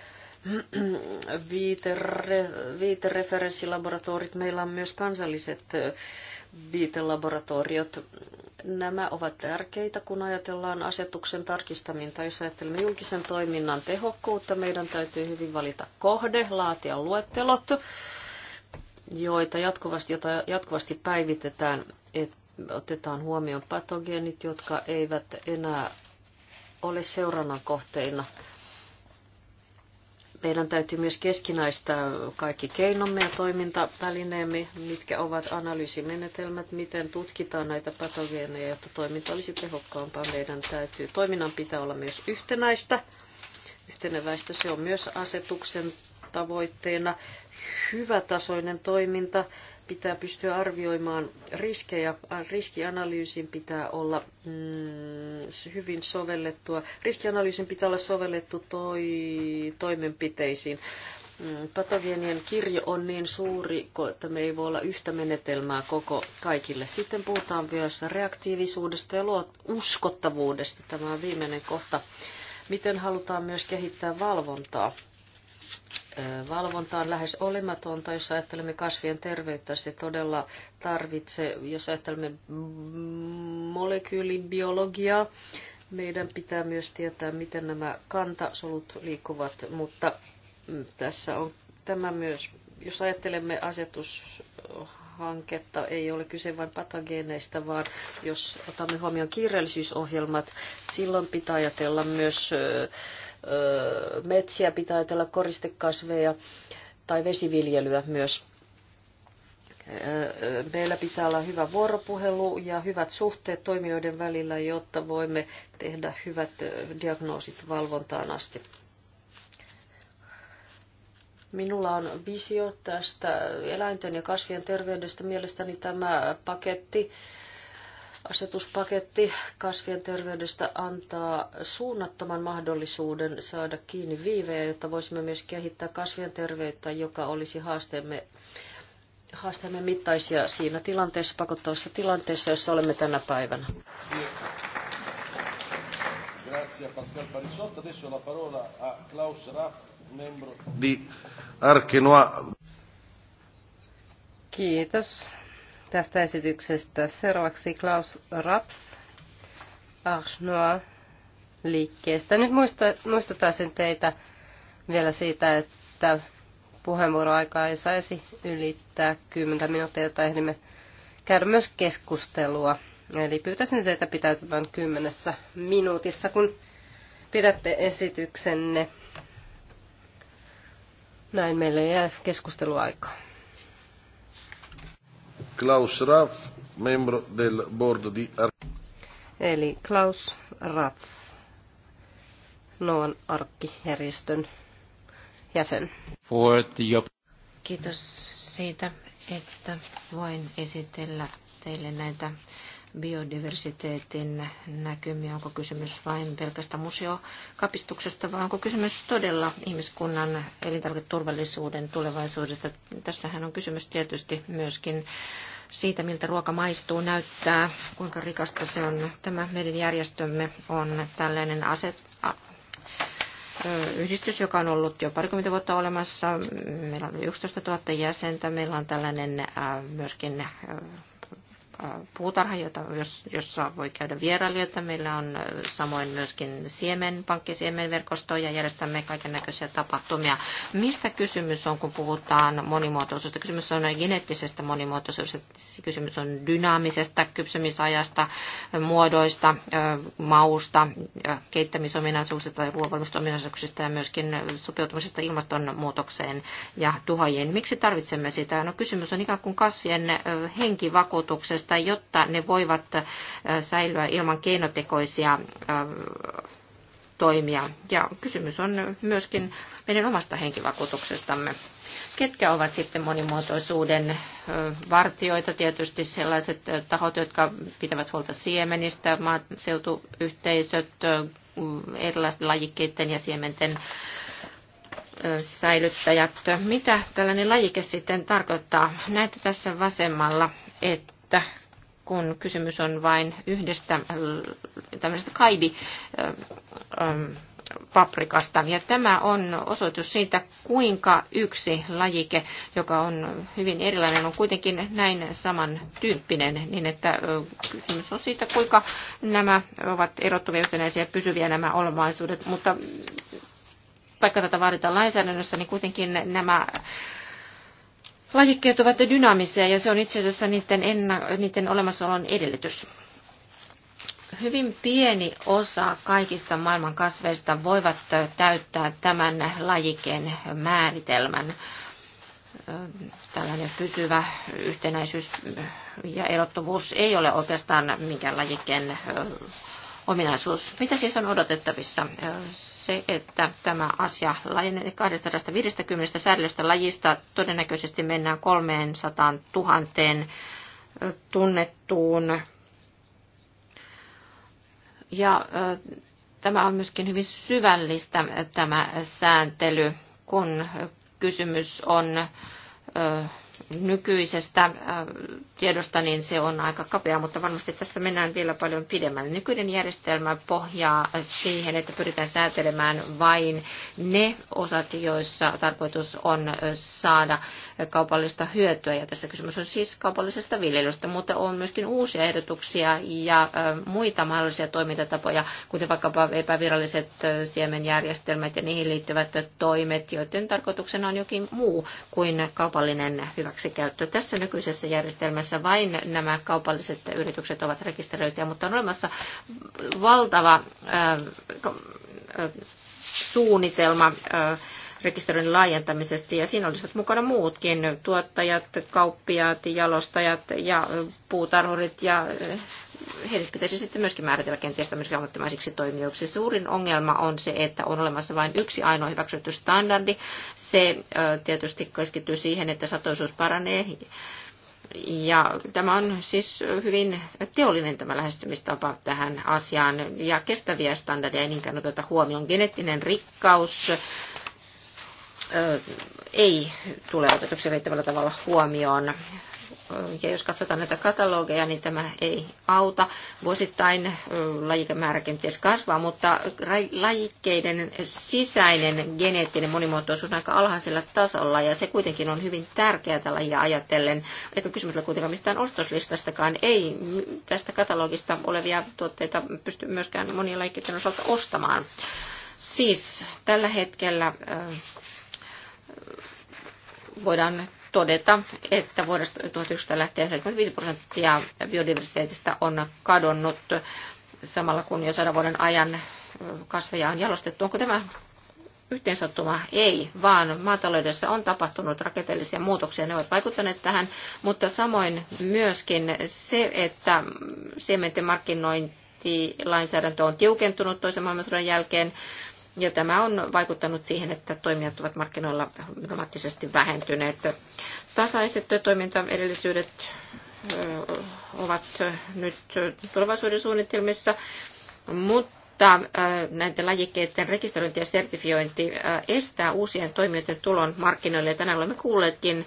viitere, meillä on myös kansalliset viitelaboratoriot. Nämä ovat tärkeitä, kun ajatellaan asetuksen tai Jos ajattelemme julkisen toiminnan tehokkuutta, meidän täytyy hyvin valita kohde, laatia luettelot joita jatkuvasti, jota jatkuvasti päivitetään, että otetaan huomioon patogeenit, jotka eivät enää ole seurannan kohteina. Meidän täytyy myös keskinäistää kaikki keinomme ja toimintavälineemme, mitkä ovat analyysimenetelmät, miten tutkitaan näitä patogeeneja, jotta toiminta olisi tehokkaampaa. Meidän täytyy, toiminnan pitää olla myös yhtenäistä, yhteneväistä. Se on myös asetuksen tavoitteena hyvätasoinen toiminta. Pitää pystyä arvioimaan riskejä. Riskianalyysin pitää olla mm, hyvin sovellettua. Riskianalyysin pitää olla sovellettu toi, toimenpiteisiin mm, patogeenien kirjo on niin suuri, että me ei voi olla yhtä menetelmää koko kaikille. Sitten puhutaan myös reaktiivisuudesta ja uskottavuudesta. Tämä on viimeinen kohta. Miten halutaan myös kehittää valvontaa? valvonta on lähes olematonta, jos ajattelemme kasvien terveyttä, se todella tarvitsee, jos ajattelemme molekyylibiologiaa, meidän pitää myös tietää, miten nämä kantasolut liikkuvat, mutta mm, tässä on tämä myös, jos ajattelemme asetushanketta, ei ole kyse vain patogeeneista, vaan jos otamme huomioon kiireellisyysohjelmat, silloin pitää ajatella myös äh, metsiä, pitää ajatella koristekasveja tai vesiviljelyä myös. Meillä pitää olla hyvä vuoropuhelu ja hyvät suhteet toimijoiden välillä, jotta voimme tehdä hyvät diagnoosit valvontaan asti. Minulla on visio tästä eläinten ja kasvien terveydestä. Mielestäni tämä paketti Asetuspaketti kasvien terveydestä antaa suunnattoman mahdollisuuden saada kiinni viivejä, jotta voisimme myös kehittää kasvien terveyttä, joka olisi haasteemme, haasteemme mittaisia siinä tilanteessa, pakottavassa tilanteessa, jossa olemme tänä päivänä. Grazie a Pascal Parisotto. Adesso la parola a Klaus membro di Arkenoa. Kiitos tästä esityksestä. Seuraavaksi Klaus Rapp Arsnoa liikkeestä. Nyt muista, muistuttaisin teitä vielä siitä, että puheenvuoroaikaa ei saisi ylittää 10 minuuttia, jota ehdimme käydä myös keskustelua. Eli pyytäisin teitä pitäytymään kymmenessä minuutissa, kun pidätte esityksenne. Näin meille jää keskusteluaikaa. Klaus Raff, membro del board di Eli Klaus Raff, Noan arkkijärjestön jäsen. For the... Kiitos siitä, että voin esitellä teille näitä biodiversiteetin näkymiä? Onko kysymys vain pelkästä museokapistuksesta vai onko kysymys todella ihmiskunnan elintarviketurvallisuuden tulevaisuudesta? Tässähän on kysymys tietysti myöskin siitä, miltä ruoka maistuu, näyttää, kuinka rikasta se on. Tämä meidän järjestömme on tällainen aset, yhdistys, joka on ollut jo parikymmentä vuotta olemassa. Meillä on 11 000 jäsentä. Meillä on tällainen myöskin puutarha, jota, jos, jossa voi käydä vierailijoita. Meillä on samoin myöskin siemen, pankkisiemenverkosto ja järjestämme kaiken näköisiä tapahtumia. Mistä kysymys on, kun puhutaan monimuotoisuudesta? Kysymys on geneettisestä monimuotoisuudesta, kysymys on dynaamisesta kypsymisajasta, muodoista, mausta, keittämisominaisuuksista tai ruoanvalmistusominaisuuksista ja myöskin sopeutumisesta ilmastonmuutokseen ja tuhojiin. Miksi tarvitsemme sitä? No kysymys on ikään kuin kasvien henkivakuutuksesta puolesta, jotta ne voivat säilyä ilman keinotekoisia toimia. Ja kysymys on myöskin meidän omasta henkivakuutuksestamme. Ketkä ovat sitten monimuotoisuuden vartioita? Tietysti sellaiset tahot, jotka pitävät huolta siemenistä, maaseutuyhteisöt, erilaisten lajikkeiden ja siementen säilyttäjät. Mitä tällainen lajike sitten tarkoittaa? Näette tässä vasemmalla, että kun kysymys on vain yhdestä äh, tämmöisestä kaibi äh, ähm, paprikasta. Ja tämä on osoitus siitä, kuinka yksi lajike, joka on hyvin erilainen, on kuitenkin näin samantyyppinen, niin että äh, kysymys on siitä, kuinka nämä ovat erottuvia yhtenäisiä pysyviä nämä olemaisuudet, mutta vaikka tätä vaaditaan lainsäädännössä, niin kuitenkin nämä Lajikkeet ovat dynaamisia ja se on itse asiassa niiden, enna, niiden olemassaolon edellytys. Hyvin pieni osa kaikista maailman kasveista voivat täyttää tämän lajikkeen määritelmän. Tällainen pysyvä yhtenäisyys ja erottuvuus ei ole oikeastaan minkään lajikkeen ominaisuus. Mitä siis on odotettavissa? se, että tämä asia laajenee 250 säädellöstä lajista. Todennäköisesti mennään 300 000 tunnettuun. Ja tämä on myöskin hyvin syvällistä tämä sääntely, kun kysymys on nykyisestä äh, tiedosta, niin se on aika kapea, mutta varmasti tässä mennään vielä paljon pidemmälle. Nykyinen järjestelmä pohjaa siihen, että pyritään säätelemään vain ne osat, joissa tarkoitus on saada kaupallista hyötyä. Ja tässä kysymys on siis kaupallisesta viljelystä, mutta on myöskin uusia ehdotuksia ja äh, muita mahdollisia toimintatapoja, kuten vaikkapa epäviralliset äh, siemenjärjestelmät ja niihin liittyvät toimet, joiden tarkoituksena on jokin muu kuin kaupallinen hyvä hyväksikäyttö. Tässä nykyisessä järjestelmässä vain nämä kaupalliset yritykset ovat rekisteröityjä, mutta on olemassa valtava äh, äh, suunnitelma äh, rekisteröinnin laajentamisesta ja siinä olisivat mukana muutkin tuottajat, kauppiaat, jalostajat ja puutarhurit ja heidät pitäisi sitten myöskin määritellä kenties tämmöisiksi ammattimaisiksi toimijoiksi. Suurin ongelma on se, että on olemassa vain yksi ainoa hyväksytty standardi. Se tietysti keskittyy siihen, että satoisuus paranee. Ja tämä on siis hyvin teollinen tämä lähestymistapa tähän asiaan ja kestäviä standardeja ei niinkään oteta huomioon. Geneettinen rikkaus, ei tule otetuksi riittävällä tavalla huomioon. Ja jos katsotaan näitä katalogeja, niin tämä ei auta. Vuosittain lajikemäärä kenties kasvaa, mutta lajikkeiden sisäinen geneettinen monimuotoisuus on aika alhaisella tasolla, ja se kuitenkin on hyvin tärkeää tällä ja ajatellen. Eikä kysymys ole kuitenkaan mistään ostoslistastakaan. Ei tästä katalogista olevia tuotteita pysty myöskään monien lajikkeiden osalta ostamaan. Siis tällä hetkellä voidaan todeta, että vuodesta 1900 lähtien 75 prosenttia biodiversiteetistä on kadonnut samalla kun jo sadan vuoden ajan kasveja on jalostettu. Onko tämä yhteensattuma? Ei, vaan maataloudessa on tapahtunut rakenteellisia muutoksia. Ne ovat vaikuttaneet tähän, mutta samoin myöskin se, että siementen markkinointi lainsäädäntö on tiukentunut toisen maailmansodan jälkeen ja tämä on vaikuttanut siihen, että toimijat ovat markkinoilla dramaattisesti vähentyneet. Tasaiset toimintaedellisyydet ovat nyt tulevaisuuden suunnitelmissa, mutta näiden lajikkeiden rekisteröinti ja sertifiointi estää uusien toimijoiden tulon markkinoille. Tänään olemme kuulleetkin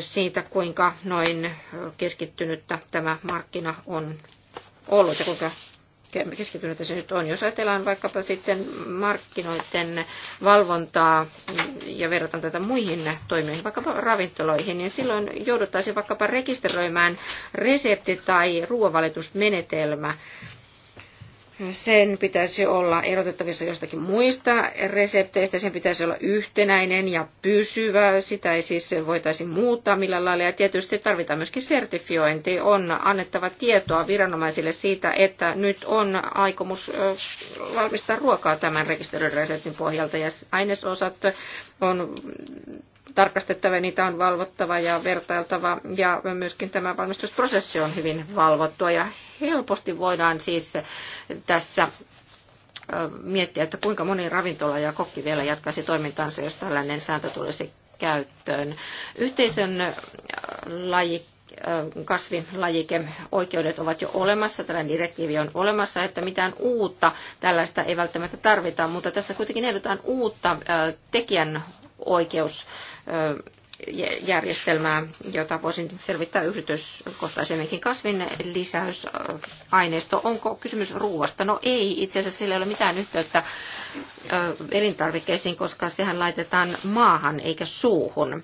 siitä, kuinka noin keskittynyttä tämä markkina on ollut ja kuinka keskittyneitä se nyt on. Jos ajatellaan vaikkapa sitten markkinoiden valvontaa ja verrataan tätä muihin toimijoihin, vaikkapa ravintoloihin, niin silloin jouduttaisiin vaikkapa rekisteröimään resepti- tai ruoavalitusmenetelmä sen pitäisi olla erotettavissa jostakin muista resepteistä, sen pitäisi olla yhtenäinen ja pysyvä, sitä ei siis voitaisi muuttaa millään lailla. Ja tietysti tarvitaan myöskin sertifiointi, on annettava tietoa viranomaisille siitä, että nyt on aikomus valmistaa ruokaa tämän rekisteröidyn reseptin pohjalta ja ainesosat on tarkastettava, niitä on valvottava ja vertailtava ja myöskin tämä valmistusprosessi on hyvin valvottua ja helposti voidaan siis tässä miettiä, että kuinka moni ravintola ja kokki vielä jatkaisi toimintaansa, jos tällainen sääntö tulisi käyttöön. Yhteisön laji kasvilajike oikeudet ovat jo olemassa, tällainen direktiivi on olemassa, että mitään uutta tällaista ei välttämättä tarvita, mutta tässä kuitenkin ehdotetaan uutta tekijän oikeus järjestelmää, jota voisin selvittää yksityiskohtaisemminkin. Kasvin lisäysaineisto, onko kysymys ruoasta? No ei, itse asiassa sillä ei ole mitään yhteyttä elintarvikkeisiin, koska sehän laitetaan maahan eikä suuhun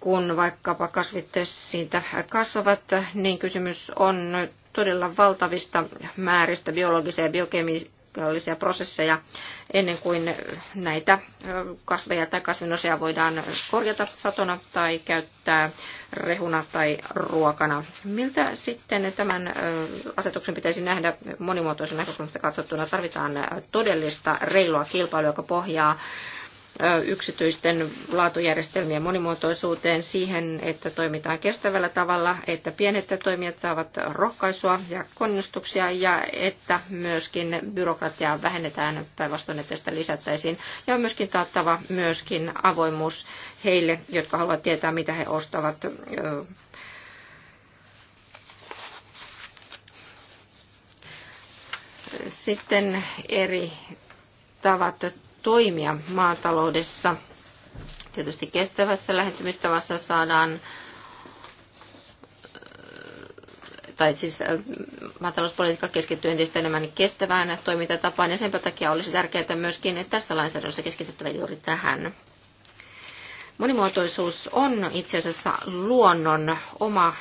kun vaikkapa kasvit siitä kasvavat, niin kysymys on todella valtavista määristä biologisia ja biokemi- hallinnollisia prosesseja ennen kuin näitä kasveja tai kasvinosia voidaan korjata satona tai käyttää rehuna tai ruokana. Miltä sitten tämän asetuksen pitäisi nähdä monimuotoisen näkökulmasta katsottuna? Tarvitaan todellista reilua kilpailua, joka pohjaa yksityisten laatujärjestelmien monimuotoisuuteen, siihen, että toimitaan kestävällä tavalla, että pienet toimijat saavat rohkaisua ja kannustuksia ja että myöskin byrokratiaa vähennetään päinvastoin, että sitä lisättäisiin. Ja on myöskin taattava myöskin avoimuus heille, jotka haluavat tietää, mitä he ostavat sitten eri tavat toimia maataloudessa. Tietysti kestävässä lähentymistavassa saadaan tai siis maatalouspolitiikka keskittyy entistä enemmän kestävään toimintatapaan, ja sen takia olisi tärkeää myöskin, että tässä lainsäädännössä keskityttävä juuri tähän. Monimuotoisuus on itse asiassa luonnon oma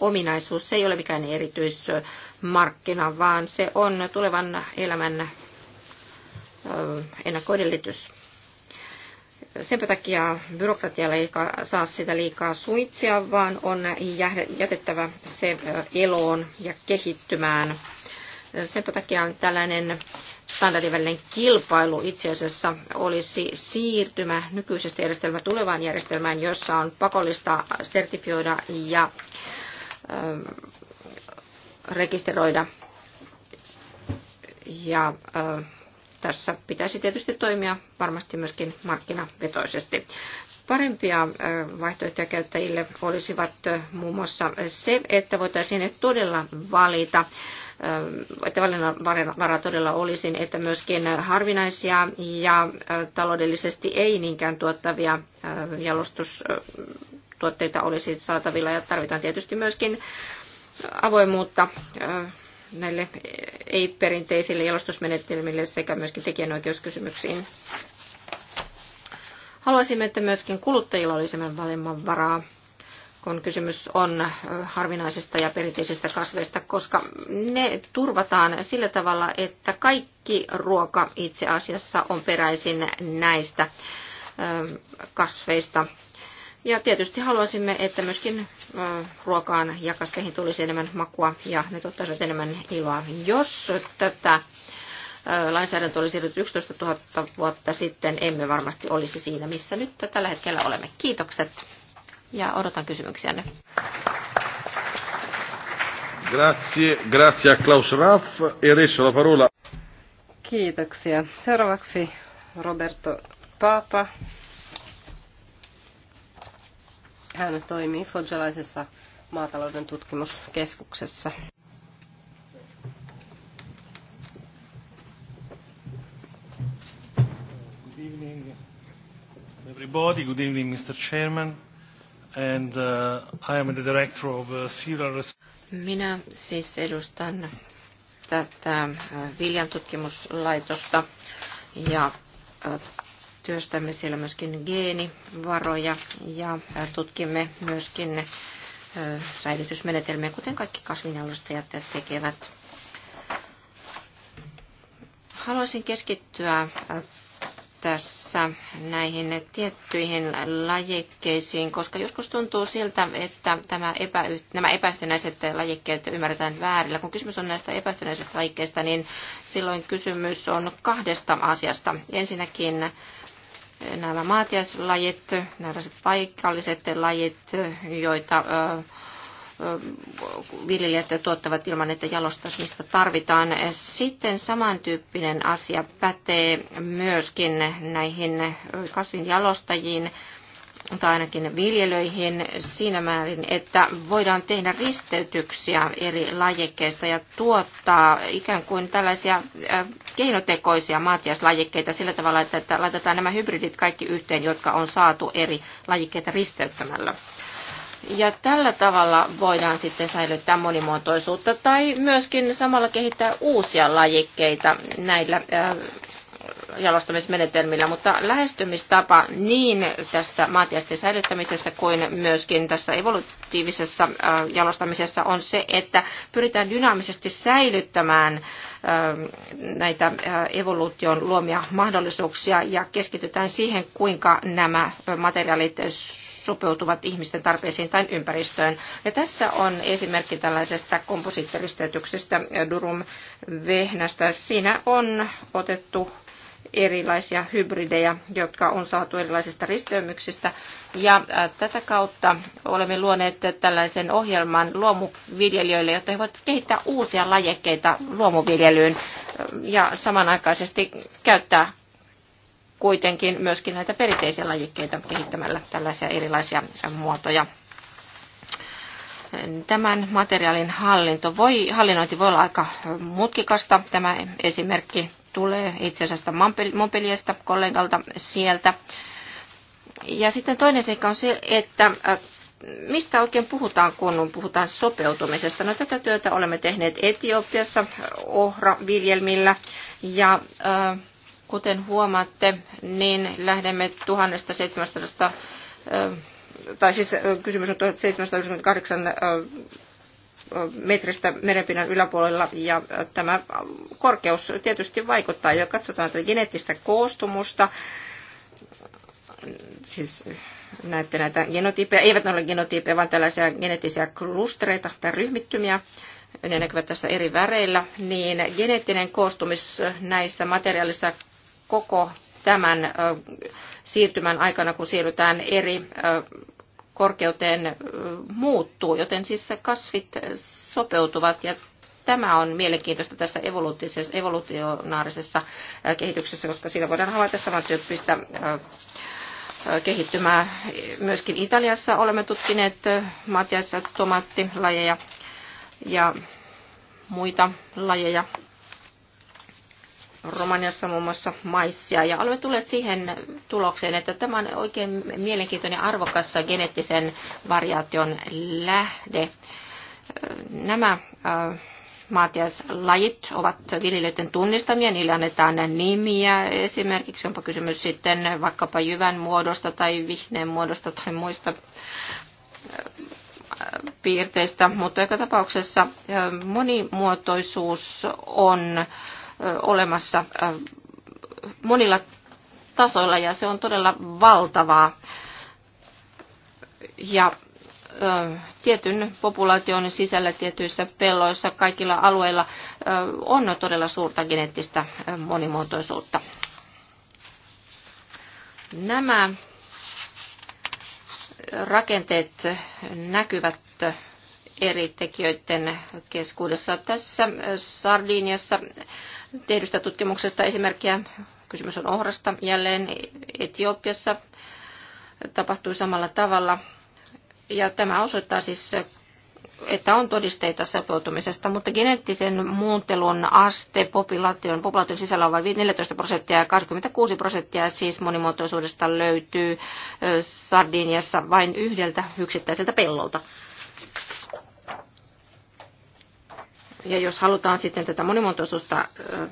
ominaisuus. Se ei ole mikään erityismarkkina, vaan se on tulevan elämän ennakkoedellytys. Senpä takia byrokratialla ei saa sitä liikaa suitsia, vaan on jätettävä se eloon ja kehittymään. Senpä takia tällainen standardivälinen kilpailu itse asiassa olisi siirtymä nykyisestä järjestelmästä tulevaan järjestelmään, jossa on pakollista sertifioida ja rekisteröidä ja tässä pitäisi tietysti toimia varmasti myöskin markkinavetoisesti. Parempia vaihtoehtoja käyttäjille olisivat muun muassa se, että voitaisiin todella valita että valinnanvara todella olisi, että myöskin harvinaisia ja taloudellisesti ei niinkään tuottavia jalostustuotteita olisi saatavilla ja tarvitaan tietysti myöskin avoimuutta näille ei-perinteisille jalostusmenetelmille sekä myöskin tekijänoikeuskysymyksiin. Haluaisimme, että myöskin kuluttajilla olisi valinnan varaa, kun kysymys on harvinaisista ja perinteisistä kasveista, koska ne turvataan sillä tavalla, että kaikki ruoka itse asiassa on peräisin näistä kasveista ja tietysti haluaisimme, että myöskin ruokaan ja kasveihin tulisi enemmän makua ja ne tuottaisivat enemmän iloa. Jos tätä lainsäädäntö olisi siirrytty 11 000 vuotta sitten, emme varmasti olisi siinä, missä nyt tällä hetkellä olemme. Kiitokset ja odotan kysymyksiänne. Grazie, grazie a Klaus Raff e adesso la parola. Kiitoksia. Seuraavaksi Roberto Papa hän toimii Fodjalaisessa maatalouden tutkimuskeskuksessa. Good evening everybody, good evening Mr. Chairman. And uh, I am the director of uh, Minä siis edustan tätä uh, viljan tutkimuslaitosta ja uh, työstämme siellä myöskin geenivaroja ja tutkimme myöskin säilytysmenetelmiä, kuten kaikki kasvinjalostajat tekevät. Haluaisin keskittyä tässä näihin tiettyihin lajikkeisiin, koska joskus tuntuu siltä, että tämä epäyh- nämä epäyhtenäiset lajikkeet ymmärretään väärillä. Kun kysymys on näistä epäyhtenäisistä lajikkeista, niin silloin kysymys on kahdesta asiasta. Ensinnäkin nämä maatiaislajit, nämä paikalliset lajit, joita viljelijät tuottavat ilman, että jalostamista tarvitaan. Sitten samantyyppinen asia pätee myöskin näihin kasvinjalostajiin tai ainakin viljelöihin siinä määrin, että voidaan tehdä risteytyksiä eri lajikkeista ja tuottaa ikään kuin tällaisia äh, keinotekoisia maatiaslajikkeita sillä tavalla, että, että laitetaan nämä hybridit kaikki yhteen, jotka on saatu eri lajikkeita risteyttämällä. Ja tällä tavalla voidaan sitten säilyttää monimuotoisuutta tai myöskin samalla kehittää uusia lajikkeita näillä äh, jalostamismenetelmillä, mutta lähestymistapa niin tässä maantiesten säilyttämisessä kuin myöskin tässä evolutiivisessa äh, jalostamisessa on se, että pyritään dynaamisesti säilyttämään ähm, näitä äh, evoluution luomia mahdollisuuksia ja keskitytään siihen, kuinka nämä materiaalit sopeutuvat ihmisten tarpeisiin tai ympäristöön. Ja tässä on esimerkki tällaisesta komposiittiristetyksestä äh, Durum Vehnästä. Siinä on otettu erilaisia hybridejä, jotka on saatu erilaisista risteymyksistä. Ja äh, tätä kautta olemme luoneet tällaisen ohjelman luomuviljelijöille, jotta he voivat kehittää uusia lajekkeita luomuviljelyyn äh, ja samanaikaisesti käyttää kuitenkin myöskin näitä perinteisiä lajikkeita kehittämällä tällaisia erilaisia muotoja tämän materiaalin hallinto voi, hallinnointi voi olla aika mutkikasta. Tämä esimerkki tulee itse asiassa Montpellierstä kollegalta sieltä. Ja sitten toinen seikka on se, että mistä oikein puhutaan, kun puhutaan sopeutumisesta? No tätä työtä olemme tehneet Etiopiassa ohraviljelmillä ja kuten huomaatte, niin lähdemme 1700 tai siis kysymys on 1798 metristä merenpinnan yläpuolella ja tämä korkeus tietysti vaikuttaa. Ja katsotaan tätä geneettistä koostumusta, siis näette näitä genotyyppejä, eivät ne ole genotyyppejä, vaan tällaisia geneettisiä klustereita tai ryhmittymiä, ne näkyvät tässä eri väreillä, niin geneettinen koostumis näissä materiaalissa koko tämän siirtymän aikana, kun siirrytään eri korkeuteen muuttuu, joten siis kasvit sopeutuvat ja tämä on mielenkiintoista tässä evolutionaarisessa kehityksessä, koska siinä voidaan havaita samantyyppistä kehittymää. Myöskin Italiassa olemme tutkineet maatiaissa tomaattilajeja ja muita lajeja Romaniassa muun muassa maissia. Ja olemme tulleet siihen tulokseen, että tämä on oikein mielenkiintoinen arvokas geneettisen variaation lähde. Nämä äh, maatiaislajit ovat viljelijöiden tunnistamia, niille annetaan nimiä esimerkiksi, onpa kysymys sitten vaikkapa jyvän muodosta tai vihneen muodosta tai muista äh, piirteistä, mutta joka tapauksessa äh, monimuotoisuus on olemassa monilla tasoilla ja se on todella valtavaa. Ja tietyn populaation sisällä tietyissä pelloissa kaikilla alueilla on todella suurta geneettistä monimuotoisuutta. Nämä rakenteet näkyvät eri tekijöiden keskuudessa. Tässä Sardiniassa tehdystä tutkimuksesta esimerkkiä. Kysymys on ohrasta. Jälleen Etiopiassa tapahtui samalla tavalla. Ja tämä osoittaa siis, että on todisteita sopeutumisesta, mutta geneettisen muuntelun aste populaation, populaation sisällä on vain 14 prosenttia ja 26 prosenttia siis monimuotoisuudesta löytyy eh, Sardiniassa vain yhdeltä yksittäiseltä pellolta. Ja jos halutaan sitten tätä monimuotoisuutta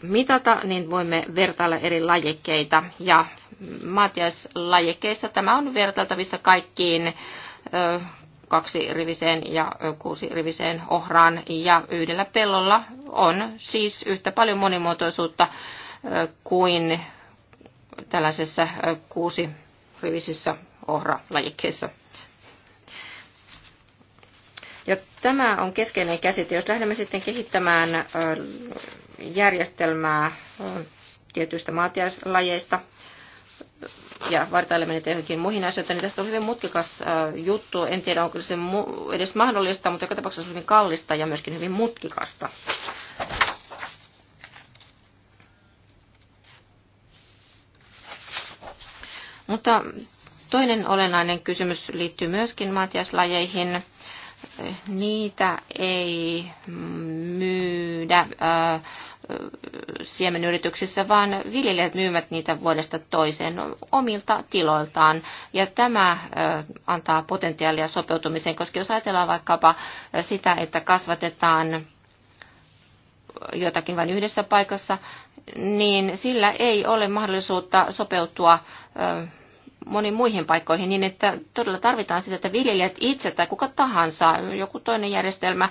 mitata, niin voimme vertailla eri lajikkeita. Ja maatiaislajikkeissa tämä on vertailtavissa kaikkiin kaksi riviseen ja kuusi riviseen ohraan. Ja yhdellä pellolla on siis yhtä paljon monimuotoisuutta kuin tällaisessa rivisissä ohra lajikkeissa ja tämä on keskeinen käsite. Jos lähdemme sitten kehittämään järjestelmää tietyistä maatiaislajeista ja vartailemme niitä johonkin muihin asioihin, niin tästä on hyvin mutkikas juttu. En tiedä, onko se edes mahdollista, mutta joka tapauksessa hyvin kallista ja myöskin hyvin mutkikasta. Mutta toinen olennainen kysymys liittyy myöskin maatiaislajeihin niitä ei myydä siemenyrityksissä, vaan viljelijät myyvät niitä vuodesta toiseen omilta tiloiltaan. Ja tämä antaa potentiaalia sopeutumiseen, koska jos ajatellaan vaikkapa sitä, että kasvatetaan jotakin vain yhdessä paikassa, niin sillä ei ole mahdollisuutta sopeutua moniin muihin paikkoihin niin, että todella tarvitaan sitä, että viljelijät itse tai kuka tahansa, joku toinen järjestelmä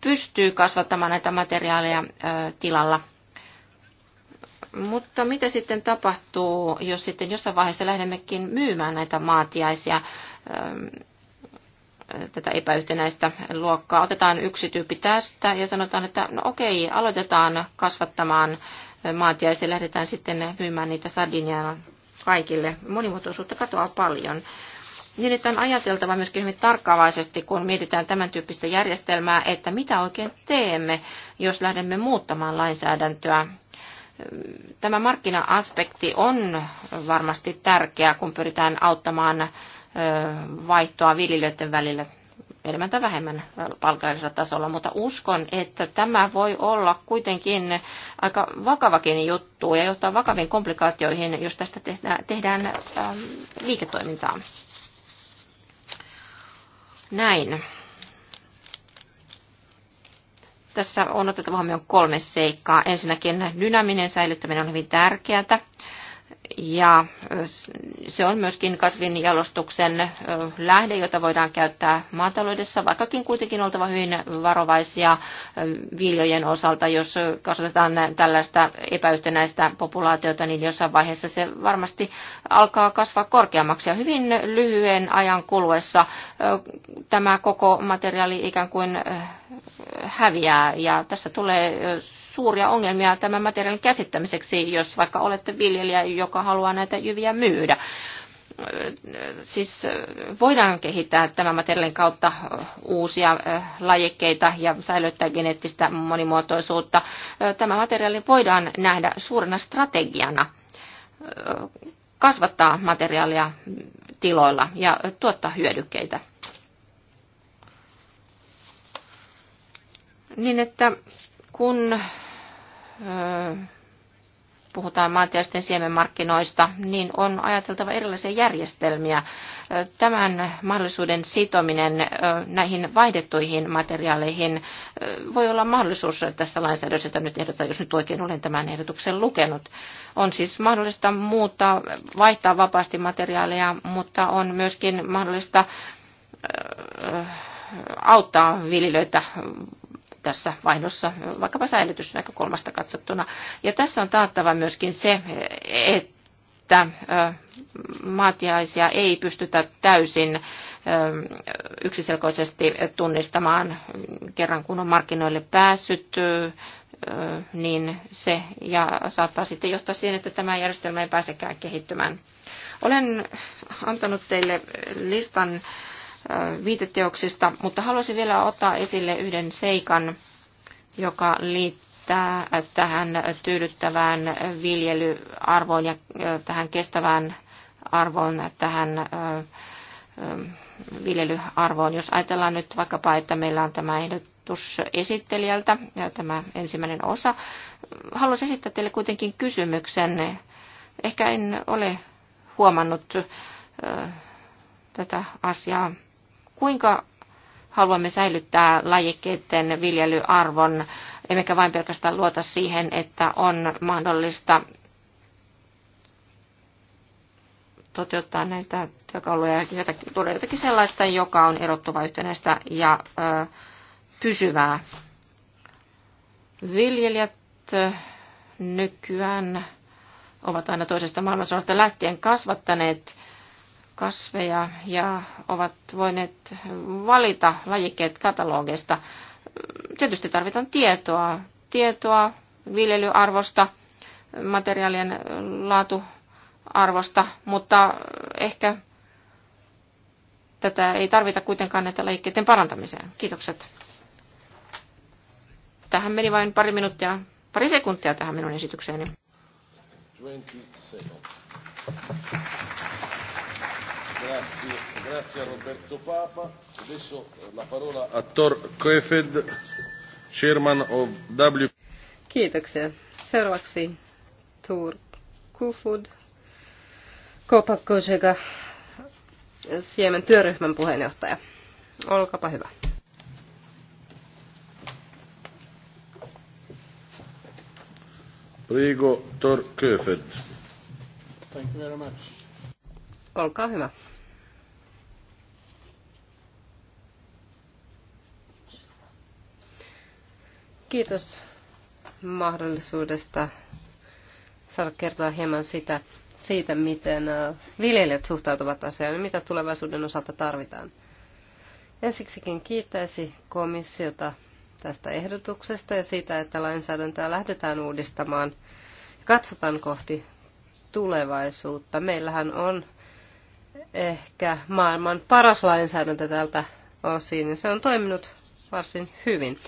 pystyy kasvattamaan näitä materiaaleja tilalla. Mutta mitä sitten tapahtuu, jos sitten jossain vaiheessa lähdemmekin myymään näitä maatiaisia, tätä epäyhtenäistä luokkaa? Otetaan yksi tyyppi tästä ja sanotaan, että no okei, aloitetaan kasvattamaan maatiaisia, lähdetään sitten myymään niitä Sardinian kaikille. Monimuotoisuutta katoaa paljon. Niin, että on ajateltava myöskin hyvin tarkkaavaisesti, kun mietitään tämän tyyppistä järjestelmää, että mitä oikein teemme, jos lähdemme muuttamaan lainsäädäntöä tämä markkina-aspekti on varmasti tärkeä, kun pyritään auttamaan vaihtoa viljelijöiden välillä enemmän tai vähemmän palkallisella tasolla, mutta uskon, että tämä voi olla kuitenkin aika vakavakin juttu ja johtaa vakaviin komplikaatioihin, jos tästä tehdään, ähm, liiketoimintaa. Näin. Tässä on otettava huomioon kolme seikkaa. Ensinnäkin dynaaminen säilyttäminen on hyvin tärkeää ja se on myöskin kasvinjalostuksen lähde, jota voidaan käyttää maataloudessa, vaikkakin kuitenkin oltava hyvin varovaisia viljojen osalta. Jos kasvatetaan tällaista epäyhtenäistä populaatiota, niin jossain vaiheessa se varmasti alkaa kasvaa korkeammaksi. Ja hyvin lyhyen ajan kuluessa tämä koko materiaali ikään kuin häviää ja tässä tulee suuria ongelmia tämän materiaalin käsittämiseksi, jos vaikka olette viljelijä, joka haluaa näitä jyviä myydä siis voidaan kehittää tämän materiaalin kautta uusia lajikkeita ja säilyttää geneettistä monimuotoisuutta. Tämä materiaali voidaan nähdä suurena strategiana kasvattaa materiaalia tiloilla ja tuottaa hyödykkeitä. Niin että kun puhutaan maantieisten siemenmarkkinoista, niin on ajateltava erilaisia järjestelmiä. Tämän mahdollisuuden sitominen näihin vaihdettuihin materiaaleihin voi olla mahdollisuus tässä lainsäädännössä, jota nyt ehdotan, jos nyt oikein olen tämän ehdotuksen lukenut. On siis mahdollista muuttaa, vaihtaa vapaasti materiaaleja, mutta on myöskin mahdollista auttaa viljelijöitä tässä vaihdossa, vaikkapa säilytysnäkökulmasta katsottuna. Ja tässä on taattava myöskin se, että maatiaisia ei pystytä täysin yksiselkoisesti tunnistamaan kerran kun on markkinoille päässyt, niin se ja saattaa sitten johtaa siihen, että tämä järjestelmä ei pääsekään kehittymään. Olen antanut teille listan viiteteoksista, mutta haluaisin vielä ottaa esille yhden seikan, joka liittää tähän tyydyttävään viljelyarvoon ja tähän kestävään arvoon, tähän viljelyarvoon. Jos ajatellaan nyt vaikkapa, että meillä on tämä ehdotus esittelijältä, tämä ensimmäinen osa, haluaisin esittää teille kuitenkin kysymyksen. Ehkä en ole huomannut tätä asiaa kuinka haluamme säilyttää lajikkeiden viljelyarvon, emmekä vain pelkästään luota siihen, että on mahdollista toteuttaa näitä työkaluja, jotakin, tuoda jotakin sellaista, joka on erottuva yhtenäistä ja ö, pysyvää. Viljelijät nykyään ovat aina toisesta maailmansodasta lähtien kasvattaneet kasveja ja ovat voineet valita lajikkeet katalogeista. Tietysti tarvitaan tietoa, tietoa viljelyarvosta, materiaalien laatuarvosta, mutta ehkä tätä ei tarvita kuitenkaan näitä lajikkeiden parantamiseen. Kiitokset. Tähän meni vain pari minuuttia, pari sekuntia tähän minun esitykseeni. 20 seconds. Grazie, grazie a Roberto Papa. Adesso la parola a Tor Koefed, chairman of W. Kiitoksia. Seuraavaksi Tor Kufud, Kopakosega, Siemen työryhmän puheenjohtaja. Olkapa hyvä. Prego Tor Köfed. Thank you very much. Olkaa hyvä. Kiitos mahdollisuudesta saada kertoa hieman sitä, siitä, miten äh, viljelijät suhtautuvat asiaan ja mitä tulevaisuuden osalta tarvitaan. Ensiksikin kiittäisi komissiota tästä ehdotuksesta ja siitä, että lainsäädäntöä lähdetään uudistamaan. Katsotaan kohti tulevaisuutta. Meillähän on ehkä maailman paras lainsäädäntö tältä osin, niin se on toiminut varsin hyvin.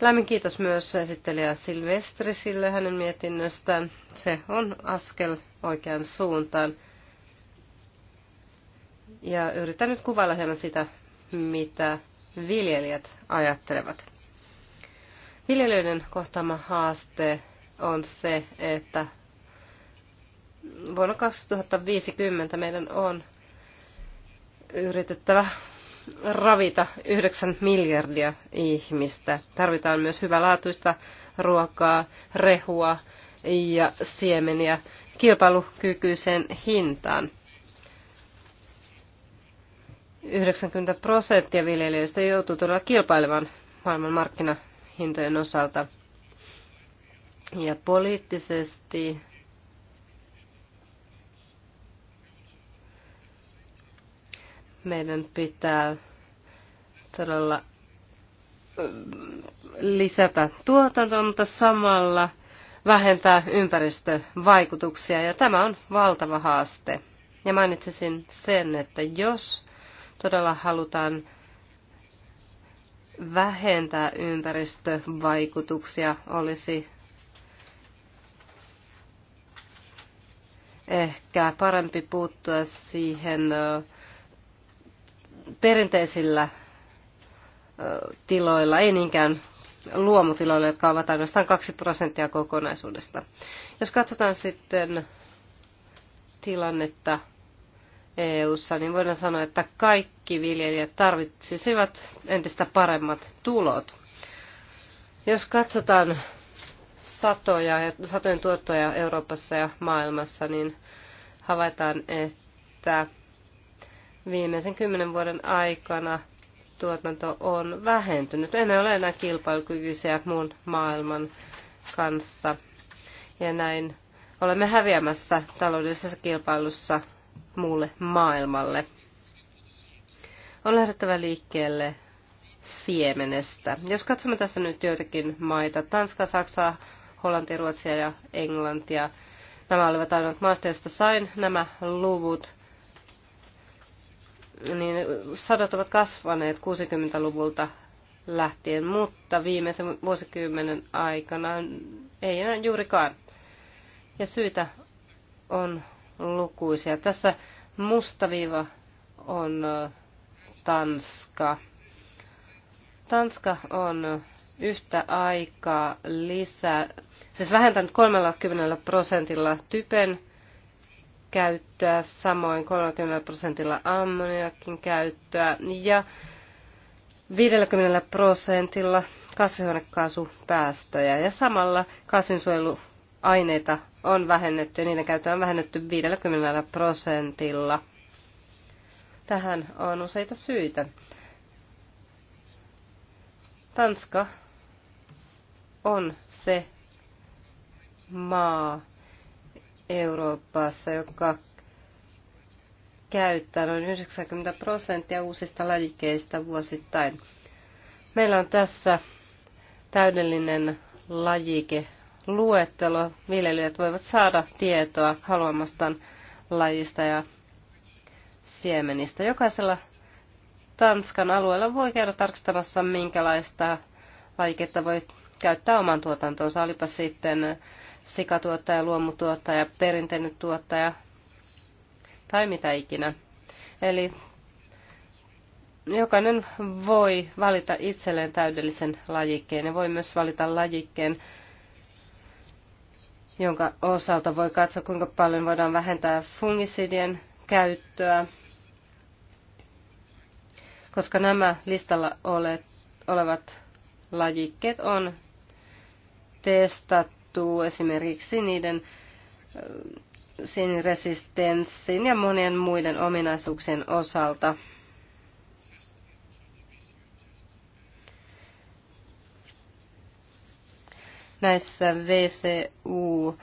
Lämmin kiitos myös esittelijä Silvestrisille hänen mietinnöstään. Se on askel oikeaan suuntaan. Ja yritän nyt kuvailla hieman sitä, mitä viljelijät ajattelevat. Viljelijöiden kohtaama haaste on se, että vuonna 2050 meidän on yritettävä ravita 9 miljardia ihmistä. Tarvitaan myös hyvälaatuista ruokaa, rehua ja siemeniä kilpailukykyiseen hintaan. 90 prosenttia viljelijöistä joutuu todella kilpailemaan maailman markkinahintojen osalta. Ja poliittisesti Meidän pitää todella lisätä tuotantoa, mutta samalla vähentää ympäristövaikutuksia, ja tämä on valtava haaste. Ja mainitsisin sen, että jos todella halutaan vähentää ympäristövaikutuksia, olisi ehkä parempi puuttua siihen uh, perinteisillä tiloilla, ei niinkään luomutiloilla, jotka ovat ainoastaan 2 prosenttia kokonaisuudesta. Jos katsotaan sitten tilannetta EU-ssa, niin voidaan sanoa, että kaikki viljelijät tarvitsisivat entistä paremmat tulot. Jos katsotaan satoja, satojen tuottoja Euroopassa ja maailmassa, niin havaitaan, että viimeisen kymmenen vuoden aikana tuotanto on vähentynyt. Emme ole enää kilpailukykyisiä muun maailman kanssa. Ja näin olemme häviämässä taloudellisessa kilpailussa muulle maailmalle. On lähdettävä liikkeelle siemenestä. Jos katsomme tässä nyt joitakin maita, Tanska, Saksa, Hollanti, Ruotsia ja Englantia, nämä olivat ainoat maasta, joista sain nämä luvut niin sadot ovat kasvaneet 60-luvulta lähtien, mutta viimeisen vuosikymmenen aikana ei enää juurikaan. Ja syitä on lukuisia. Tässä mustaviiva on Tanska. Tanska on yhtä aikaa lisää, siis vähentänyt 30 prosentilla typen käyttöä, samoin 30 prosentilla ammoniakin käyttöä ja 50 prosentilla kasvihuonekaasupäästöjä ja samalla kasvinsuojeluaineita on vähennetty ja niiden käyttöä on vähennetty 50 prosentilla. Tähän on useita syitä. Tanska on se maa, Euroopassa, joka käyttää noin 90 prosenttia uusista lajikkeista vuosittain. Meillä on tässä täydellinen lajike luettelo. Viljelijät voivat saada tietoa haluamastaan lajista ja siemenistä. Jokaisella Tanskan alueella voi käydä tarkistamassa, minkälaista lajiketta voi käyttää oman tuotantonsa, olipa sitten sikatuottaja, luomutuottaja, perinteinen tuottaja tai mitä ikinä. Eli jokainen voi valita itselleen täydellisen lajikkeen ja voi myös valita lajikkeen, jonka osalta voi katsoa, kuinka paljon voidaan vähentää fungisidien käyttöä, koska nämä listalla olevat lajikkeet on testattu johtuu esimerkiksi niiden siniresistenssin ja monien muiden ominaisuuksien osalta. Näissä VCU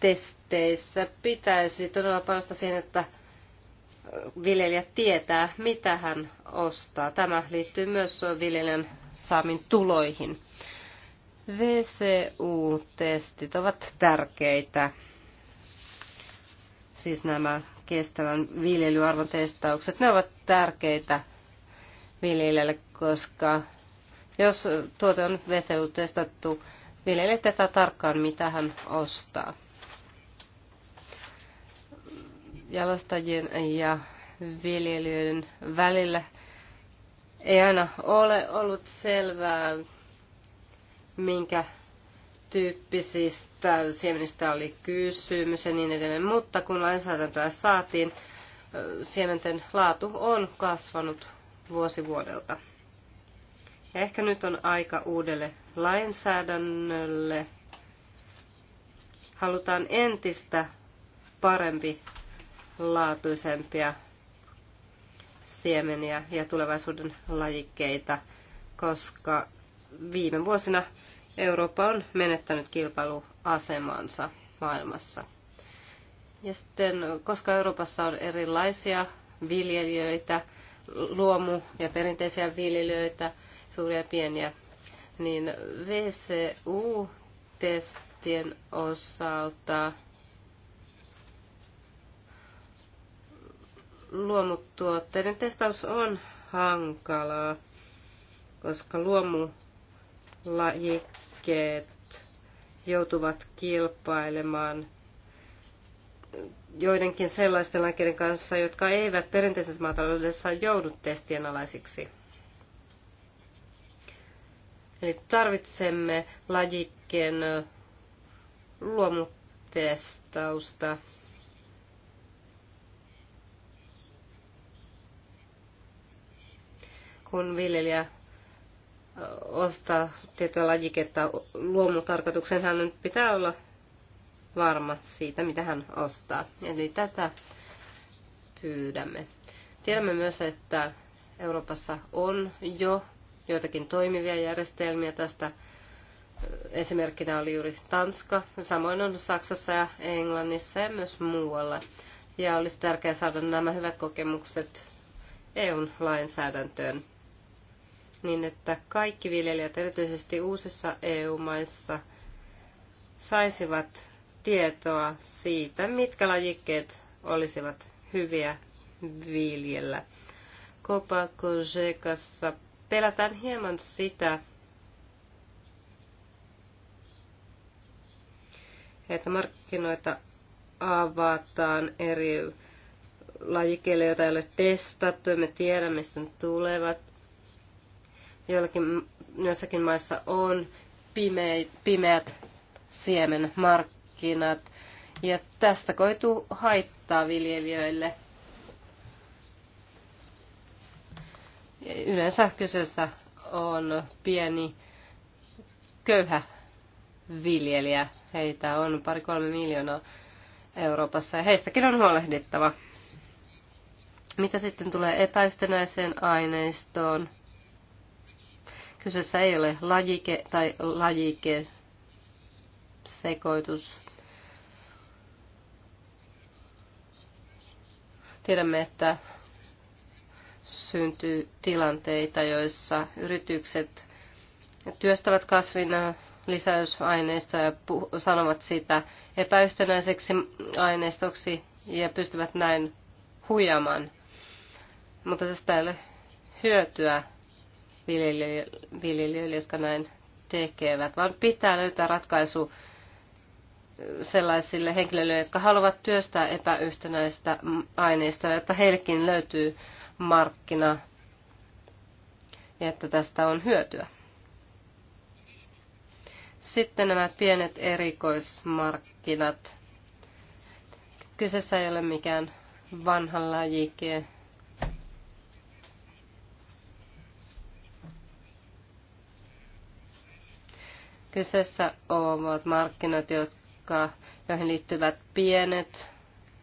testeissä pitäisi todella panostaa siihen, että viljelijä tietää, mitä hän ostaa. Tämä liittyy myös viljelijän saamin tuloihin. VCU-testit ovat tärkeitä. Siis nämä kestävän viljelyarvon testaukset, ne ovat tärkeitä viljelijälle, koska jos tuote on VCU-testattu, viljelijä tätä tarkkaan, mitä hän ostaa. Jalostajien ja viljelijöiden välillä ei aina ole ollut selvää, minkä tyyppisistä siemenistä oli kysymys ja niin edelleen. Mutta kun lainsäädäntöä saatiin, siementen laatu on kasvanut vuosi vuodelta. Ja ehkä nyt on aika uudelle lainsäädännölle. Halutaan entistä parempi laatuisempia siemeniä ja tulevaisuuden lajikkeita, koska viime vuosina Eurooppa on menettänyt kilpailuasemansa maailmassa. Ja sitten, koska Euroopassa on erilaisia viljelijöitä, luomu- ja perinteisiä viljelijöitä, suuria ja pieniä, niin VCU-testien osalta luomutuotteiden testaus on hankalaa, koska luomu lajikkeet joutuvat kilpailemaan joidenkin sellaisten lajikkeiden kanssa, jotka eivät perinteisessä maataloudessa joudu testien alaisiksi. Eli tarvitsemme lajikkeen luomutestausta. Kun viljelijä ostaa tiettyä lajiketta luomutarkoituksen, hän pitää olla varma siitä, mitä hän ostaa. Eli tätä pyydämme. Tiedämme myös, että Euroopassa on jo joitakin toimivia järjestelmiä tästä. Esimerkkinä oli juuri Tanska, samoin on Saksassa ja Englannissa ja myös muualla. Ja olisi tärkeää saada nämä hyvät kokemukset EUn lainsäädäntöön niin että kaikki viljelijät, erityisesti uusissa EU-maissa, saisivat tietoa siitä, mitkä lajikkeet olisivat hyviä viljellä. Copa pelätään hieman sitä, että markkinoita avataan eri lajikkeille, joita ei ole testattu, me tiedämme, mistä ne tulevat. Joillakin joissakin maissa on pimeät siemenmarkkinat ja tästä koituu haittaa viljelijöille. Yleensä kyseessä on pieni köyhä viljelijä. Heitä on pari-kolme miljoonaa Euroopassa ja heistäkin on huolehdittava. Mitä sitten tulee epäyhtenäiseen aineistoon? Kyseessä ei ole lajike tai lajike sekoitus. Tiedämme, että syntyy tilanteita, joissa yritykset työstävät kasvina lisäysaineista ja sanovat sitä epäyhtenäiseksi aineistoksi ja pystyvät näin huijamaan. Mutta tästä ei ole hyötyä viljelijöille, jotka näin tekevät, vaan pitää löytää ratkaisu sellaisille henkilöille, jotka haluavat työstää epäyhtenäistä aineistoa, että heillekin löytyy markkina ja että tästä on hyötyä. Sitten nämä pienet erikoismarkkinat. Kyseessä ei ole mikään vanha lajike, Kyseessä ovat markkinat, jotka, joihin liittyvät pienet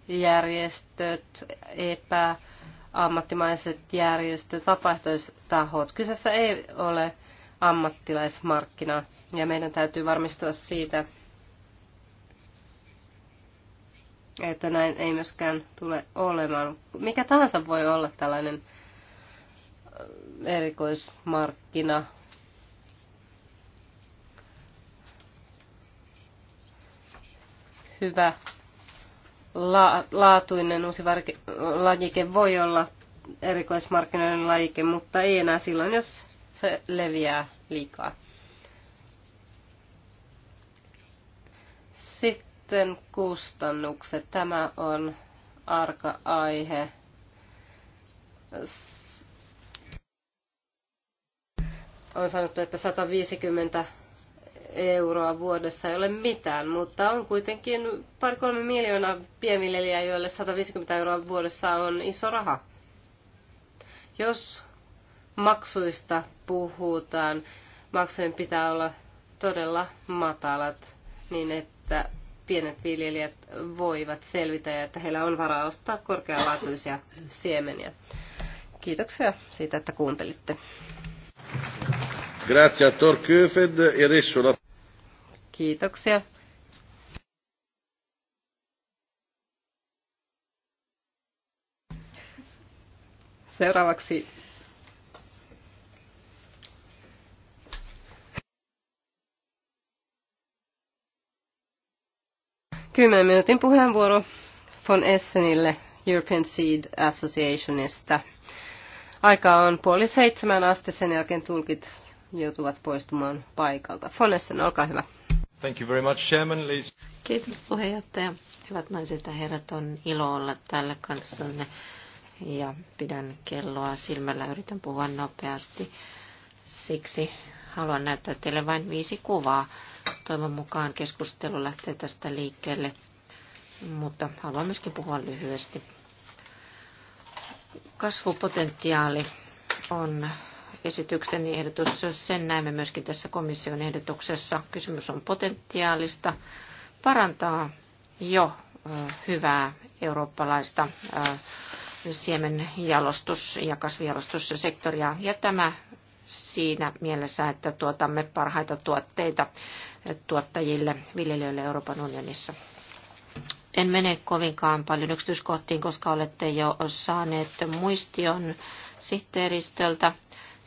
järjestöt, epäammattimaiset järjestöt, vapaaehtoistahot. Kyseessä ei ole ammattilaismarkkina ja meidän täytyy varmistua siitä, että näin ei myöskään tule olemaan. Mikä tahansa voi olla tällainen äh, erikoismarkkina hyvä laatuinen uusi lajike voi olla erikoismarkkinoiden lajike, mutta ei enää silloin, jos se leviää liikaa. Sitten kustannukset. Tämä on arka aihe. On sanottu, että 150 euroa vuodessa ei ole mitään, mutta on kuitenkin pari-kolme miljoonaa pienviljelijää, joille 150 euroa vuodessa on iso raha. Jos maksuista puhutaan, maksujen pitää olla todella matalat niin, että pienet viljelijät voivat selvitä ja että heillä on varaa ostaa korkealaatuisia siemeniä. Kiitoksia siitä, että kuuntelitte. Grazie a Tor Köfed e adesso la... Kiitoksia. Seuraavaksi kymmenen minuutin puheenvuoro von Essenille European Seed Associationista. Aika on puoli seitsemän asti, sen jälkeen tulkit joutuvat poistumaan paikalta. Von Essen, olkaa hyvä. Thank you very much, Chairman. Ladies. Kiitos puheenjohtaja. Hyvät naiset ja herrat, on ilo olla täällä kanssanne ja pidän kelloa silmällä, yritän puhua nopeasti. Siksi haluan näyttää teille vain viisi kuvaa. Toivon mukaan keskustelu lähtee tästä liikkeelle, mutta haluan myöskin puhua lyhyesti. Kasvupotentiaali on esityksen ehdotus. Sen näemme myöskin tässä komission ehdotuksessa. Kysymys on potentiaalista parantaa jo hyvää eurooppalaista siemenjalostus- ja kasvijalostussektoria. Ja tämä siinä mielessä, että tuotamme parhaita tuotteita tuottajille, viljelijöille Euroopan unionissa. En mene kovinkaan paljon yksityiskohtiin, koska olette jo saaneet muistion sihteeristöltä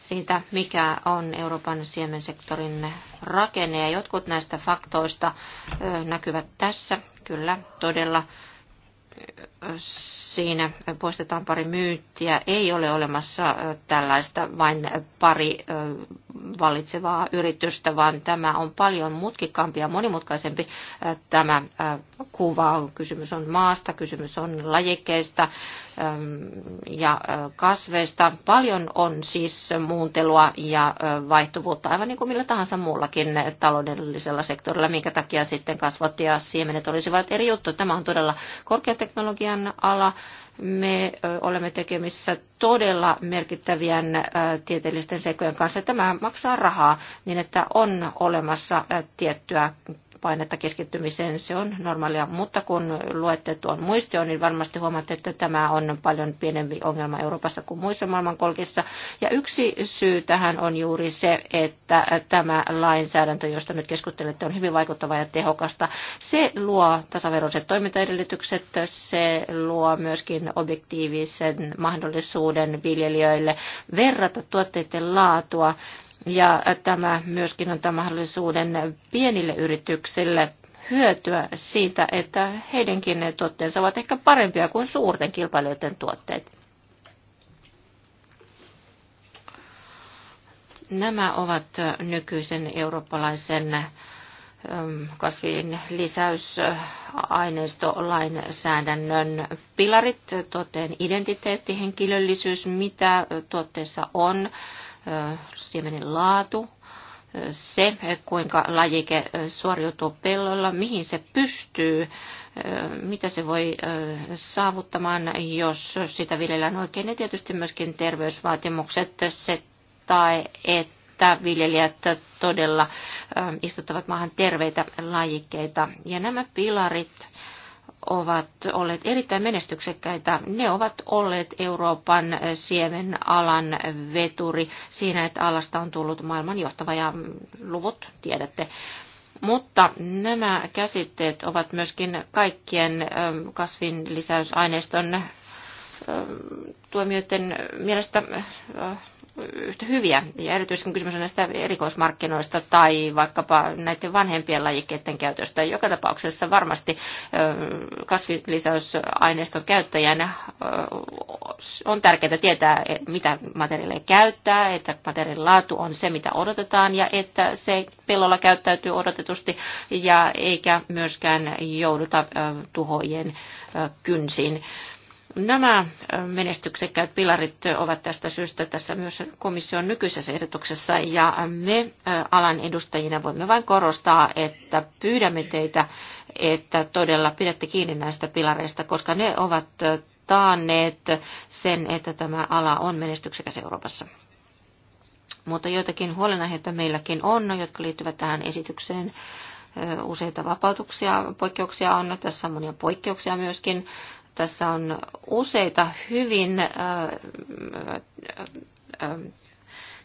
siitä, mikä on Euroopan siemensektorin rakenne. Ja jotkut näistä faktoista näkyvät tässä kyllä todella siinä poistetaan pari myyttiä. Ei ole olemassa tällaista vain pari valitsevaa yritystä, vaan tämä on paljon mutkikkaampi ja monimutkaisempi tämä kuva. Kysymys on maasta, kysymys on lajikkeista ja kasveista. Paljon on siis muuntelua ja vaihtuvuutta, aivan niin kuin millä tahansa muullakin taloudellisella sektorilla, minkä takia sitten kasvot ja siemenet olisivat eri juttu. Tämä on todella korkeateknologia teknologian ala. Me olemme tekemissä todella merkittävien tieteellisten sekojen kanssa. Tämä maksaa rahaa niin, että on olemassa tiettyä painetta keskittymiseen, se on normaalia, mutta kun luette tuon muistion, niin varmasti huomaatte, että tämä on paljon pienempi ongelma Euroopassa kuin muissa maailmankolkissa. Ja yksi syy tähän on juuri se, että tämä lainsäädäntö, josta nyt keskustelette, on hyvin vaikuttava ja tehokasta. Se luo tasaveroiset toimintaedellytykset, se luo myöskin objektiivisen mahdollisuuden viljelijöille verrata tuotteiden laatua ja tämä myöskin antaa mahdollisuuden pienille yrityksille hyötyä siitä, että heidänkin tuotteensa ovat ehkä parempia kuin suurten kilpailijoiden tuotteet. Nämä ovat nykyisen eurooppalaisen ähm, kasvien lisäysaineistolainsäädännön pilarit, tuotteen identiteetti, henkilöllisyys, mitä tuotteessa on, siemenen laatu, se, kuinka lajike suoriutuu pellolla, mihin se pystyy, mitä se voi saavuttamaan, jos sitä viljellään oikein. Ja tietysti myöskin terveysvaatimukset, se tai että viljelijät todella istuttavat maahan terveitä lajikkeita. Ja nämä pilarit ovat olleet erittäin menestyksekkäitä. Ne ovat olleet Euroopan siemenalan veturi siinä, että alasta on tullut maailman johtava ja luvut tiedätte. Mutta nämä käsitteet ovat myöskin kaikkien kasvinlisäysaineiston tuomioiden mielestä yhtä äh, hyviä. Ja erityisesti kun kysymys on näistä erikoismarkkinoista tai vaikkapa näiden vanhempien lajikkeiden käytöstä. Joka tapauksessa varmasti äh, kasvilisäysaineiston käyttäjänä äh, on tärkeää tietää, mitä materiaaleja käyttää, että materiaalin laatu on se, mitä odotetaan ja että se pellolla käyttäytyy odotetusti ja eikä myöskään jouduta tuhojen kynsiin. Nämä menestyksekkäät pilarit ovat tästä syystä tässä myös komission nykyisessä ehdotuksessa ja me alan edustajina voimme vain korostaa, että pyydämme teitä, että todella pidätte kiinni näistä pilareista, koska ne ovat taanneet sen, että tämä ala on menestyksekäs Euroopassa. Mutta joitakin huolenaiheita meilläkin on, jotka liittyvät tähän esitykseen useita vapautuksia, poikkeuksia on, tässä on monia poikkeuksia myöskin, tässä on useita hyvin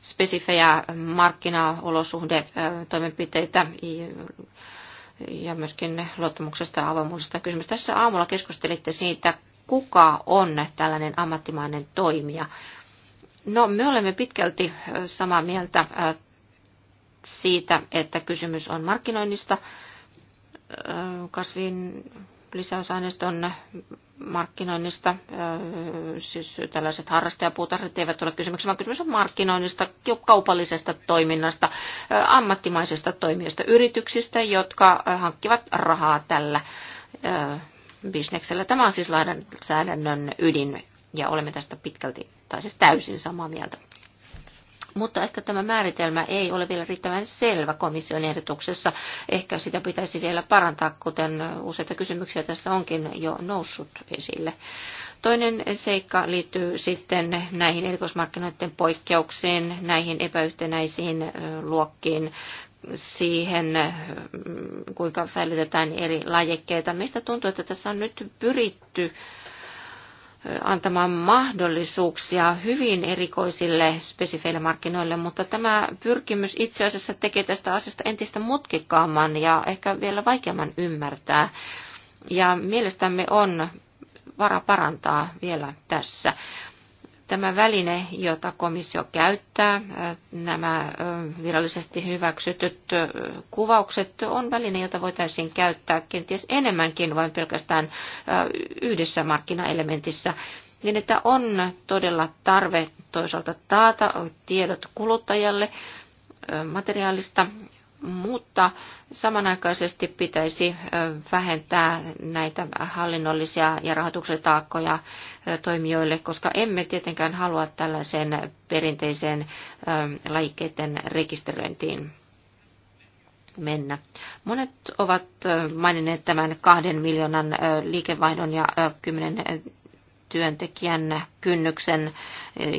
spesifejä markkinaolosuhde toimenpiteitä ja myöskin luottamuksesta ja avoimuudesta kysymys. Tässä aamulla keskustelitte siitä, kuka on tällainen ammattimainen toimija. No, me olemme pitkälti samaa mieltä siitä, että kysymys on markkinoinnista. Kasvin lisäysaineiston markkinoinnista, siis tällaiset harrastajapuutarhat eivät ole kysymyksiä, vaan kysymys on markkinoinnista, kaupallisesta toiminnasta, ammattimaisesta toimijoista, yrityksistä, jotka hankkivat rahaa tällä bisneksellä. Tämä on siis lainsäädännön ydin ja olemme tästä pitkälti tai siis täysin samaa mieltä mutta ehkä tämä määritelmä ei ole vielä riittävän selvä komission ehdotuksessa. Ehkä sitä pitäisi vielä parantaa, kuten useita kysymyksiä tässä onkin jo noussut esille. Toinen seikka liittyy sitten näihin erikoismarkkinoiden poikkeuksiin, näihin epäyhtenäisiin luokkiin, siihen, kuinka säilytetään eri lajekkeita. Meistä tuntuu, että tässä on nyt pyritty antamaan mahdollisuuksia hyvin erikoisille spesifeille markkinoille, mutta tämä pyrkimys itse asiassa tekee tästä asiasta entistä mutkikkaamman ja ehkä vielä vaikeamman ymmärtää. Ja mielestämme on vara parantaa vielä tässä. Tämä väline, jota komissio käyttää, nämä virallisesti hyväksytyt kuvaukset, on väline, jota voitaisiin käyttää kenties enemmänkin vain pelkästään yhdessä markkinaelementissä niin että on todella tarve toisaalta taata tiedot kuluttajalle materiaalista mutta samanaikaisesti pitäisi vähentää näitä hallinnollisia ja rahoituksen taakkoja toimijoille, koska emme tietenkään halua tällaiseen perinteiseen lajikkeiden rekisteröintiin mennä. Monet ovat maininneet tämän kahden miljoonan liikevaihdon ja kymmenen työntekijän kynnyksen,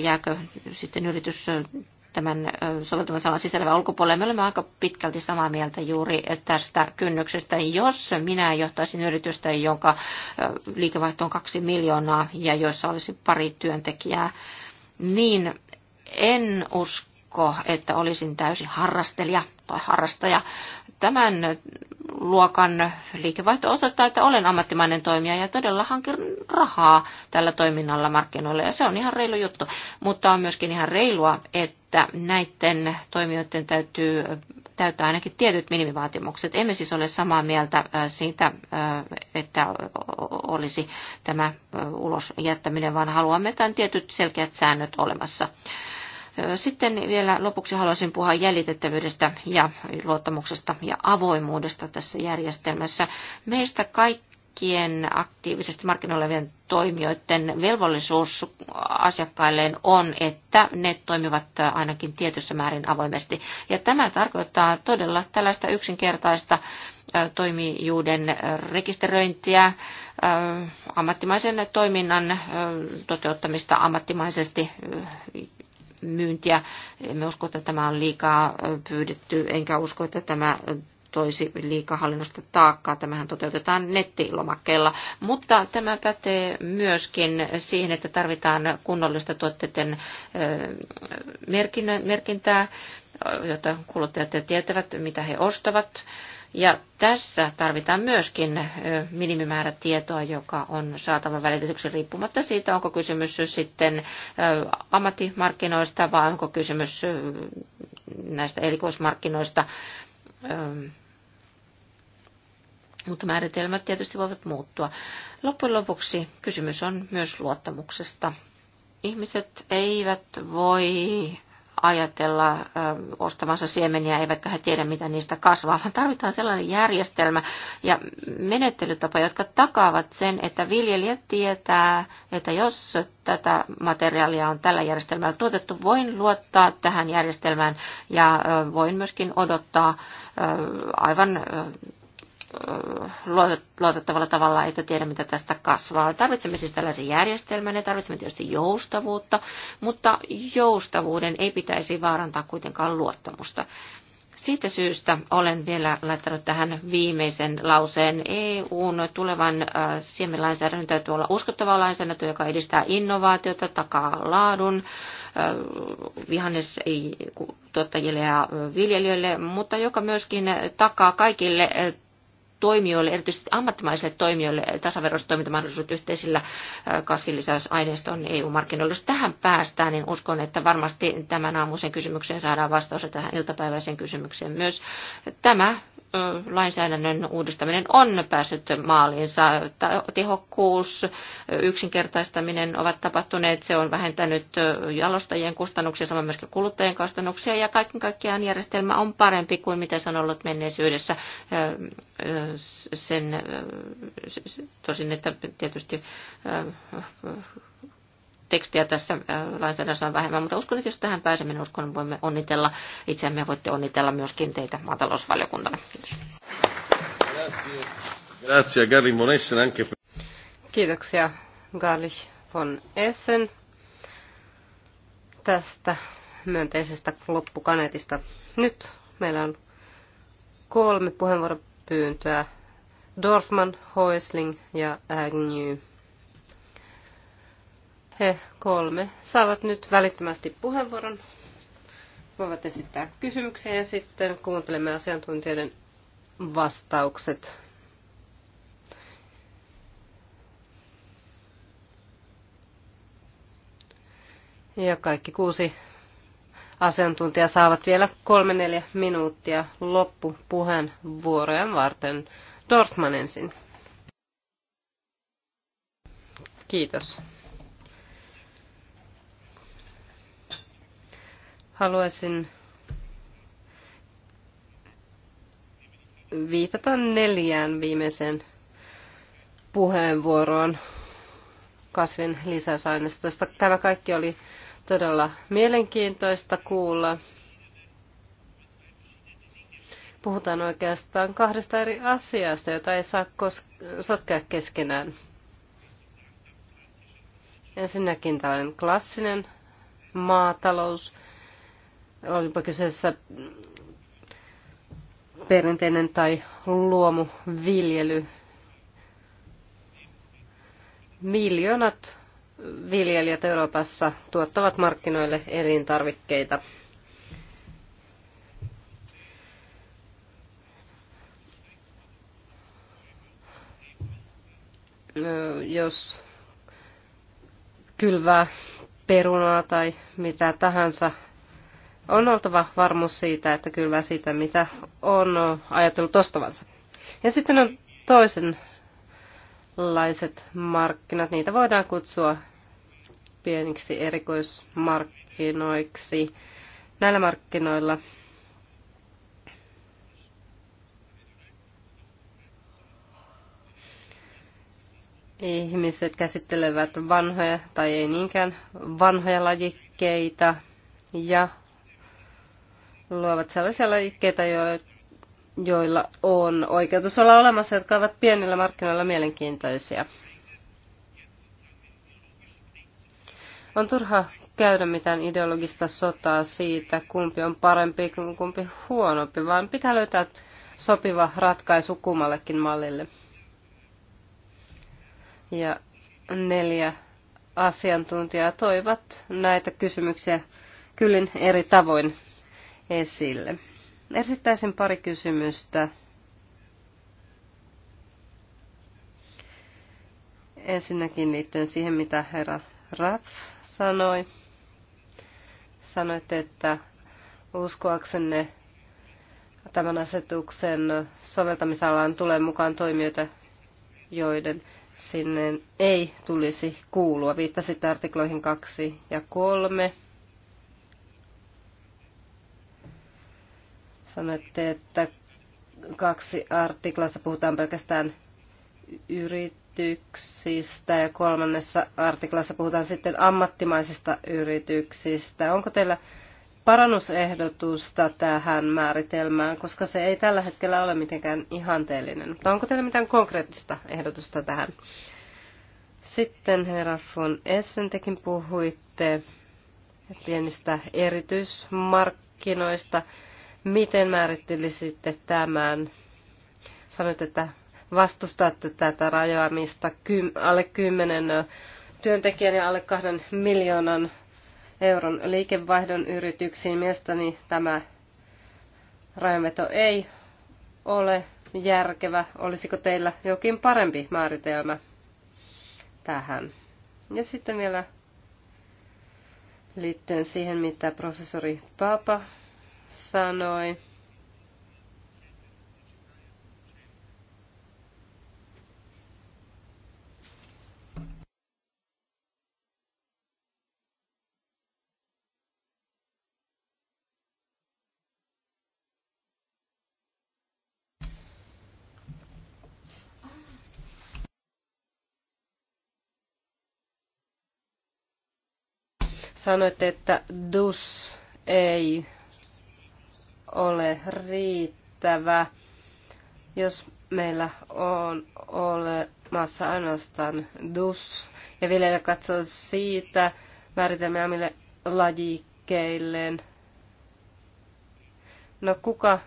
jääkö sitten yritys tämän soveltamisalan sisällä ulkopuolella. Me olemme aika pitkälti samaa mieltä juuri tästä kynnyksestä. Jos minä johtaisin yritystä, jonka liikevaihto on kaksi miljoonaa ja joissa olisi pari työntekijää, niin en usko, että olisin täysin harrastelija – tai harrastaja. Tämän luokan liikevaihto osoittaa, että olen ammattimainen toimija ja todella hankin rahaa tällä toiminnalla markkinoilla ja se on ihan reilu juttu. Mutta on myöskin ihan reilua, että näiden toimijoiden täytyy täyttää ainakin tietyt minimivaatimukset. Emme siis ole samaa mieltä siitä, että olisi tämä ulos jättäminen, vaan haluamme tämän tietyt selkeät säännöt olemassa. Sitten vielä lopuksi haluaisin puhua jäljitettävyydestä ja luottamuksesta ja avoimuudesta tässä järjestelmässä. Meistä kaikkien aktiivisesti markkinoilevien toimijoiden velvollisuus asiakkailleen on, että ne toimivat ainakin tietyssä määrin avoimesti. Ja tämä tarkoittaa todella tällaista yksinkertaista toimijuuden rekisteröintiä, ammattimaisen toiminnan toteuttamista ammattimaisesti myyntiä. Me usko, että tämä on liikaa pyydetty, enkä usko, että tämä toisi liikaa hallinnosta taakkaa. Tämähän toteutetaan nettilomakkeella. Mutta tämä pätee myöskin siihen, että tarvitaan kunnollista tuotteiden merkintää, jotta kuluttajat tietävät, mitä he ostavat ja tässä tarvitaan myöskin minimimäärä tietoa, joka on saatava välitetyksi riippumatta siitä, onko kysymys sitten ammattimarkkinoista vai onko kysymys näistä erikoismarkkinoista. Mutta määritelmät tietysti voivat muuttua. Loppujen lopuksi kysymys on myös luottamuksesta. Ihmiset eivät voi ajatella ostamansa siemeniä, eivätkä he tiedä, mitä niistä kasvaa, vaan tarvitaan sellainen järjestelmä ja menettelytapa, jotka takaavat sen, että viljelijä tietää, että jos tätä materiaalia on tällä järjestelmällä tuotettu, voin luottaa tähän järjestelmään ja voin myöskin odottaa aivan luotettavalla tavalla, että tiedä mitä tästä kasvaa. Tarvitsemme siis tällaisen järjestelmän ja tarvitsemme tietysti joustavuutta, mutta joustavuuden ei pitäisi vaarantaa kuitenkaan luottamusta. Siitä syystä olen vielä laittanut tähän viimeisen lauseen. EUn tulevan siemenlainsäädännön täytyy olla uskottava lainsäädäntö, joka edistää innovaatiota, takaa laadun tuottajille ja viljelijöille, mutta joka myöskin takaa kaikille toimijoille, erityisesti ammattimaisille toimijoille, tasaveroiset toimintamahdollisuudet yhteisillä kasvinlisäysaineiston EU-markkinoilla. Jos tähän päästään, niin uskon, että varmasti tämän aamuisen kysymykseen saadaan vastaus ja tähän iltapäiväiseen kysymykseen myös. Tämä lainsäädännön uudistaminen on päässyt maaliinsa. Tehokkuus, yksinkertaistaminen ovat tapahtuneet. Se on vähentänyt jalostajien kustannuksia, samoin myöskin kuluttajien kustannuksia. Ja kaiken kaikkiaan järjestelmä on parempi kuin mitä se on ollut menneisyydessä. Sen, tosin, että tietysti tekstiä tässä äh, lainsäädännössä on vähemmän, mutta uskon, että jos tähän pääsemme, niin uskon, voimme onnitella itseämme ja voitte onnitella myöskin teitä maatalousvaliokuntana. Kiitos. Grazie, Gary von Essen anche Kiitoksia Garlich von Essen tästä myönteisestä loppukaneetista. Nyt meillä on kolme puheenvuoropyyntöä. Dorfman, Hoisling ja Agnew he kolme saavat nyt välittömästi puheenvuoron. Voivat esittää kysymyksiä ja sitten kuuntelemme asiantuntijoiden vastaukset. Ja kaikki kuusi asiantuntijaa saavat vielä kolme neljä minuuttia loppupuheenvuorojen varten. Dortman ensin. Kiitos. Haluaisin viitata neljään viimeiseen puheenvuoroon kasvin lisäysaineistosta. Tämä kaikki oli todella mielenkiintoista kuulla. Puhutaan oikeastaan kahdesta eri asiasta, jota ei saa sotkea keskenään. Ensinnäkin tällainen klassinen maatalous – olipa kyseessä perinteinen tai luomuviljely. Miljoonat viljelijät Euroopassa tuottavat markkinoille elintarvikkeita. Jos kylvää perunaa tai mitä tahansa on oltava varmuus siitä, että kyllä siitä, mitä on ajatellut ostavansa. Ja sitten on toisenlaiset markkinat. Niitä voidaan kutsua pieniksi erikoismarkkinoiksi. Näillä markkinoilla ihmiset käsittelevät vanhoja tai ei niinkään vanhoja lajikkeita ja luovat sellaisia lajikkeita, joilla on oikeutus olla olemassa, jotka ovat pienillä markkinoilla mielenkiintoisia. On turha käydä mitään ideologista sotaa siitä, kumpi on parempi, kuin kumpi huonompi, vaan pitää löytää sopiva ratkaisu kummallekin mallille. Ja neljä asiantuntijaa toivat näitä kysymyksiä kyllin eri tavoin esille. Esittäisin pari kysymystä. Ensinnäkin liittyen siihen, mitä herra Raff sanoi. Sanoitte, että uskoaksenne tämän asetuksen soveltamisalaan tulee mukaan toimijoita, joiden sinne ei tulisi kuulua. Viittasit artikloihin 2 ja 3 Sanoitte, että kaksi artiklassa puhutaan pelkästään yrityksistä ja kolmannessa artiklassa puhutaan sitten ammattimaisista yrityksistä. Onko teillä parannusehdotusta tähän määritelmään, koska se ei tällä hetkellä ole mitenkään ihanteellinen. Mutta onko teillä mitään konkreettista ehdotusta tähän? Sitten herra von Essen, tekin puhuitte pienistä erityismarkkinoista. Miten määrittelisitte tämän? Sanoit, että vastustatte tätä rajoamista alle 10 työntekijän ja alle 2 miljoonan euron liikevaihdon yrityksiin. Mielestäni tämä rajanveto ei ole järkevä. Olisiko teillä jokin parempi määritelmä tähän? Ja sitten vielä liittyen siihen, mitä professori Papa sanoi. sanoitte, että dus ei ole riittävä, jos meillä on olemassa ainoastaan dus ja viljelijä katsoo siitä määritelmää, omille lajikkeilleen. No kuka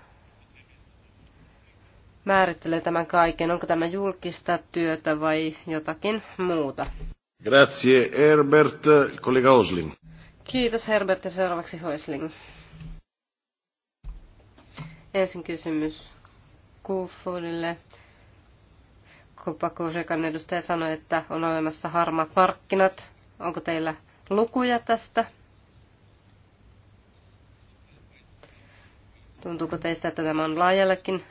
määrittelee tämän kaiken? Onko tämä julkista työtä vai jotakin muuta? Grazie Herbert, kollega Osling. Kiitos Herbert ja seuraavaksi Hoisling. Ensin kysymys Kufuudille. Kopakuusekan edustaja sanoi, että on olemassa harmaat markkinat. Onko teillä lukuja tästä? Tuntuuko teistä, että tämä on laajallekin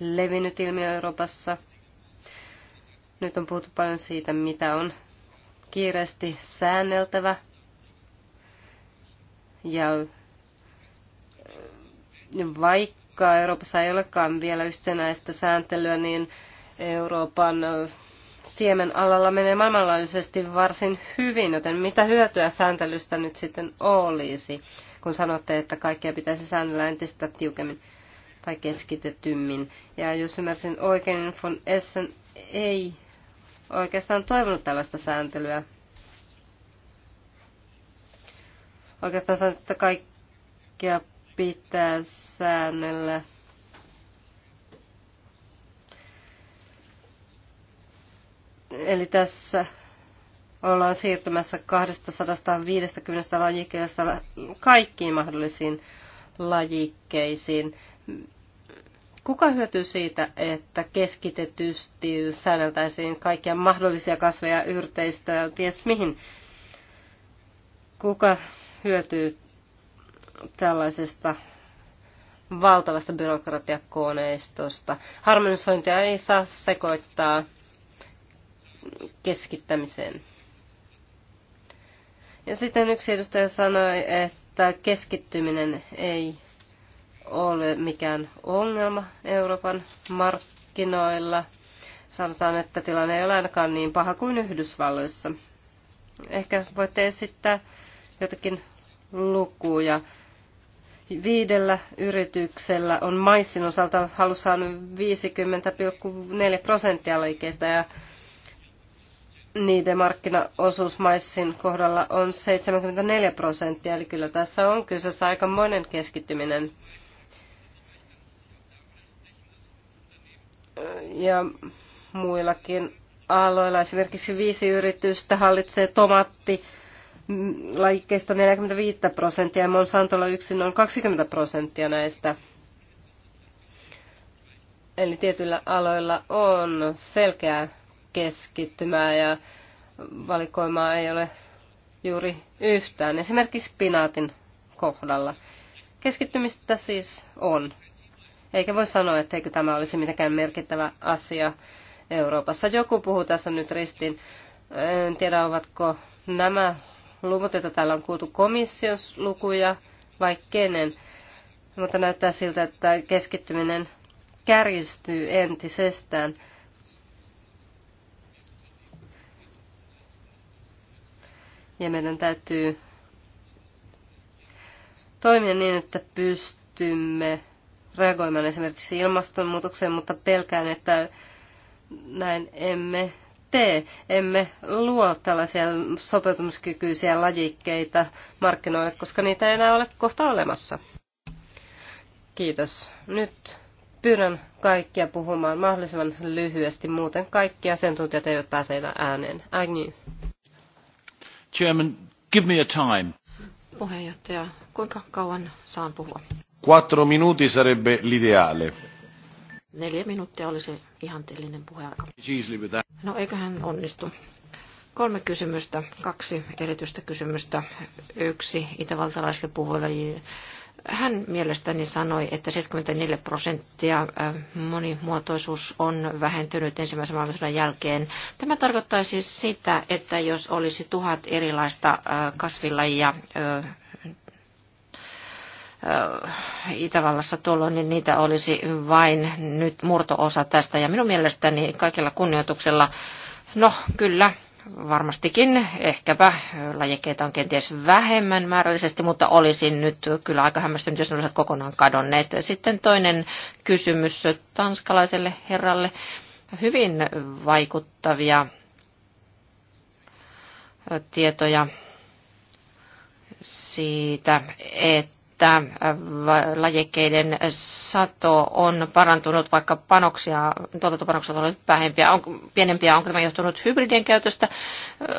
levinnyt ilmiö Euroopassa? Nyt on puhuttu paljon siitä, mitä on kiireesti säänneltävä ja vaikka Euroopassa ei olekaan vielä yhtenäistä sääntelyä, niin Euroopan siemen alalla menee maailmanlaajuisesti varsin hyvin, joten mitä hyötyä sääntelystä nyt sitten olisi, kun sanotte, että kaikkea pitäisi säännellä entistä tiukemmin tai keskitetymmin. Ja jos ymmärsin oikein, niin von Essen ei oikeastaan toivonut tällaista sääntelyä. Oikeastaan sanoi, että kaikkea pitää säännellä Eli tässä ollaan siirtymässä 250 lajikkeesta kaikkiin mahdollisiin lajikkeisiin. Kuka hyötyy siitä, että keskitetysti säänneltäisiin kaikkia mahdollisia kasveja, yrteistä ja ties mihin? Kuka hyötyy tällaisesta valtavasta byrokratiakoneistosta. Harmonisointia ei saa sekoittaa keskittämiseen. Ja sitten yksi edustaja sanoi, että keskittyminen ei ole mikään ongelma Euroopan markkinoilla. Sanotaan, että tilanne ei ole ainakaan niin paha kuin Yhdysvalloissa. Ehkä voitte esittää jotakin lukuja Viidellä yrityksellä on maissin osalta halussaan 50,4 prosenttia liikeistä ja niiden markkinaosuus maissin kohdalla on 74 prosenttia, eli kyllä tässä on kyseessä aikamoinen keskittyminen. Ja muillakin aloilla esimerkiksi viisi yritystä hallitsee tomatti lajikkeista 45 prosenttia ja Monsantolla yksin noin 20 prosenttia näistä. Eli tietyillä aloilla on selkeää keskittymää ja valikoimaa ei ole juuri yhtään. Esimerkiksi spinaatin kohdalla. Keskittymistä siis on. Eikä voi sanoa, etteikö tämä olisi mitenkään merkittävä asia Euroopassa. Joku puhuu tässä nyt ristiin. En tiedä, ovatko nämä luvut, joita täällä on kuultu komission lukuja vai kenen, mutta näyttää siltä, että keskittyminen kärjistyy entisestään. Ja meidän täytyy toimia niin, että pystymme reagoimaan esimerkiksi ilmastonmuutokseen, mutta pelkään, että näin emme tee. Emme luo tällaisia sopeutumiskykyisiä lajikkeita markkinoille, koska niitä ei enää ole kohta olemassa. Kiitos. Nyt pyydän kaikkia puhumaan mahdollisimman lyhyesti, muuten kaikki asiantuntijat eivät pääse ääneen. Agni. Chairman, give me a time. Puheenjohtaja, kuinka kauan saan puhua? Quattro minuti sarebbe l'ideale. Neljä minuuttia olisi ihanteellinen puheaika. No eiköhän onnistu. Kolme kysymystä, kaksi erityistä kysymystä. Yksi itävaltalaisille puhujalle. Hän mielestäni sanoi, että 74 prosenttia äh, monimuotoisuus on vähentynyt ensimmäisen maailmansodan jälkeen. Tämä tarkoittaa siis sitä, että jos olisi tuhat erilaista äh, kasvilajia äh, Itävallassa tuolloin, niin niitä olisi vain nyt murtoosa tästä. Ja minun mielestäni kaikilla kunnioituksella, no kyllä, varmastikin ehkäpä lajikkeita on kenties vähemmän määrällisesti, mutta olisin nyt kyllä aika hämmästynyt, jos ne olisivat kokonaan kadonneet. Sitten toinen kysymys tanskalaiselle herralle. Hyvin vaikuttavia tietoja siitä, että että äh, lajikkeiden sato on parantunut, vaikka panoksia, tuotantopanokset ovat vähempiä, on, pienempiä. Onko tämä johtunut hybridien käytöstä? Äh,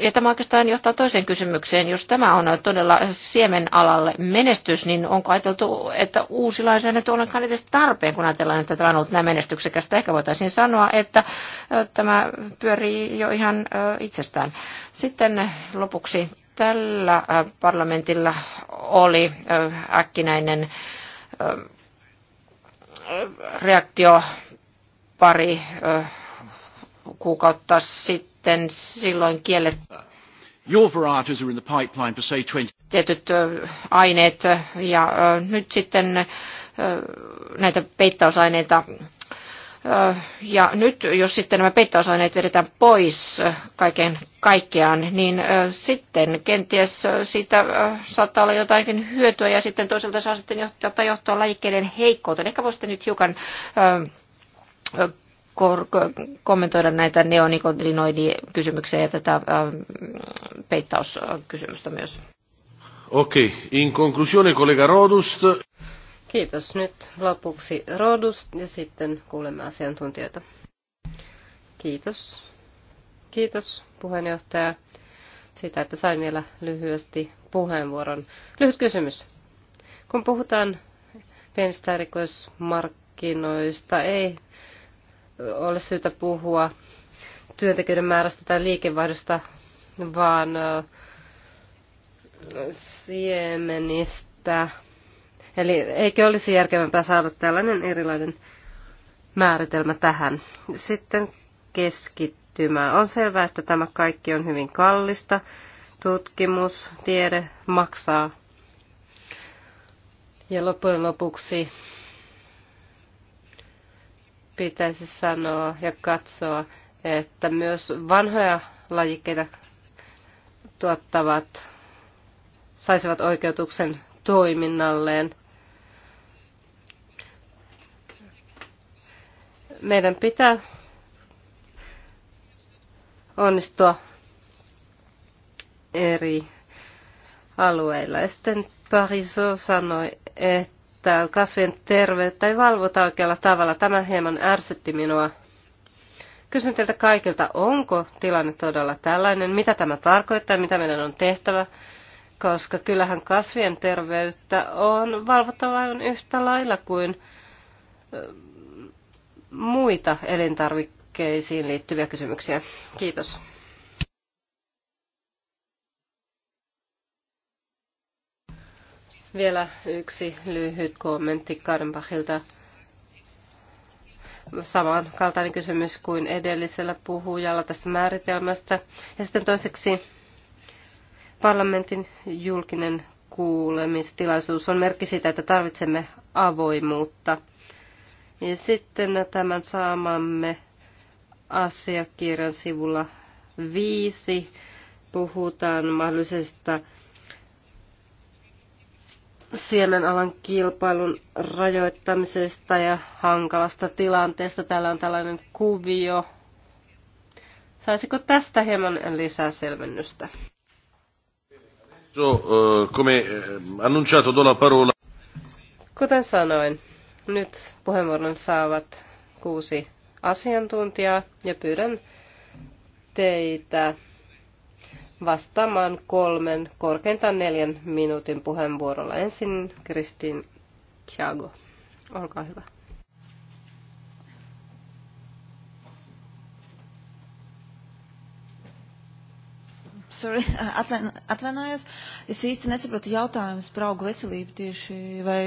ja tämä oikeastaan johtaa toiseen kysymykseen. Jos tämä on todella siemenalalle menestys, niin onko ajateltu, että uusi lainsäädäntö ollenkaan edes tarpeen, kun ajatellaan, että tämä on ollut näin menestyksekästä? Ehkä voitaisiin sanoa, että äh, tämä pyörii jo ihan itsestään. Sitten lopuksi Tällä äh, parlamentilla oli äh, äkkinäinen äh, reaktio pari kuukautta sitten silloin kiellet. Tietyt aineet ja nyt sitten näitä peittausaineita ja nyt, jos sitten nämä peittausaineet vedetään pois kaiken kaikkiaan, niin sitten kenties siitä saattaa olla jotainkin hyötyä ja sitten toisaalta saa sitten johtaa, johtaa lajikkeiden heikkouteen. Ehkä voisitte nyt hiukan kommentoida näitä neonikotinoidikysymyksiä ja tätä peittauskysymystä myös. Okei, okay. in conclusione collega Rodust. Kiitos nyt lopuksi Rodus ja sitten kuulemme asiantuntijoita. Kiitos. Kiitos puheenjohtaja siitä, että sain vielä lyhyesti puheenvuoron. Lyhyt kysymys. Kun puhutaan pienistä erikoismarkkinoista, ei ole syytä puhua työntekijöiden määrästä tai liikevaihdosta, vaan siemenistä Eli eikö olisi järkevämpää saada tällainen erilainen määritelmä tähän. Sitten keskittymään. On selvää, että tämä kaikki on hyvin kallista. Tutkimus, tiede maksaa. Ja loppujen lopuksi pitäisi sanoa ja katsoa, että myös vanhoja lajikkeita tuottavat saisivat oikeutuksen toiminnalleen – meidän pitää onnistua eri alueilla. Ja sitten Pariso sanoi, että kasvien terveyttä ei valvota oikealla tavalla. Tämä hieman ärsytti minua. Kysyn teiltä kaikilta, onko tilanne todella tällainen, mitä tämä tarkoittaa, mitä meidän on tehtävä, koska kyllähän kasvien terveyttä on valvottava yhtä lailla kuin muita elintarvikkeisiin liittyviä kysymyksiä. Kiitos. Vielä yksi lyhyt kommentti Kardenbachilta. Samankaltainen kysymys kuin edellisellä puhujalla tästä määritelmästä. Ja sitten toiseksi parlamentin julkinen kuulemistilaisuus on merkki siitä, että tarvitsemme avoimuutta – niin sitten tämän saamamme asiakirjan sivulla viisi puhutaan mahdollisesta siemenalan kilpailun rajoittamisesta ja hankalasta tilanteesta. Täällä on tällainen kuvio. Saisiko tästä hieman lisää selvennystä? Eh, eh, Kuten sanoin, nyt puheenvuoron saavat kuusi asiantuntijaa ja pyydän teitä vastaamaan kolmen, korkeintaan neljän minuutin puheenvuorolla. Ensin Kristin Thiago. Olkaa hyvä. Sorry, atvain, atvainojos. Es īsti nesapratu jautājumus par augu veselību tieši vai...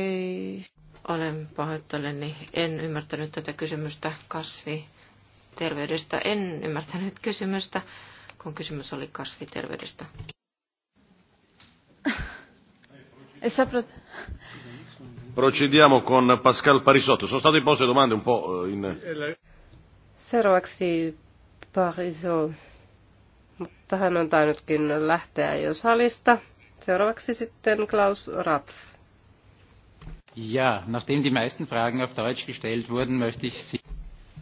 Olen pahoittelen, en ymmärtänyt tätä kysymystä kasviterveydestä. En ymmärtänyt kysymystä, kun kysymys oli kasviterveydestä. Procediamo con Pascal Parisotto. Sono state poste domande un po' eh, in... Seuraavaksi Pariso. mutta hän on tainnutkin lähteä jo salista. Seuraavaksi sitten Klaus Rapp nachdem die meisten Fragen auf Deutsch gestellt wurden, möchte ich Sie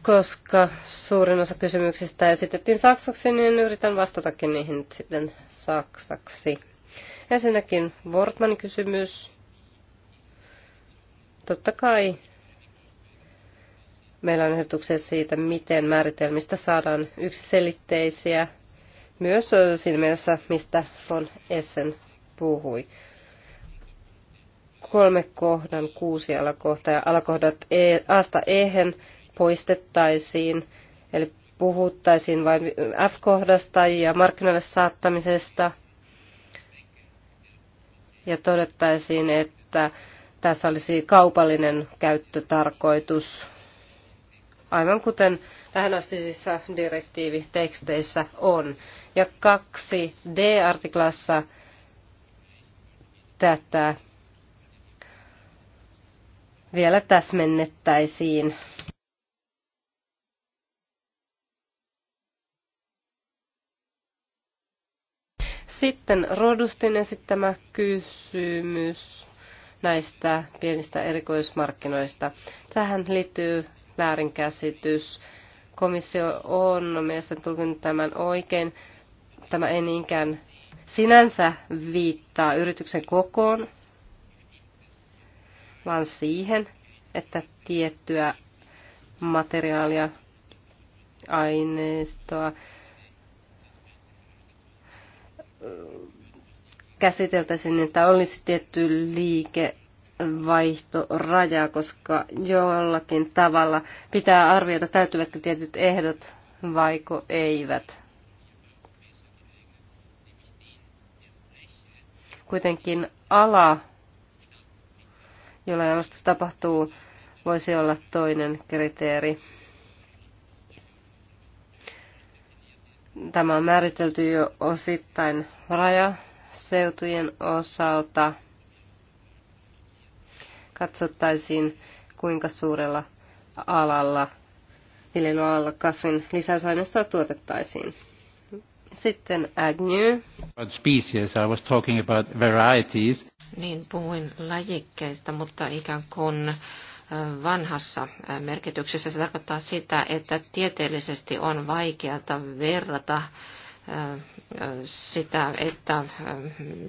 koska suurin osa kysymyksistä esitettiin saksaksi, niin yritän vastatakin niihin sitten saksaksi. Ensinnäkin Wortmanin kysymys. Totta kai meillä on ehdotuksia siitä, miten määritelmistä saadaan yksiselitteisiä, myös siinä mielessä, mistä von Essen puhui kolme kohdan kuusi alakohta ja alakohdat e, Asta Ehen poistettaisiin, eli puhuttaisiin vain F-kohdasta ja markkinoille saattamisesta. Ja todettaisiin, että tässä olisi kaupallinen käyttötarkoitus, aivan kuten tähän astisissa direktiiviteksteissä on. Ja kaksi d artiklassa tätä vielä täsmennettäisiin. Sitten Rodustin esittämä kysymys näistä pienistä erikoismarkkinoista. Tähän liittyy väärinkäsitys. Komissio on mielestäni tulkinut tämän oikein. Tämä ei niinkään sinänsä viittaa yrityksen kokoon, vaan siihen, että tiettyä materiaalia, aineistoa käsiteltäisiin, että olisi tietty liike vaihtoraja, koska jollakin tavalla pitää arvioida, täyttyvätkö tietyt ehdot vaiko eivät. Kuitenkin ala jolla jalostus tapahtuu, voisi olla toinen kriteeri. Tämä on määritelty jo osittain rajaseutujen osalta. Katsottaisiin, kuinka suurella alalla viljelyalalla kasvin lisäysaineistoa tuotettaisiin. Sitten Agnew. About species, I was talking about varieties. Niin, puhuin lajikkeista, mutta ikään kuin vanhassa merkityksessä se tarkoittaa sitä, että tieteellisesti on vaikeata verrata sitä, että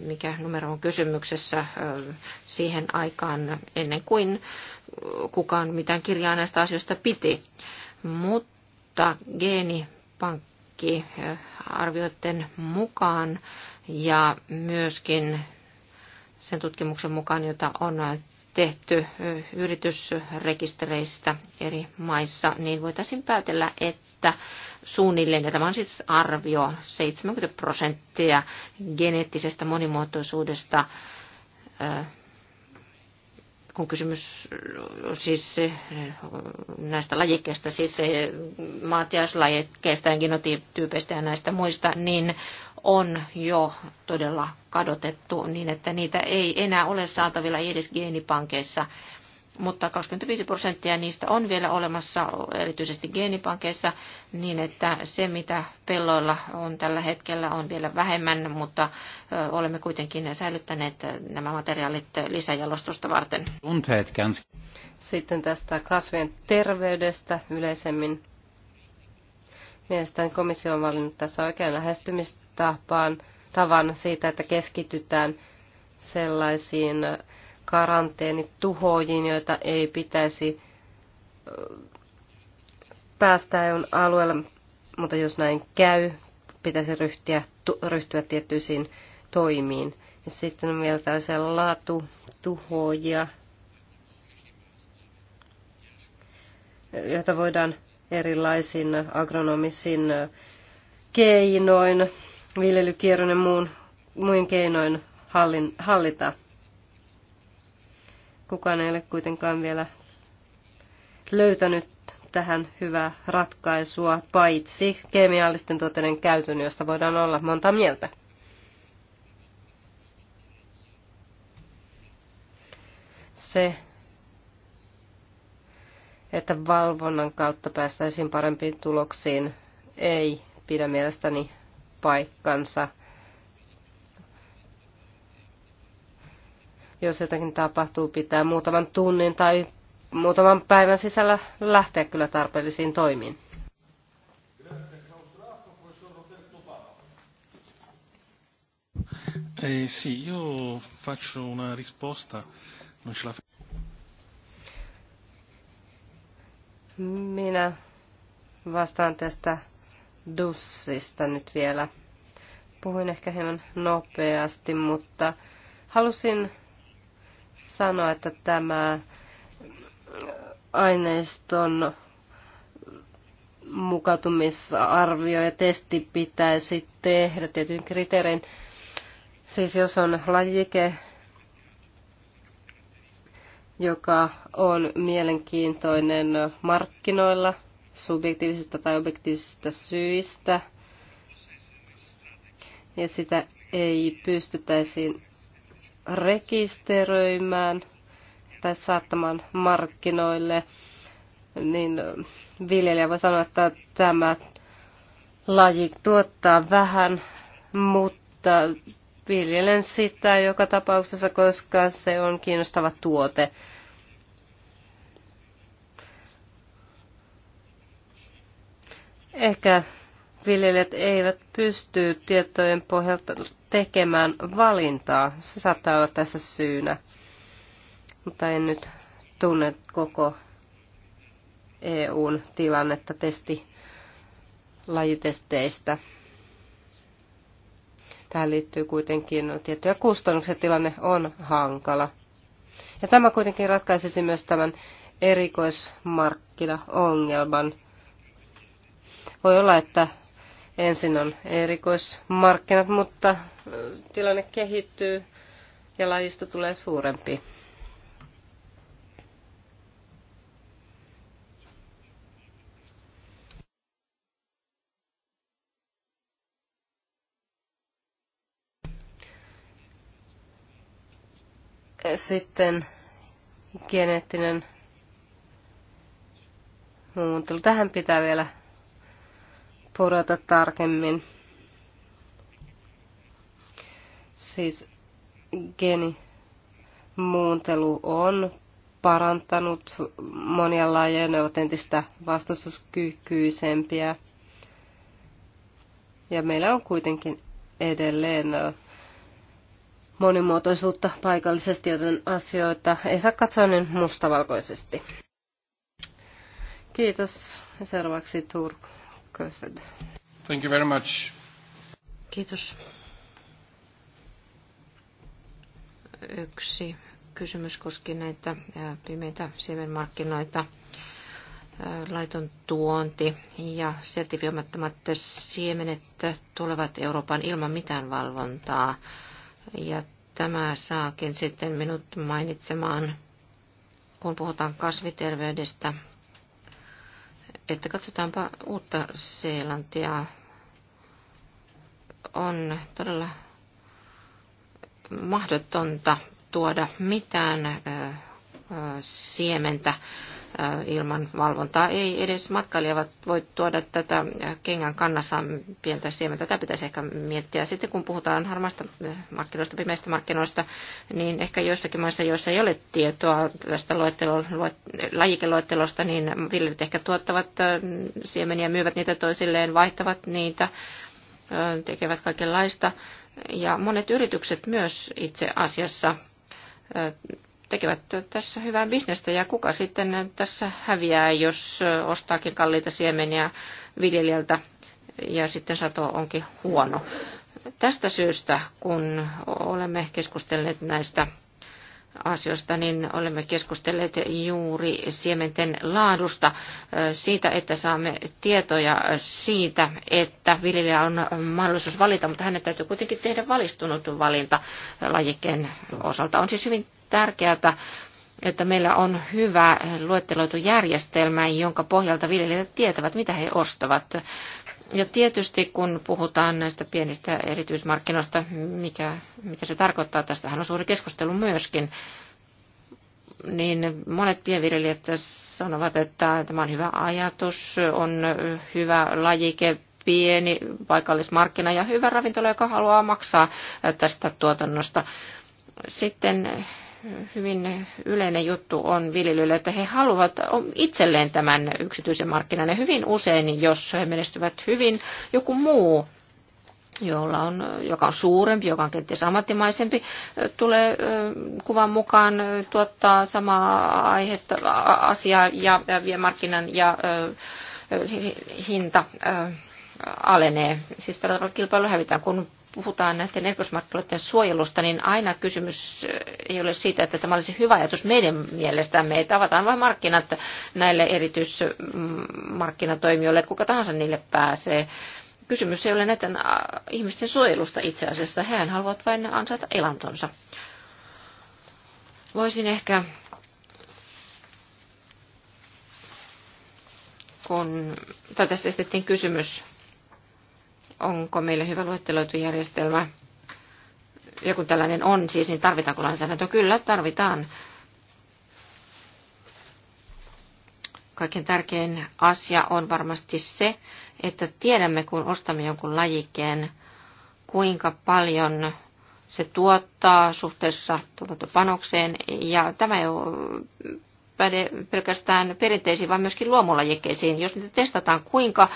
mikä numero on kysymyksessä siihen aikaan ennen kuin kukaan mitään kirjaa näistä asioista piti. Mutta geenipankki arvioiden mukaan ja myöskin sen tutkimuksen mukaan, jota on tehty yritysrekistereistä eri maissa, niin voitaisiin päätellä, että suunnilleen, ja tämä on siis arvio, 70 prosenttia geneettisestä monimuotoisuudesta, kun kysymys siis näistä lajikkeista, siis maatiaislajikkeista ja genotyypeistä ja näistä muista, niin on jo todella kadotettu niin, että niitä ei enää ole saatavilla edes geenipankeissa mutta 25 prosenttia niistä on vielä olemassa, erityisesti geenipankeissa, niin että se, mitä pelloilla on tällä hetkellä, on vielä vähemmän, mutta olemme kuitenkin säilyttäneet nämä materiaalit lisäjalostusta varten. Sitten tästä kasvien terveydestä yleisemmin. Mielestäni komissio on valinnut tässä oikean lähestymistapaan tavan siitä, että keskitytään sellaisiin karanteenituhoihin, joita ei pitäisi päästä EUn alueelle, mutta jos näin käy, pitäisi ryhtyä, ryhtyä tiettyisiin toimiin. Ja sitten on vielä tällaisia laatutuhoja, joita voidaan erilaisin agronomisin keinoin, viljelykierron ja muun, muin keinoin hallin, hallita. Kukaan ei ole kuitenkaan vielä löytänyt tähän hyvää ratkaisua, paitsi kemiallisten tuotteiden käytön, josta voidaan olla monta mieltä. Se että valvonnan kautta päästäisiin parempiin tuloksiin, ei pidä mielestäni paikkansa. Jos jotakin tapahtuu, pitää muutaman tunnin tai muutaman päivän sisällä lähteä kyllä tarpeellisiin toimiin. Eh, sì, io faccio una risposta, non ce la faccio. Minä vastaan tästä Dussista nyt vielä. Puhuin ehkä hieman nopeasti, mutta halusin sanoa, että tämä aineiston mukautumisarvio ja testi pitäisi tehdä tietyn kriteerin, Siis jos on lajike, joka on mielenkiintoinen markkinoilla subjektiivisista tai objektiivisista syistä. Ja sitä ei pystyttäisiin rekisteröimään tai saattamaan markkinoille, niin viljelijä voi sanoa, että tämä laji tuottaa vähän, mutta viljelen sitä joka tapauksessa, koska se on kiinnostava tuote. Ehkä viljelijät eivät pysty tietojen pohjalta tekemään valintaa. Se saattaa olla tässä syynä. Mutta en nyt tunne koko EUn tilannetta testi lajitesteistä. Tähän liittyy kuitenkin tiettyjä kustannuksia, tilanne on hankala. Ja tämä kuitenkin ratkaisisi myös tämän erikoismarkkinaongelman. Voi olla, että ensin on erikoismarkkinat, mutta tilanne kehittyy ja lajista tulee suurempi. sitten geneettinen muuntelu. Tähän pitää vielä purota tarkemmin. Siis geenimuuntelu on parantanut monia lajeja, ne ovat entistä vastustuskykyisempiä. Ja meillä on kuitenkin edelleen monimuotoisuutta paikallisesti, joten asioita ei saa katsoa niin mustavalkoisesti. Kiitos. Seuraavaksi Turku. Köfed. Thank you very much. Kiitos. Yksi kysymys koski näitä pimeitä siemenmarkkinoita laiton tuonti ja sertifioimattomat siemenet tulevat Euroopan ilman mitään valvontaa. Ja Tämä saakin sitten minut mainitsemaan, kun puhutaan kasviterveydestä, että katsotaanpa uutta Seelantia. On todella mahdotonta tuoda mitään siementä Äh, ilman valvontaa. Ei edes matkailijat voi tuoda tätä äh, kengän kannassa pientä siementä. Tätä pitäisi ehkä miettiä. Sitten kun puhutaan harmaista äh, markkinoista, pimeistä markkinoista, niin ehkä joissakin maissa, joissa ei ole tietoa tästä luettelo, luet, lajikeluettelosta, niin viljelijät ehkä tuottavat siemeniä, myyvät niitä toisilleen, vaihtavat niitä, tekevät kaikenlaista. Ja monet yritykset myös itse asiassa tekevät tässä hyvää bisnestä ja kuka sitten tässä häviää, jos ostaakin kalliita siemeniä viljelijältä ja sitten sato onkin huono. Tästä syystä, kun olemme keskustelleet näistä asioista, niin olemme keskustelleet juuri siementen laadusta, siitä, että saamme tietoja siitä, että viljelijä on mahdollisuus valita, mutta hänen täytyy kuitenkin tehdä valistunut valinta lajikkeen osalta. On siis hyvin tärkeää, että meillä on hyvä luetteloitu järjestelmä, jonka pohjalta viljelijät tietävät, mitä he ostavat. Ja tietysti kun puhutaan näistä pienistä erityismarkkinoista, mikä, mitä se tarkoittaa, tästähän on suuri keskustelu myöskin, niin monet pienviljelijät sanovat, että tämä on hyvä ajatus, on hyvä lajike, pieni paikallismarkkina ja hyvä ravintola, joka haluaa maksaa tästä tuotannosta. Sitten hyvin yleinen juttu on viljelijöille, että he haluavat itselleen tämän yksityisen markkinan. Ja hyvin usein, jos he menestyvät hyvin, joku muu jolla on, joka on suurempi, joka on kenties ammattimaisempi, tulee kuvan mukaan tuottaa samaa aihetta, asiaa ja vie markkinan ja hinta alenee. Siis tällä tavalla kilpailu hävitään, kun puhutaan näiden erikoismarkkinoiden suojelusta, niin aina kysymys eh, ei ole siitä, että tämä olisi hyvä ajatus meidän mielestämme, että avataan vain markkinat näille erityismarkkinatoimijoille, että kuka tahansa niille pääsee. Kysymys ei ole näiden ihmisten suojelusta itse asiassa, hehän haluavat vain ansaita elantonsa. Voisin ehkä kun tästä esitettiin kysymys onko meille hyvä luetteloitu järjestelmä. Joku tällainen on siis, niin tarvitaanko lainsäädäntö? Kyllä, tarvitaan. Kaiken tärkein asia on varmasti se, että tiedämme, kun ostamme jonkun lajikkeen, kuinka paljon se tuottaa suhteessa tuotantopanokseen. Ja tämä ole päde pelkästään perinteisiin, vaan myöskin luomulajikkeisiin. Jos niitä testataan, kuinka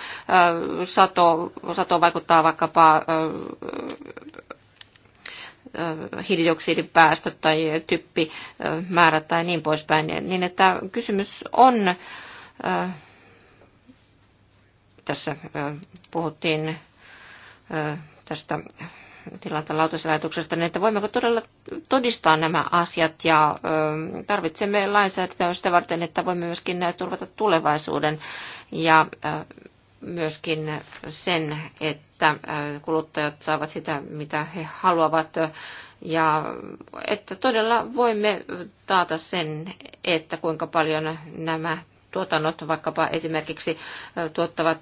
sato, sato vaikuttaa vaikkapa hiilidioksidipäästöt tai typpimäärät tai niin poispäin, niin että kysymys on, tässä puhuttiin tästä tilata lautaselaitoksesta, niin että voimmeko todella todistaa nämä asiat ja tarvitsemme lainsäädäntöä sitä varten, että voimme myöskin turvata tulevaisuuden ja myöskin sen, että kuluttajat saavat sitä, mitä he haluavat ja että todella voimme taata sen, että kuinka paljon nämä tuotannot vaikkapa esimerkiksi tuottavat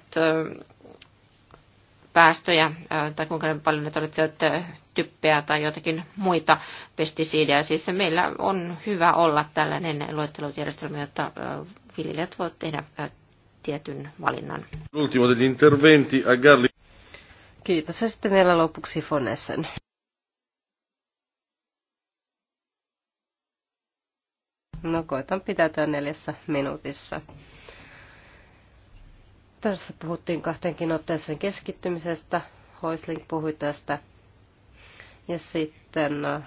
päästöjä tai kuinka paljon ne tarvitsevat typpeä tai jotakin muita pestisiidejä. Siis meillä on hyvä olla tällainen luettelujärjestelmä, jotta viljelijät voivat tehdä tietyn valinnan. Ultimo degli interventi a Garli. Kiitos. Ja sitten vielä lopuksi Fonesen. No koitan pitäytyä neljässä minuutissa. Tässä puhuttiin kahteenkin otteeseen keskittymisestä. Hoisling puhui tästä. Ja sitten äh,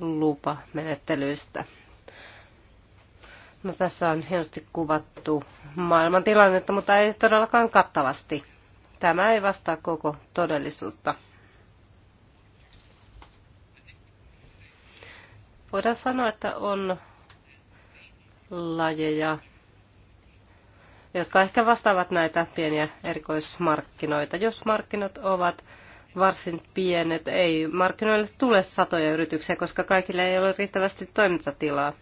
lupamenettelyistä. No, tässä on hienosti kuvattu maailman tilannetta, mutta ei todellakaan kattavasti. Tämä ei vastaa koko todellisuutta. Voidaan sanoa, että on lajeja, jotka ehkä vastaavat näitä pieniä erikoismarkkinoita. Jos markkinat ovat varsin pienet, ei markkinoille tule satoja yrityksiä, koska kaikille ei ole riittävästi toimintatilaa.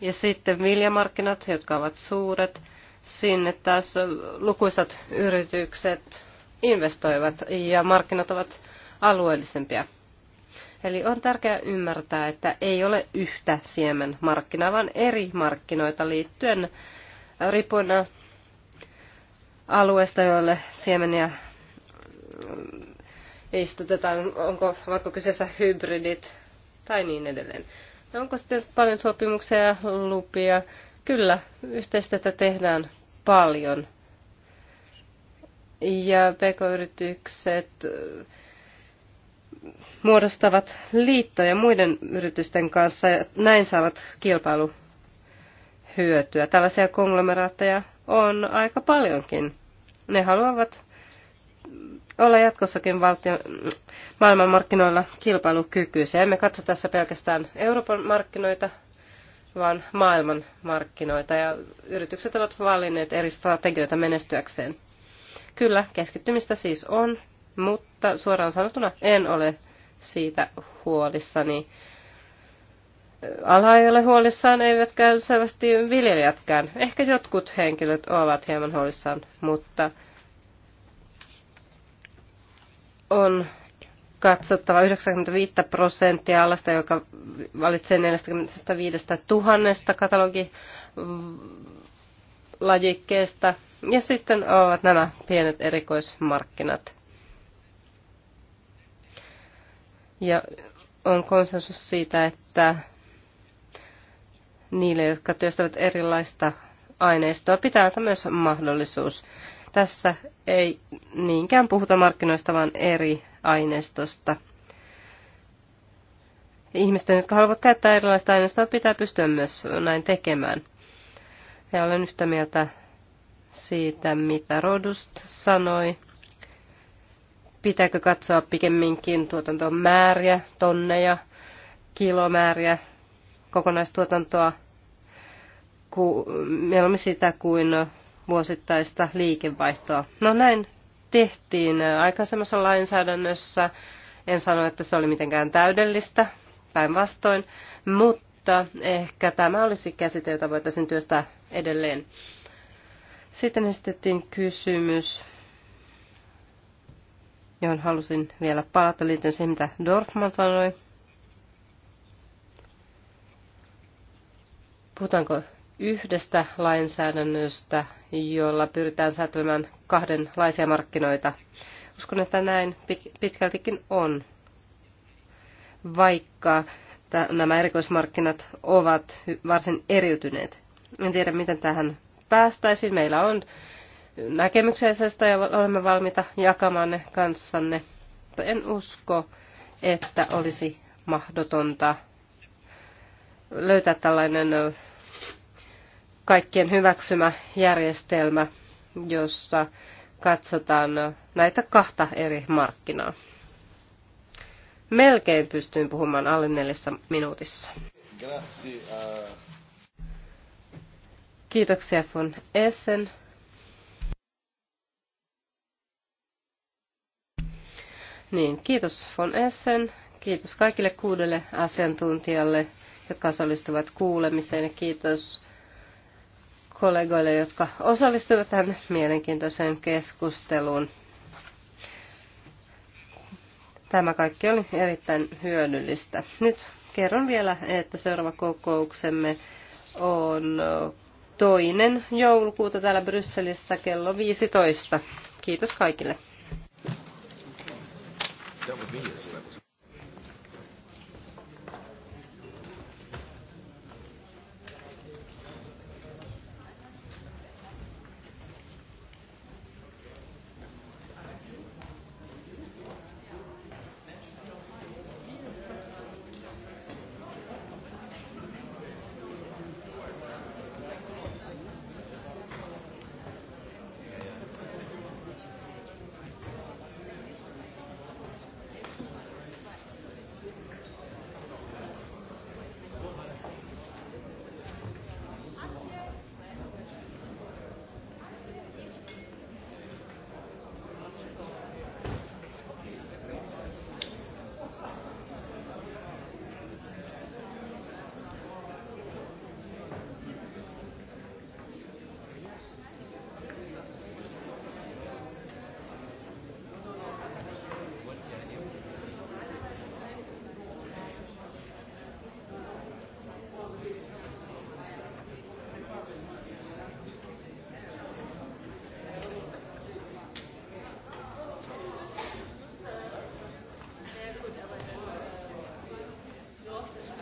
Ja sitten viljamarkkinat, jotka ovat suuret, sinne taas lukuisat yritykset investoivat ja markkinat ovat alueellisempia. Eli on tärkeää ymmärtää, että ei ole yhtä siemen markkinaa, vaan eri markkinoita liittyen riippuen alueesta, joille siemeniä mm, istutetaan, onko, ovatko kyseessä hybridit tai niin edelleen. Ja no, onko sitten paljon sopimuksia ja lupia? Kyllä, yhteistyötä tehdään paljon. Ja pk-yritykset mm, muodostavat liittoja muiden yritysten kanssa ja näin saavat kilpailu hyötyä. Tällaisia konglomeraatteja on aika paljonkin. Ne haluavat olla jatkossakin valtion, maailmanmarkkinoilla kilpailukykyisiä. Emme katso tässä pelkästään Euroopan markkinoita, vaan maailman markkinoita. Ja yritykset ovat valinneet eri strategioita menestyäkseen. Kyllä, keskittymistä siis on, mutta suoraan sanottuna en ole siitä huolissani ala ei ole huolissaan, eivätkä selvästi viljelijätkään. Ehkä jotkut henkilöt ovat hieman huolissaan, mutta on katsottava 95 prosenttia alasta, joka valitsee 45 000 katalogilajikkeesta. Ja sitten ovat nämä pienet erikoismarkkinat. Ja on konsensus siitä, että niille, jotka työstävät erilaista aineistoa, pitää antaa myös mahdollisuus. Tässä ei niinkään puhuta markkinoista, vaan eri aineistosta. Ihmisten, jotka haluavat käyttää erilaista aineistoa, pitää pystyä myös näin tekemään. Ja olen yhtä mieltä siitä, mitä Rodust sanoi. Pitääkö katsoa pikemminkin tuotantomääriä, tonneja, kilomääriä kokonaistuotantoa mieluummin sitä kuin vuosittaista liikevaihtoa. No näin tehtiin aikaisemmassa lainsäädännössä. En sano, että se oli mitenkään täydellistä, päinvastoin, mutta ehkä tämä olisi käsite, jota voitaisiin työstää edelleen. Sitten esitettiin kysymys, johon halusin vielä palata liittyen siihen, mitä Dorfman sanoi. Puhutaanko yhdestä lainsäädännöstä, jolla pyritään säätelemään kahdenlaisia markkinoita? Uskon, että näin pitkältikin on, vaikka nämä erikoismarkkinat ovat varsin eriytyneet. En tiedä, miten tähän päästäisiin. Meillä on näkemyksiä ja olemme valmiita jakamaan ne kanssanne. en usko, että olisi mahdotonta löytää tällainen kaikkien hyväksymä järjestelmä, jossa katsotaan näitä kahta eri markkinaa. Melkein pystyin puhumaan alle neljässä minuutissa. Kiitoksia von Essen. Niin, kiitos von Essen. Kiitos kaikille kuudelle asiantuntijalle jotka osallistuvat kuulemiseen. Ja kiitos kollegoille, jotka osallistuivat tähän mielenkiintoiseen keskusteluun. Tämä kaikki oli erittäin hyödyllistä. Nyt kerron vielä, että seuraava kokouksemme on toinen joulukuuta täällä Brysselissä kello 15. Kiitos kaikille.